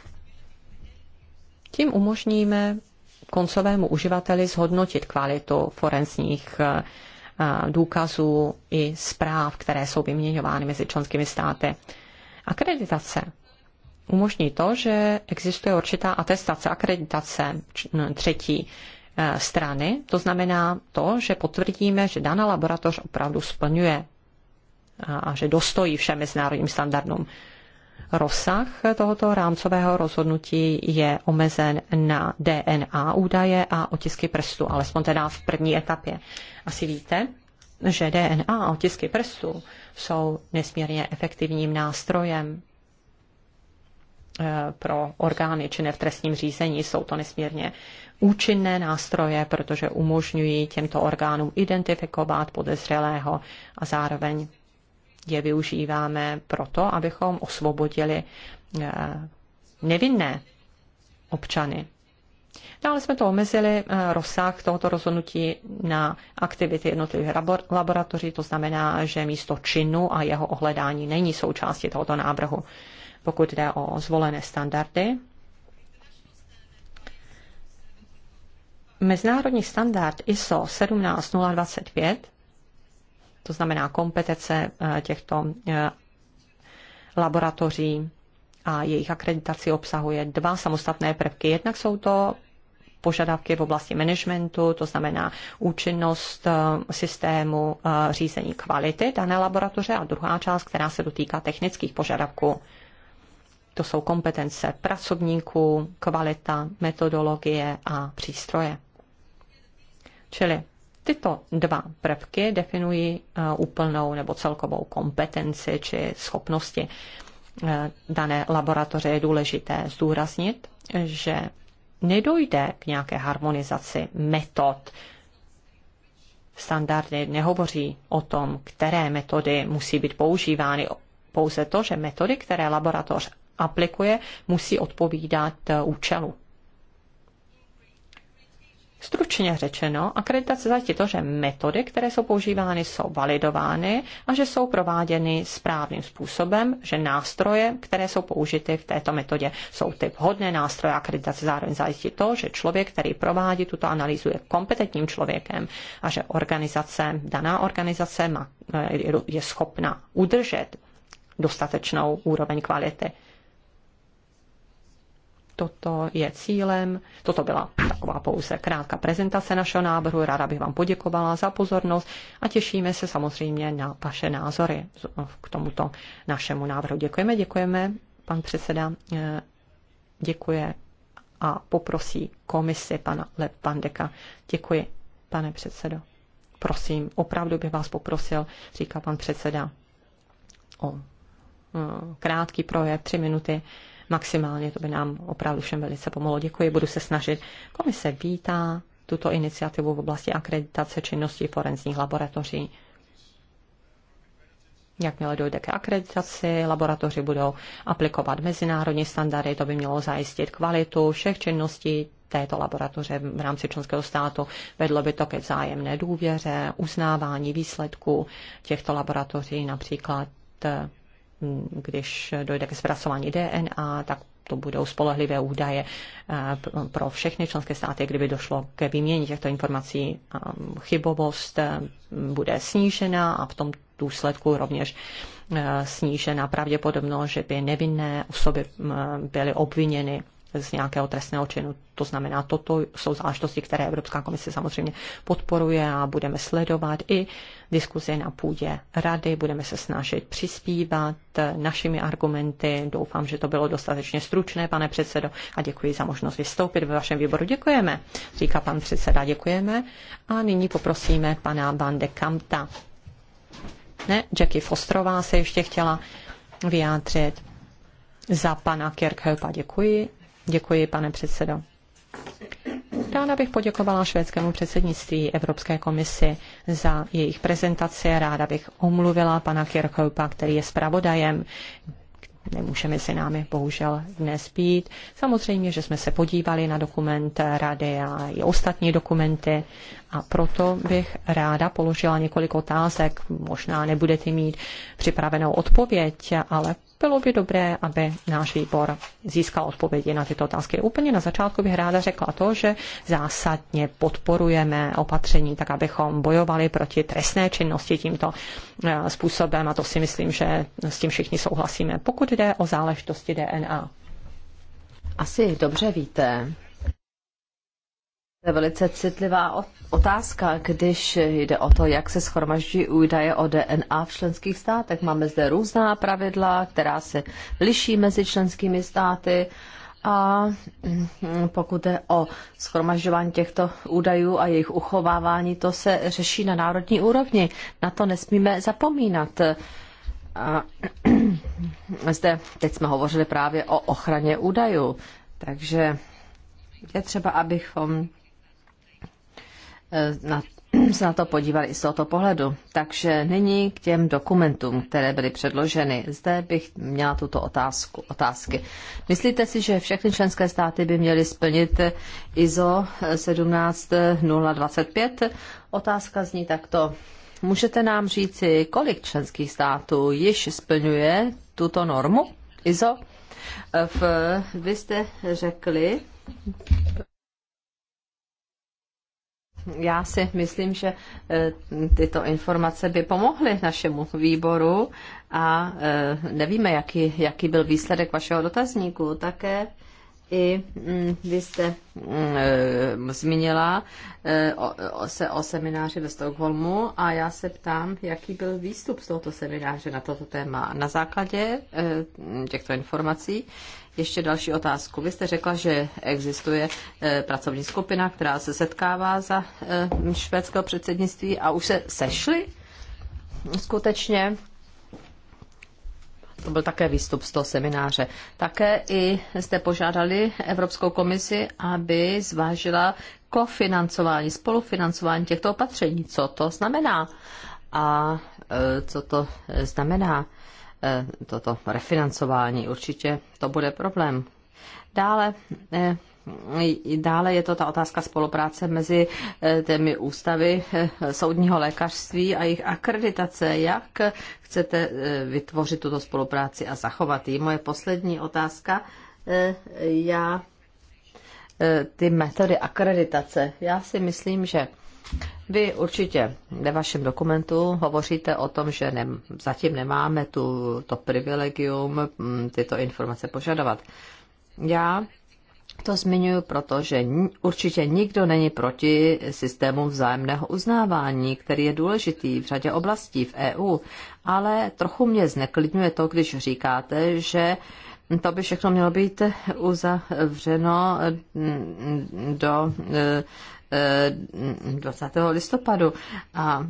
tím umožníme koncovému uživateli zhodnotit kvalitu forensních eh, eh, důkazů i zpráv, které jsou vyměňovány mezi členskými státy. Akreditace umožní to, že existuje určitá atestace, akreditace třetí eh, strany. To znamená to, že potvrdíme, že daná laboratoř opravdu splňuje a že dostojí všem mezinárodním standardům. Rozsah tohoto rámcového rozhodnutí je omezen na DNA údaje a otisky prstů, alespoň teda v první etapě. Asi víte, že DNA a otisky prstů jsou nesmírně efektivním nástrojem eh, pro orgány činné v trestním řízení. Jsou to nesmírně účinné nástroje, protože umožňují těmto orgánům identifikovat podezřelého a zároveň je využíváme proto, abychom osvobodili eh, nevinné občany. Dále no, jsme to omezili eh, rozsah tohoto rozhodnutí na aktivity jednotlivých laboratoří, to znamená, že místo činu a jeho ohledání není součástí tohoto návrhu. Pokud jde o zvolené standardy, Mezinárodní standard ISO 17025 to znamená kompetence eh, těchto eh, laboratoří a jejich akreditaci obsahuje dva samostatné prvky. Jednak jsou to požadavky v oblasti managementu, to znamená účinnost eh, systému řízení kvality dané laboratoře a druhá část, která se dotýká technických požadavků. To jsou kompetence pracovníků, kvalita, metodologie a přístroje. Čili Tyto dva prvky definují eh, úplnou nebo celkovou kompetenci či schopnosti eh, dané laboratoře. Je důležité zdůraznit, že nedojde k nějaké harmonizaci metod. Standardy nehovoří o tom, které metody musí být používány. Pouze to, že metody, které laboratoř aplikuje, musí odpovídat eh, účelu Stručně řečeno, akreditace zajistí to, že metody, které jsou používány, jsou validovány a že jsou prováděny správným způsobem, že nástroje, které jsou použity v této metodě, jsou ty vhodné nástroje. Akreditace zároveň zajistí to, že člověk, který provádí tuto analýzu, je kompetentním člověkem a že organizace, daná organizace má, je schopna udržet dostatečnou úroveň kvality. Toto je cílem. Toto byla taková pouze krátká prezentace našeho návrhu. Ráda bych vám poděkovala za pozornost a těšíme se samozřejmě na vaše názory k tomuto našemu návrhu. Děkujeme, děkujeme. Pan předseda děkuje a poprosí komisi pana Lepandeka. Děkuji, pane předsedo. Prosím, opravdu bych vás poprosil, říká pan předseda, o krátký projev, tři minuty maximálně, to by nám opravdu všem velice pomohlo. Děkuji, budu se snažit. Komise vítá tuto iniciativu v oblasti akreditace činnosti forenzních laboratoří. Jakmile dojde ke akreditaci, laboratoři budou aplikovat mezinárodní standardy, to by mělo zajistit kvalitu všech činností této laboratoře v rámci členského státu. Vedlo by to ke vzájemné důvěře, uznávání výsledků těchto laboratoří, například eh, když dojde ke zpracování DNA, tak to budou spolehlivé údaje eh, pro všechny členské státy, kdyby došlo ke výměně těchto informací. Chybovost eh, bude snížena a v tom důsledku rovněž eh, snížena pravděpodobnost, že by nevinné osoby byly obviněny z nějakého trestného činu. To znamená, toto jsou záležitosti, které Evropská komise samozřejmě podporuje a budeme sledovat i diskuzi na půdě rady, budeme se snažit přispívat našimi argumenty. Doufám, že to bylo dostatečně stručné, pane předsedo, a děkuji za možnost vystoupit ve vašem výboru. Děkujeme, říká pan předseda, děkujeme. A nyní poprosíme pana Bande Kamta. Ne, Jackie Fosterová se ještě chtěla vyjádřit. Za pana Kirkhöpa děkuji. Děkuji, pane předsedo. Ráda bych poděkovala švédskému předsednictví Evropské komisi za jejich prezentaci. Ráda bych omluvila pana Kirchhoffa, který je zpravodajem. Nemůžeme si námi bohužel dnes být. Samozřejmě, že jsme se podívali na dokument rady a i ostatní dokumenty a proto bych ráda položila několik otázek. Možná nebudete mít připravenou odpověď, ale bylo by dobré, aby náš výbor získal odpovědi na tyto otázky. Úplně na začátku bych ráda řekla to, že zásadně podporujeme opatření, tak abychom bojovali proti trestné činnosti tímto eh, způsobem a to si myslím, že s tím všichni souhlasíme, pokud jde o záležitosti DNA. Asi dobře víte, to je velice citlivá otázka, když jde o to, jak se schromažďují údaje o DNA v členských státech. Máme zde různá pravidla, která se liší mezi členskými státy. A mm, pokud je o schromažďování těchto údajů a jejich uchovávání, to se řeší na národní úrovni. Na to nesmíme zapomínat. A zde teď jsme hovořili právě o ochraně údajů, takže je třeba, abychom Eh, na, se na to podívali i z tohoto pohledu. Takže nyní k těm dokumentům, které byly předloženy. Zde bych měla tuto otázku, otázky. Myslíte si, že všechny členské státy by měly splnit ISO 17025? Otázka zní takto. Můžete nám říci, kolik členských států již splňuje tuto normu ISO? Eh, v, vy jste řekli, já si myslím, že eh, tyto informace by pomohly našemu výboru a eh, nevíme, jaký, jaký byl výsledek vašeho dotazníku. Také i mm, vy jste mm, eh, zmínila se o semináři ve Stockholmu a já se ptám, jaký byl výstup z tohoto semináře na toto téma. Na základě těchto informací ještě další otázku. Vy jste řekla, že existuje eh, pracovní skupina, která se setkává za eh, švédského předsednictví a už se sešli skutečně. To byl také výstup z toho semináře. Také i jste požádali Evropskou komisi, aby zvážila kofinancování, spolufinancování těchto opatření. Co to znamená? A eh, co to znamená? Eh, toto refinancování. Určitě to bude problém. Dále eh, Dále je to ta otázka spolupráce mezi eh, těmi ústavy soudního lékařství a jejich akreditace. Jak chcete vytvořit tuto spolupráci a zachovat ji? Moje poslední otázka. Já ty metody akreditace. Já si myslím, že vy určitě ve vašem dokumentu hovoříte o tom, že ne, zatím nemáme tu, to privilegium mm, tyto informace požadovat. Já to zmiňuji proto, že určitě nikdo není proti systému vzájemného uznávání, který je důležitý v řadě oblastí v EU, ale trochu mě zneklidňuje to, když říkáte, že to by všechno mělo být uzavřeno mm, do e, 20. Eh, listopadu. A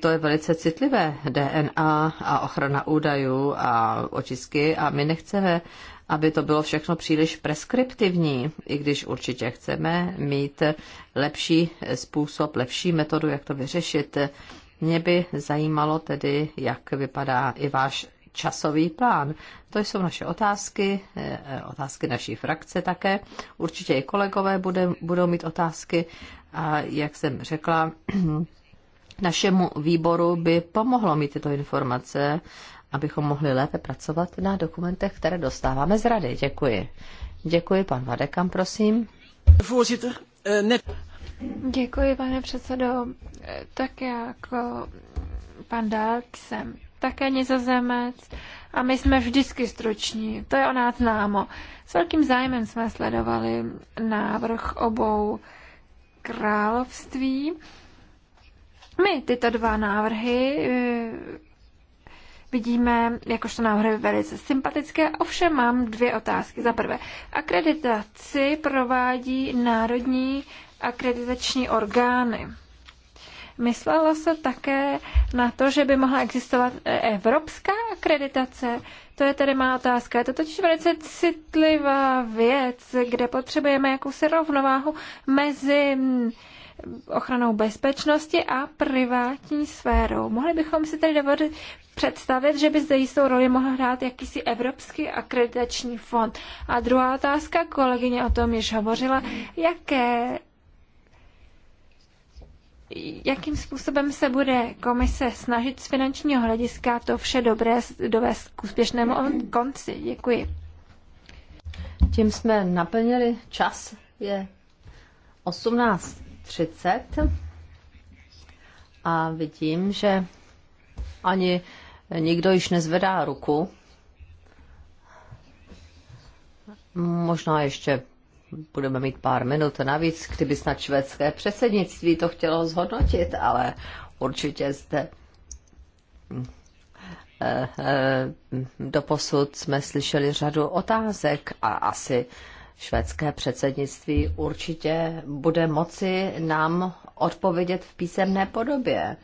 to je velice citlivé. DNA a ochrana údajů a očisky a my nechceme, aby to bylo všechno příliš preskriptivní, i když určitě chceme mít lepší způsob, lepší metodu, jak to vyřešit. Mě by zajímalo tedy, jak vypadá i váš časový plán. To jsou naše otázky, eh, otázky naší frakce také. Určitě i kolegové bude, budou mít otázky a jak jsem řekla, našemu výboru by pomohlo mít tyto informace, abychom mohli lépe pracovat na dokumentech, které dostáváme z rady. Děkuji. Děkuji, pan Vadekam, prosím. Eh, Děkuji, pane předsedo. Eh, tak jako pan Dalt jsem také nizozemec a my jsme vždycky struční, to je o nás známo. S velkým zájmem jsme sledovali návrh obou království. My tyto dva návrhy eh, vidíme jakožto návrhy velice sympatické, ovšem mám dvě otázky. Za prvé, akreditaci provádí národní akreditační orgány. Myslelo se také na to, že by mohla existovat eh, evropská akreditace. To je tedy má otázka. Je to totiž velice citlivá věc, kde potřebujeme jakousi rovnováhu mezi mm, ochranou bezpečnosti a privátní sférou. Mohli bychom si tedy dovolit představit, že by zde jistou roli mohl hrát jakýsi Evropský akreditační fond. A druhá otázka, kolegyně o tom již hovořila, jaké jakým způsobem se bude komise snažit z finančního hlediska to vše dobré dovést k úspěšnému konci. Děkuji. Tím jsme naplnili čas. Je 18.30 a vidím, že ani nikdo již nezvedá ruku. Možná ještě budeme mít pár minut navíc, kdyby snad švédské předsednictví to chtělo zhodnotit, ale určitě zde eh, eh, doposud jsme slyšeli řadu otázek a asi švédské předsednictví určitě bude moci nám odpovědět v písemné podobě.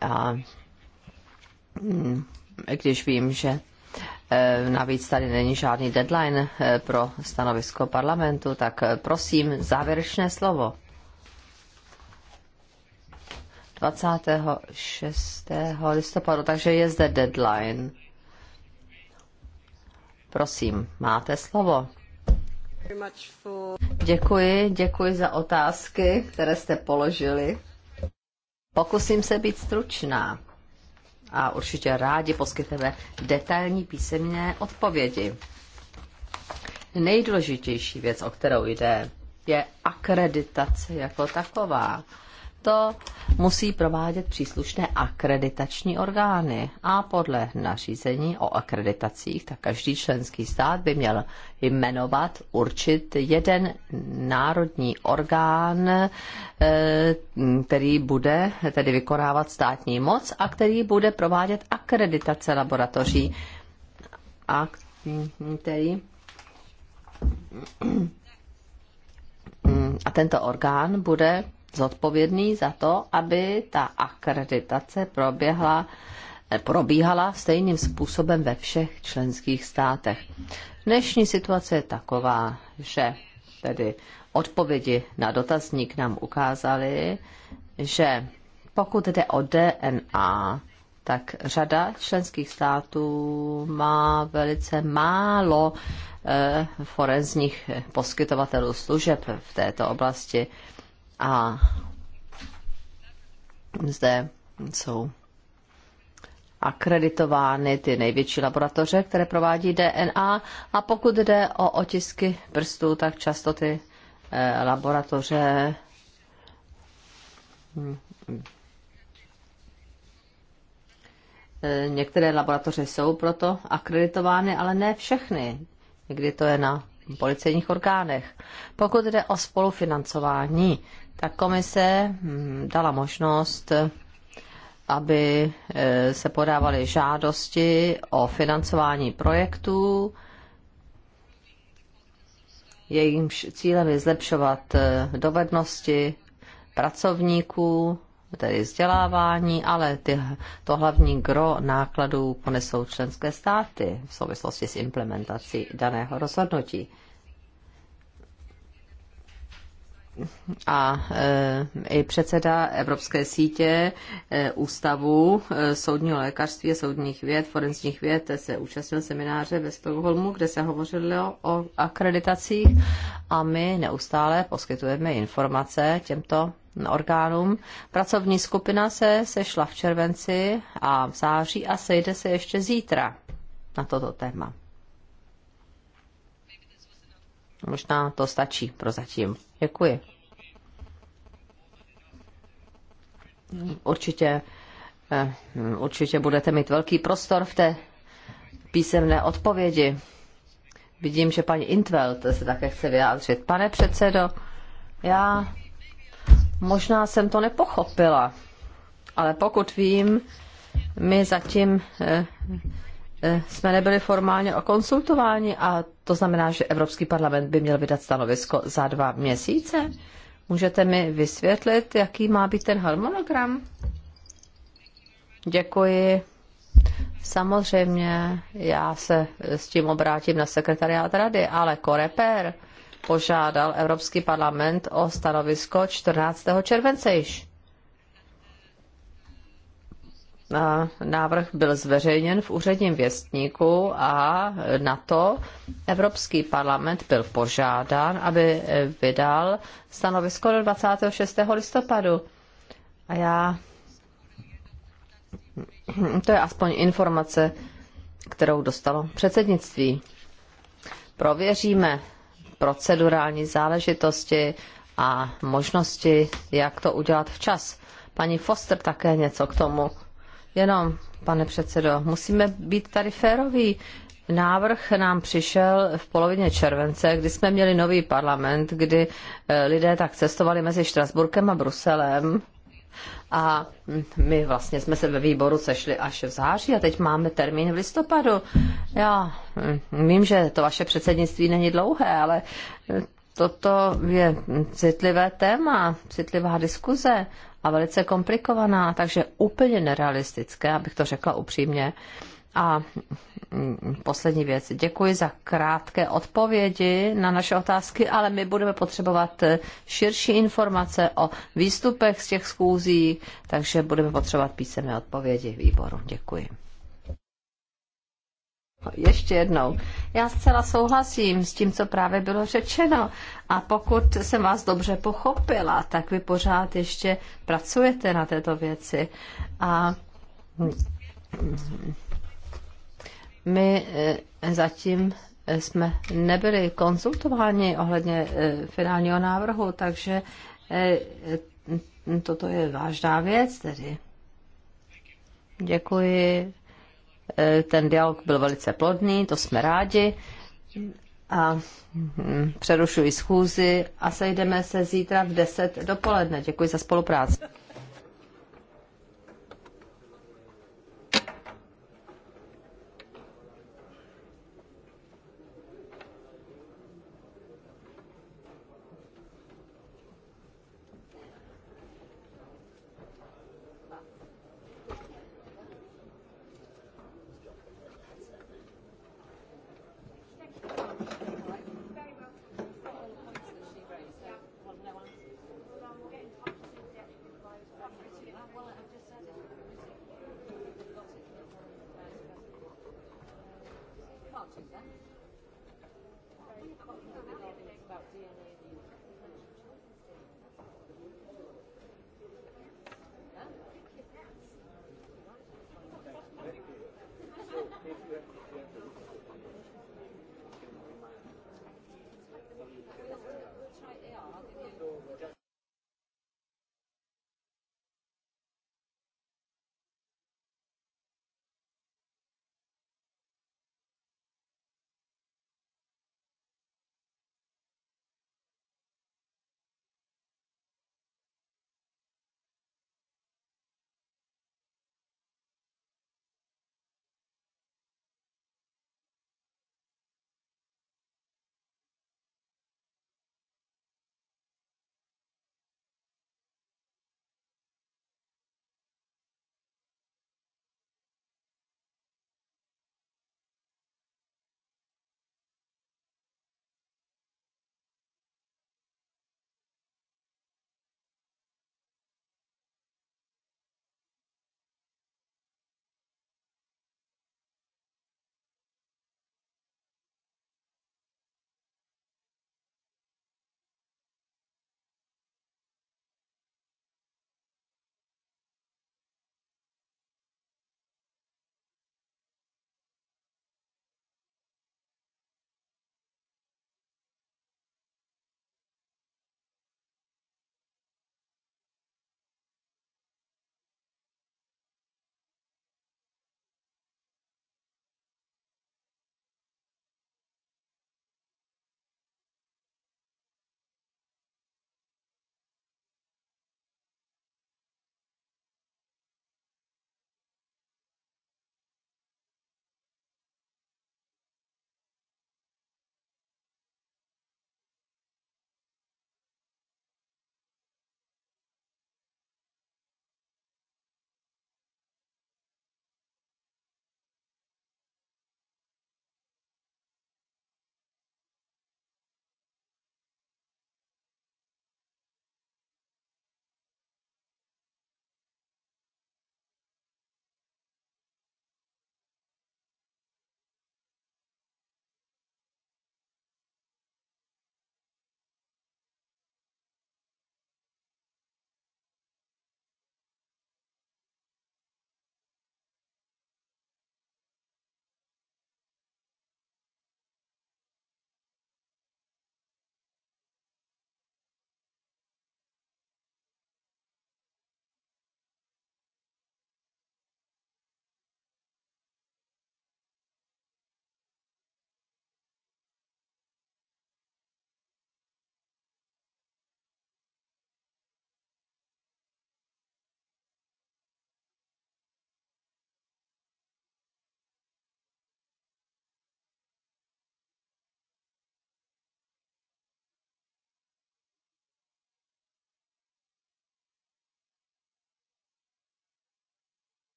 A hm, když vím, že Eh, navíc tady není žádný deadline eh, pro stanovisko parlamentu, tak eh, prosím, závěrečné slovo. 26. listopadu, takže je zde deadline. Prosím, máte slovo. Děkuji, děkuji za otázky, které jste položili. Pokusím se být stručná a určitě rádi poskytneme detailní písemné odpovědi. Nejdůležitější věc, o kterou jde, je akreditace jako taková to musí provádět příslušné akreditační orgány. A podle nařízení o akreditacích, tak každý členský stát by měl jmenovat, určit jeden národní orgán, eh, který bude tedy vykonávat státní moc a který bude provádět akreditace laboratoří a který a tento orgán bude zodpovědný za to, aby ta akreditace proběhla, probíhala stejným způsobem ve všech členských státech. Dnešní situace je taková, že tedy odpovědi na dotazník nám ukázaly, že pokud jde o DNA, tak řada členských států má velice málo eh, forenzních poskytovatelů služeb v této oblasti. A zde jsou akreditovány ty největší laboratoře, které provádí DNA. A pokud jde o otisky prstů, tak často ty eh, laboratoře hm, eh, Některé laboratoře jsou proto akreditovány, ale ne všechny. Někdy to je na policejních orgánech. Pokud jde o spolufinancování, tak komise hm, dala možnost, aby eh, se podávaly žádosti o financování projektů, jejímž cílem je zlepšovat eh, dovednosti pracovníků, tedy vzdělávání, ale ty, to hlavní gro nákladů ponesou členské státy v souvislosti s implementací daného rozhodnutí. a e, i předseda Evropské sítě e, Ústavu e, soudního lékařství a soudních věd, forenzních věd, se účastnil semináře ve Stockholmu, kde se hovořilo o akreditacích a my neustále poskytujeme informace těmto orgánům. Pracovní skupina se sešla v červenci a v září a sejde se ještě zítra na toto téma. Možná to stačí pro zatím. Děkuji. Určitě, eh, určitě budete mít velký prostor v té písemné odpovědi. Vidím, že paní Intveld se také chce vyjádřit. Pane předsedo, já možná jsem to nepochopila, ale pokud vím, my zatím eh, Eh, jsme nebyli formálně konsultováni a to znamená, že Evropský parlament by měl vydat stanovisko za dva měsíce. Můžete mi vysvětlit, jaký má být ten harmonogram? Děkuji. Samozřejmě já se s tím obrátím na sekretariát rady, ale Koreper požádal Evropský parlament o stanovisko 14. července již. Návrh byl zveřejněn v úředním věstníku a na to Evropský parlament byl požádán, aby vydal stanovisko do 26. listopadu. A já. To je aspoň informace, kterou dostalo předsednictví. Prověříme procedurální záležitosti a možnosti, jak to udělat včas. Paní Foster také něco k tomu Jenom, pane předsedo, musíme být tady féroví. Návrh nám přišel v polovině července, kdy jsme měli nový parlament, kdy eh, lidé tak cestovali mezi Štrasburkem a Bruselem. A my vlastně jsme se ve výboru sešli až v září a teď máme termín v listopadu. Já hm, vím, že to vaše předsednictví není dlouhé, ale eh, toto je citlivé téma, citlivá diskuze a velice komplikovaná, takže úplně nerealistické, abych to řekla upřímně. A mm, poslední věc. Děkuji za krátké odpovědi na naše otázky, ale my budeme potřebovat eh, širší informace o výstupech z těch schůzí, takže budeme potřebovat písemné odpovědi výboru. Děkuji ještě jednou. Já zcela souhlasím s tím, co právě bylo řečeno. A pokud jsem vás dobře pochopila, tak vy pořád ještě pracujete na této věci. A my eh, zatím eh, jsme nebyli konzultováni ohledně eh, finálního návrhu, takže toto je vážná věc tedy. Děkuji Eh, ten dialog byl velice plodný, to jsme rádi. A hm, přerušuji schůzi a sejdeme se zítra v 10 dopoledne. Děkuji za spolupráci.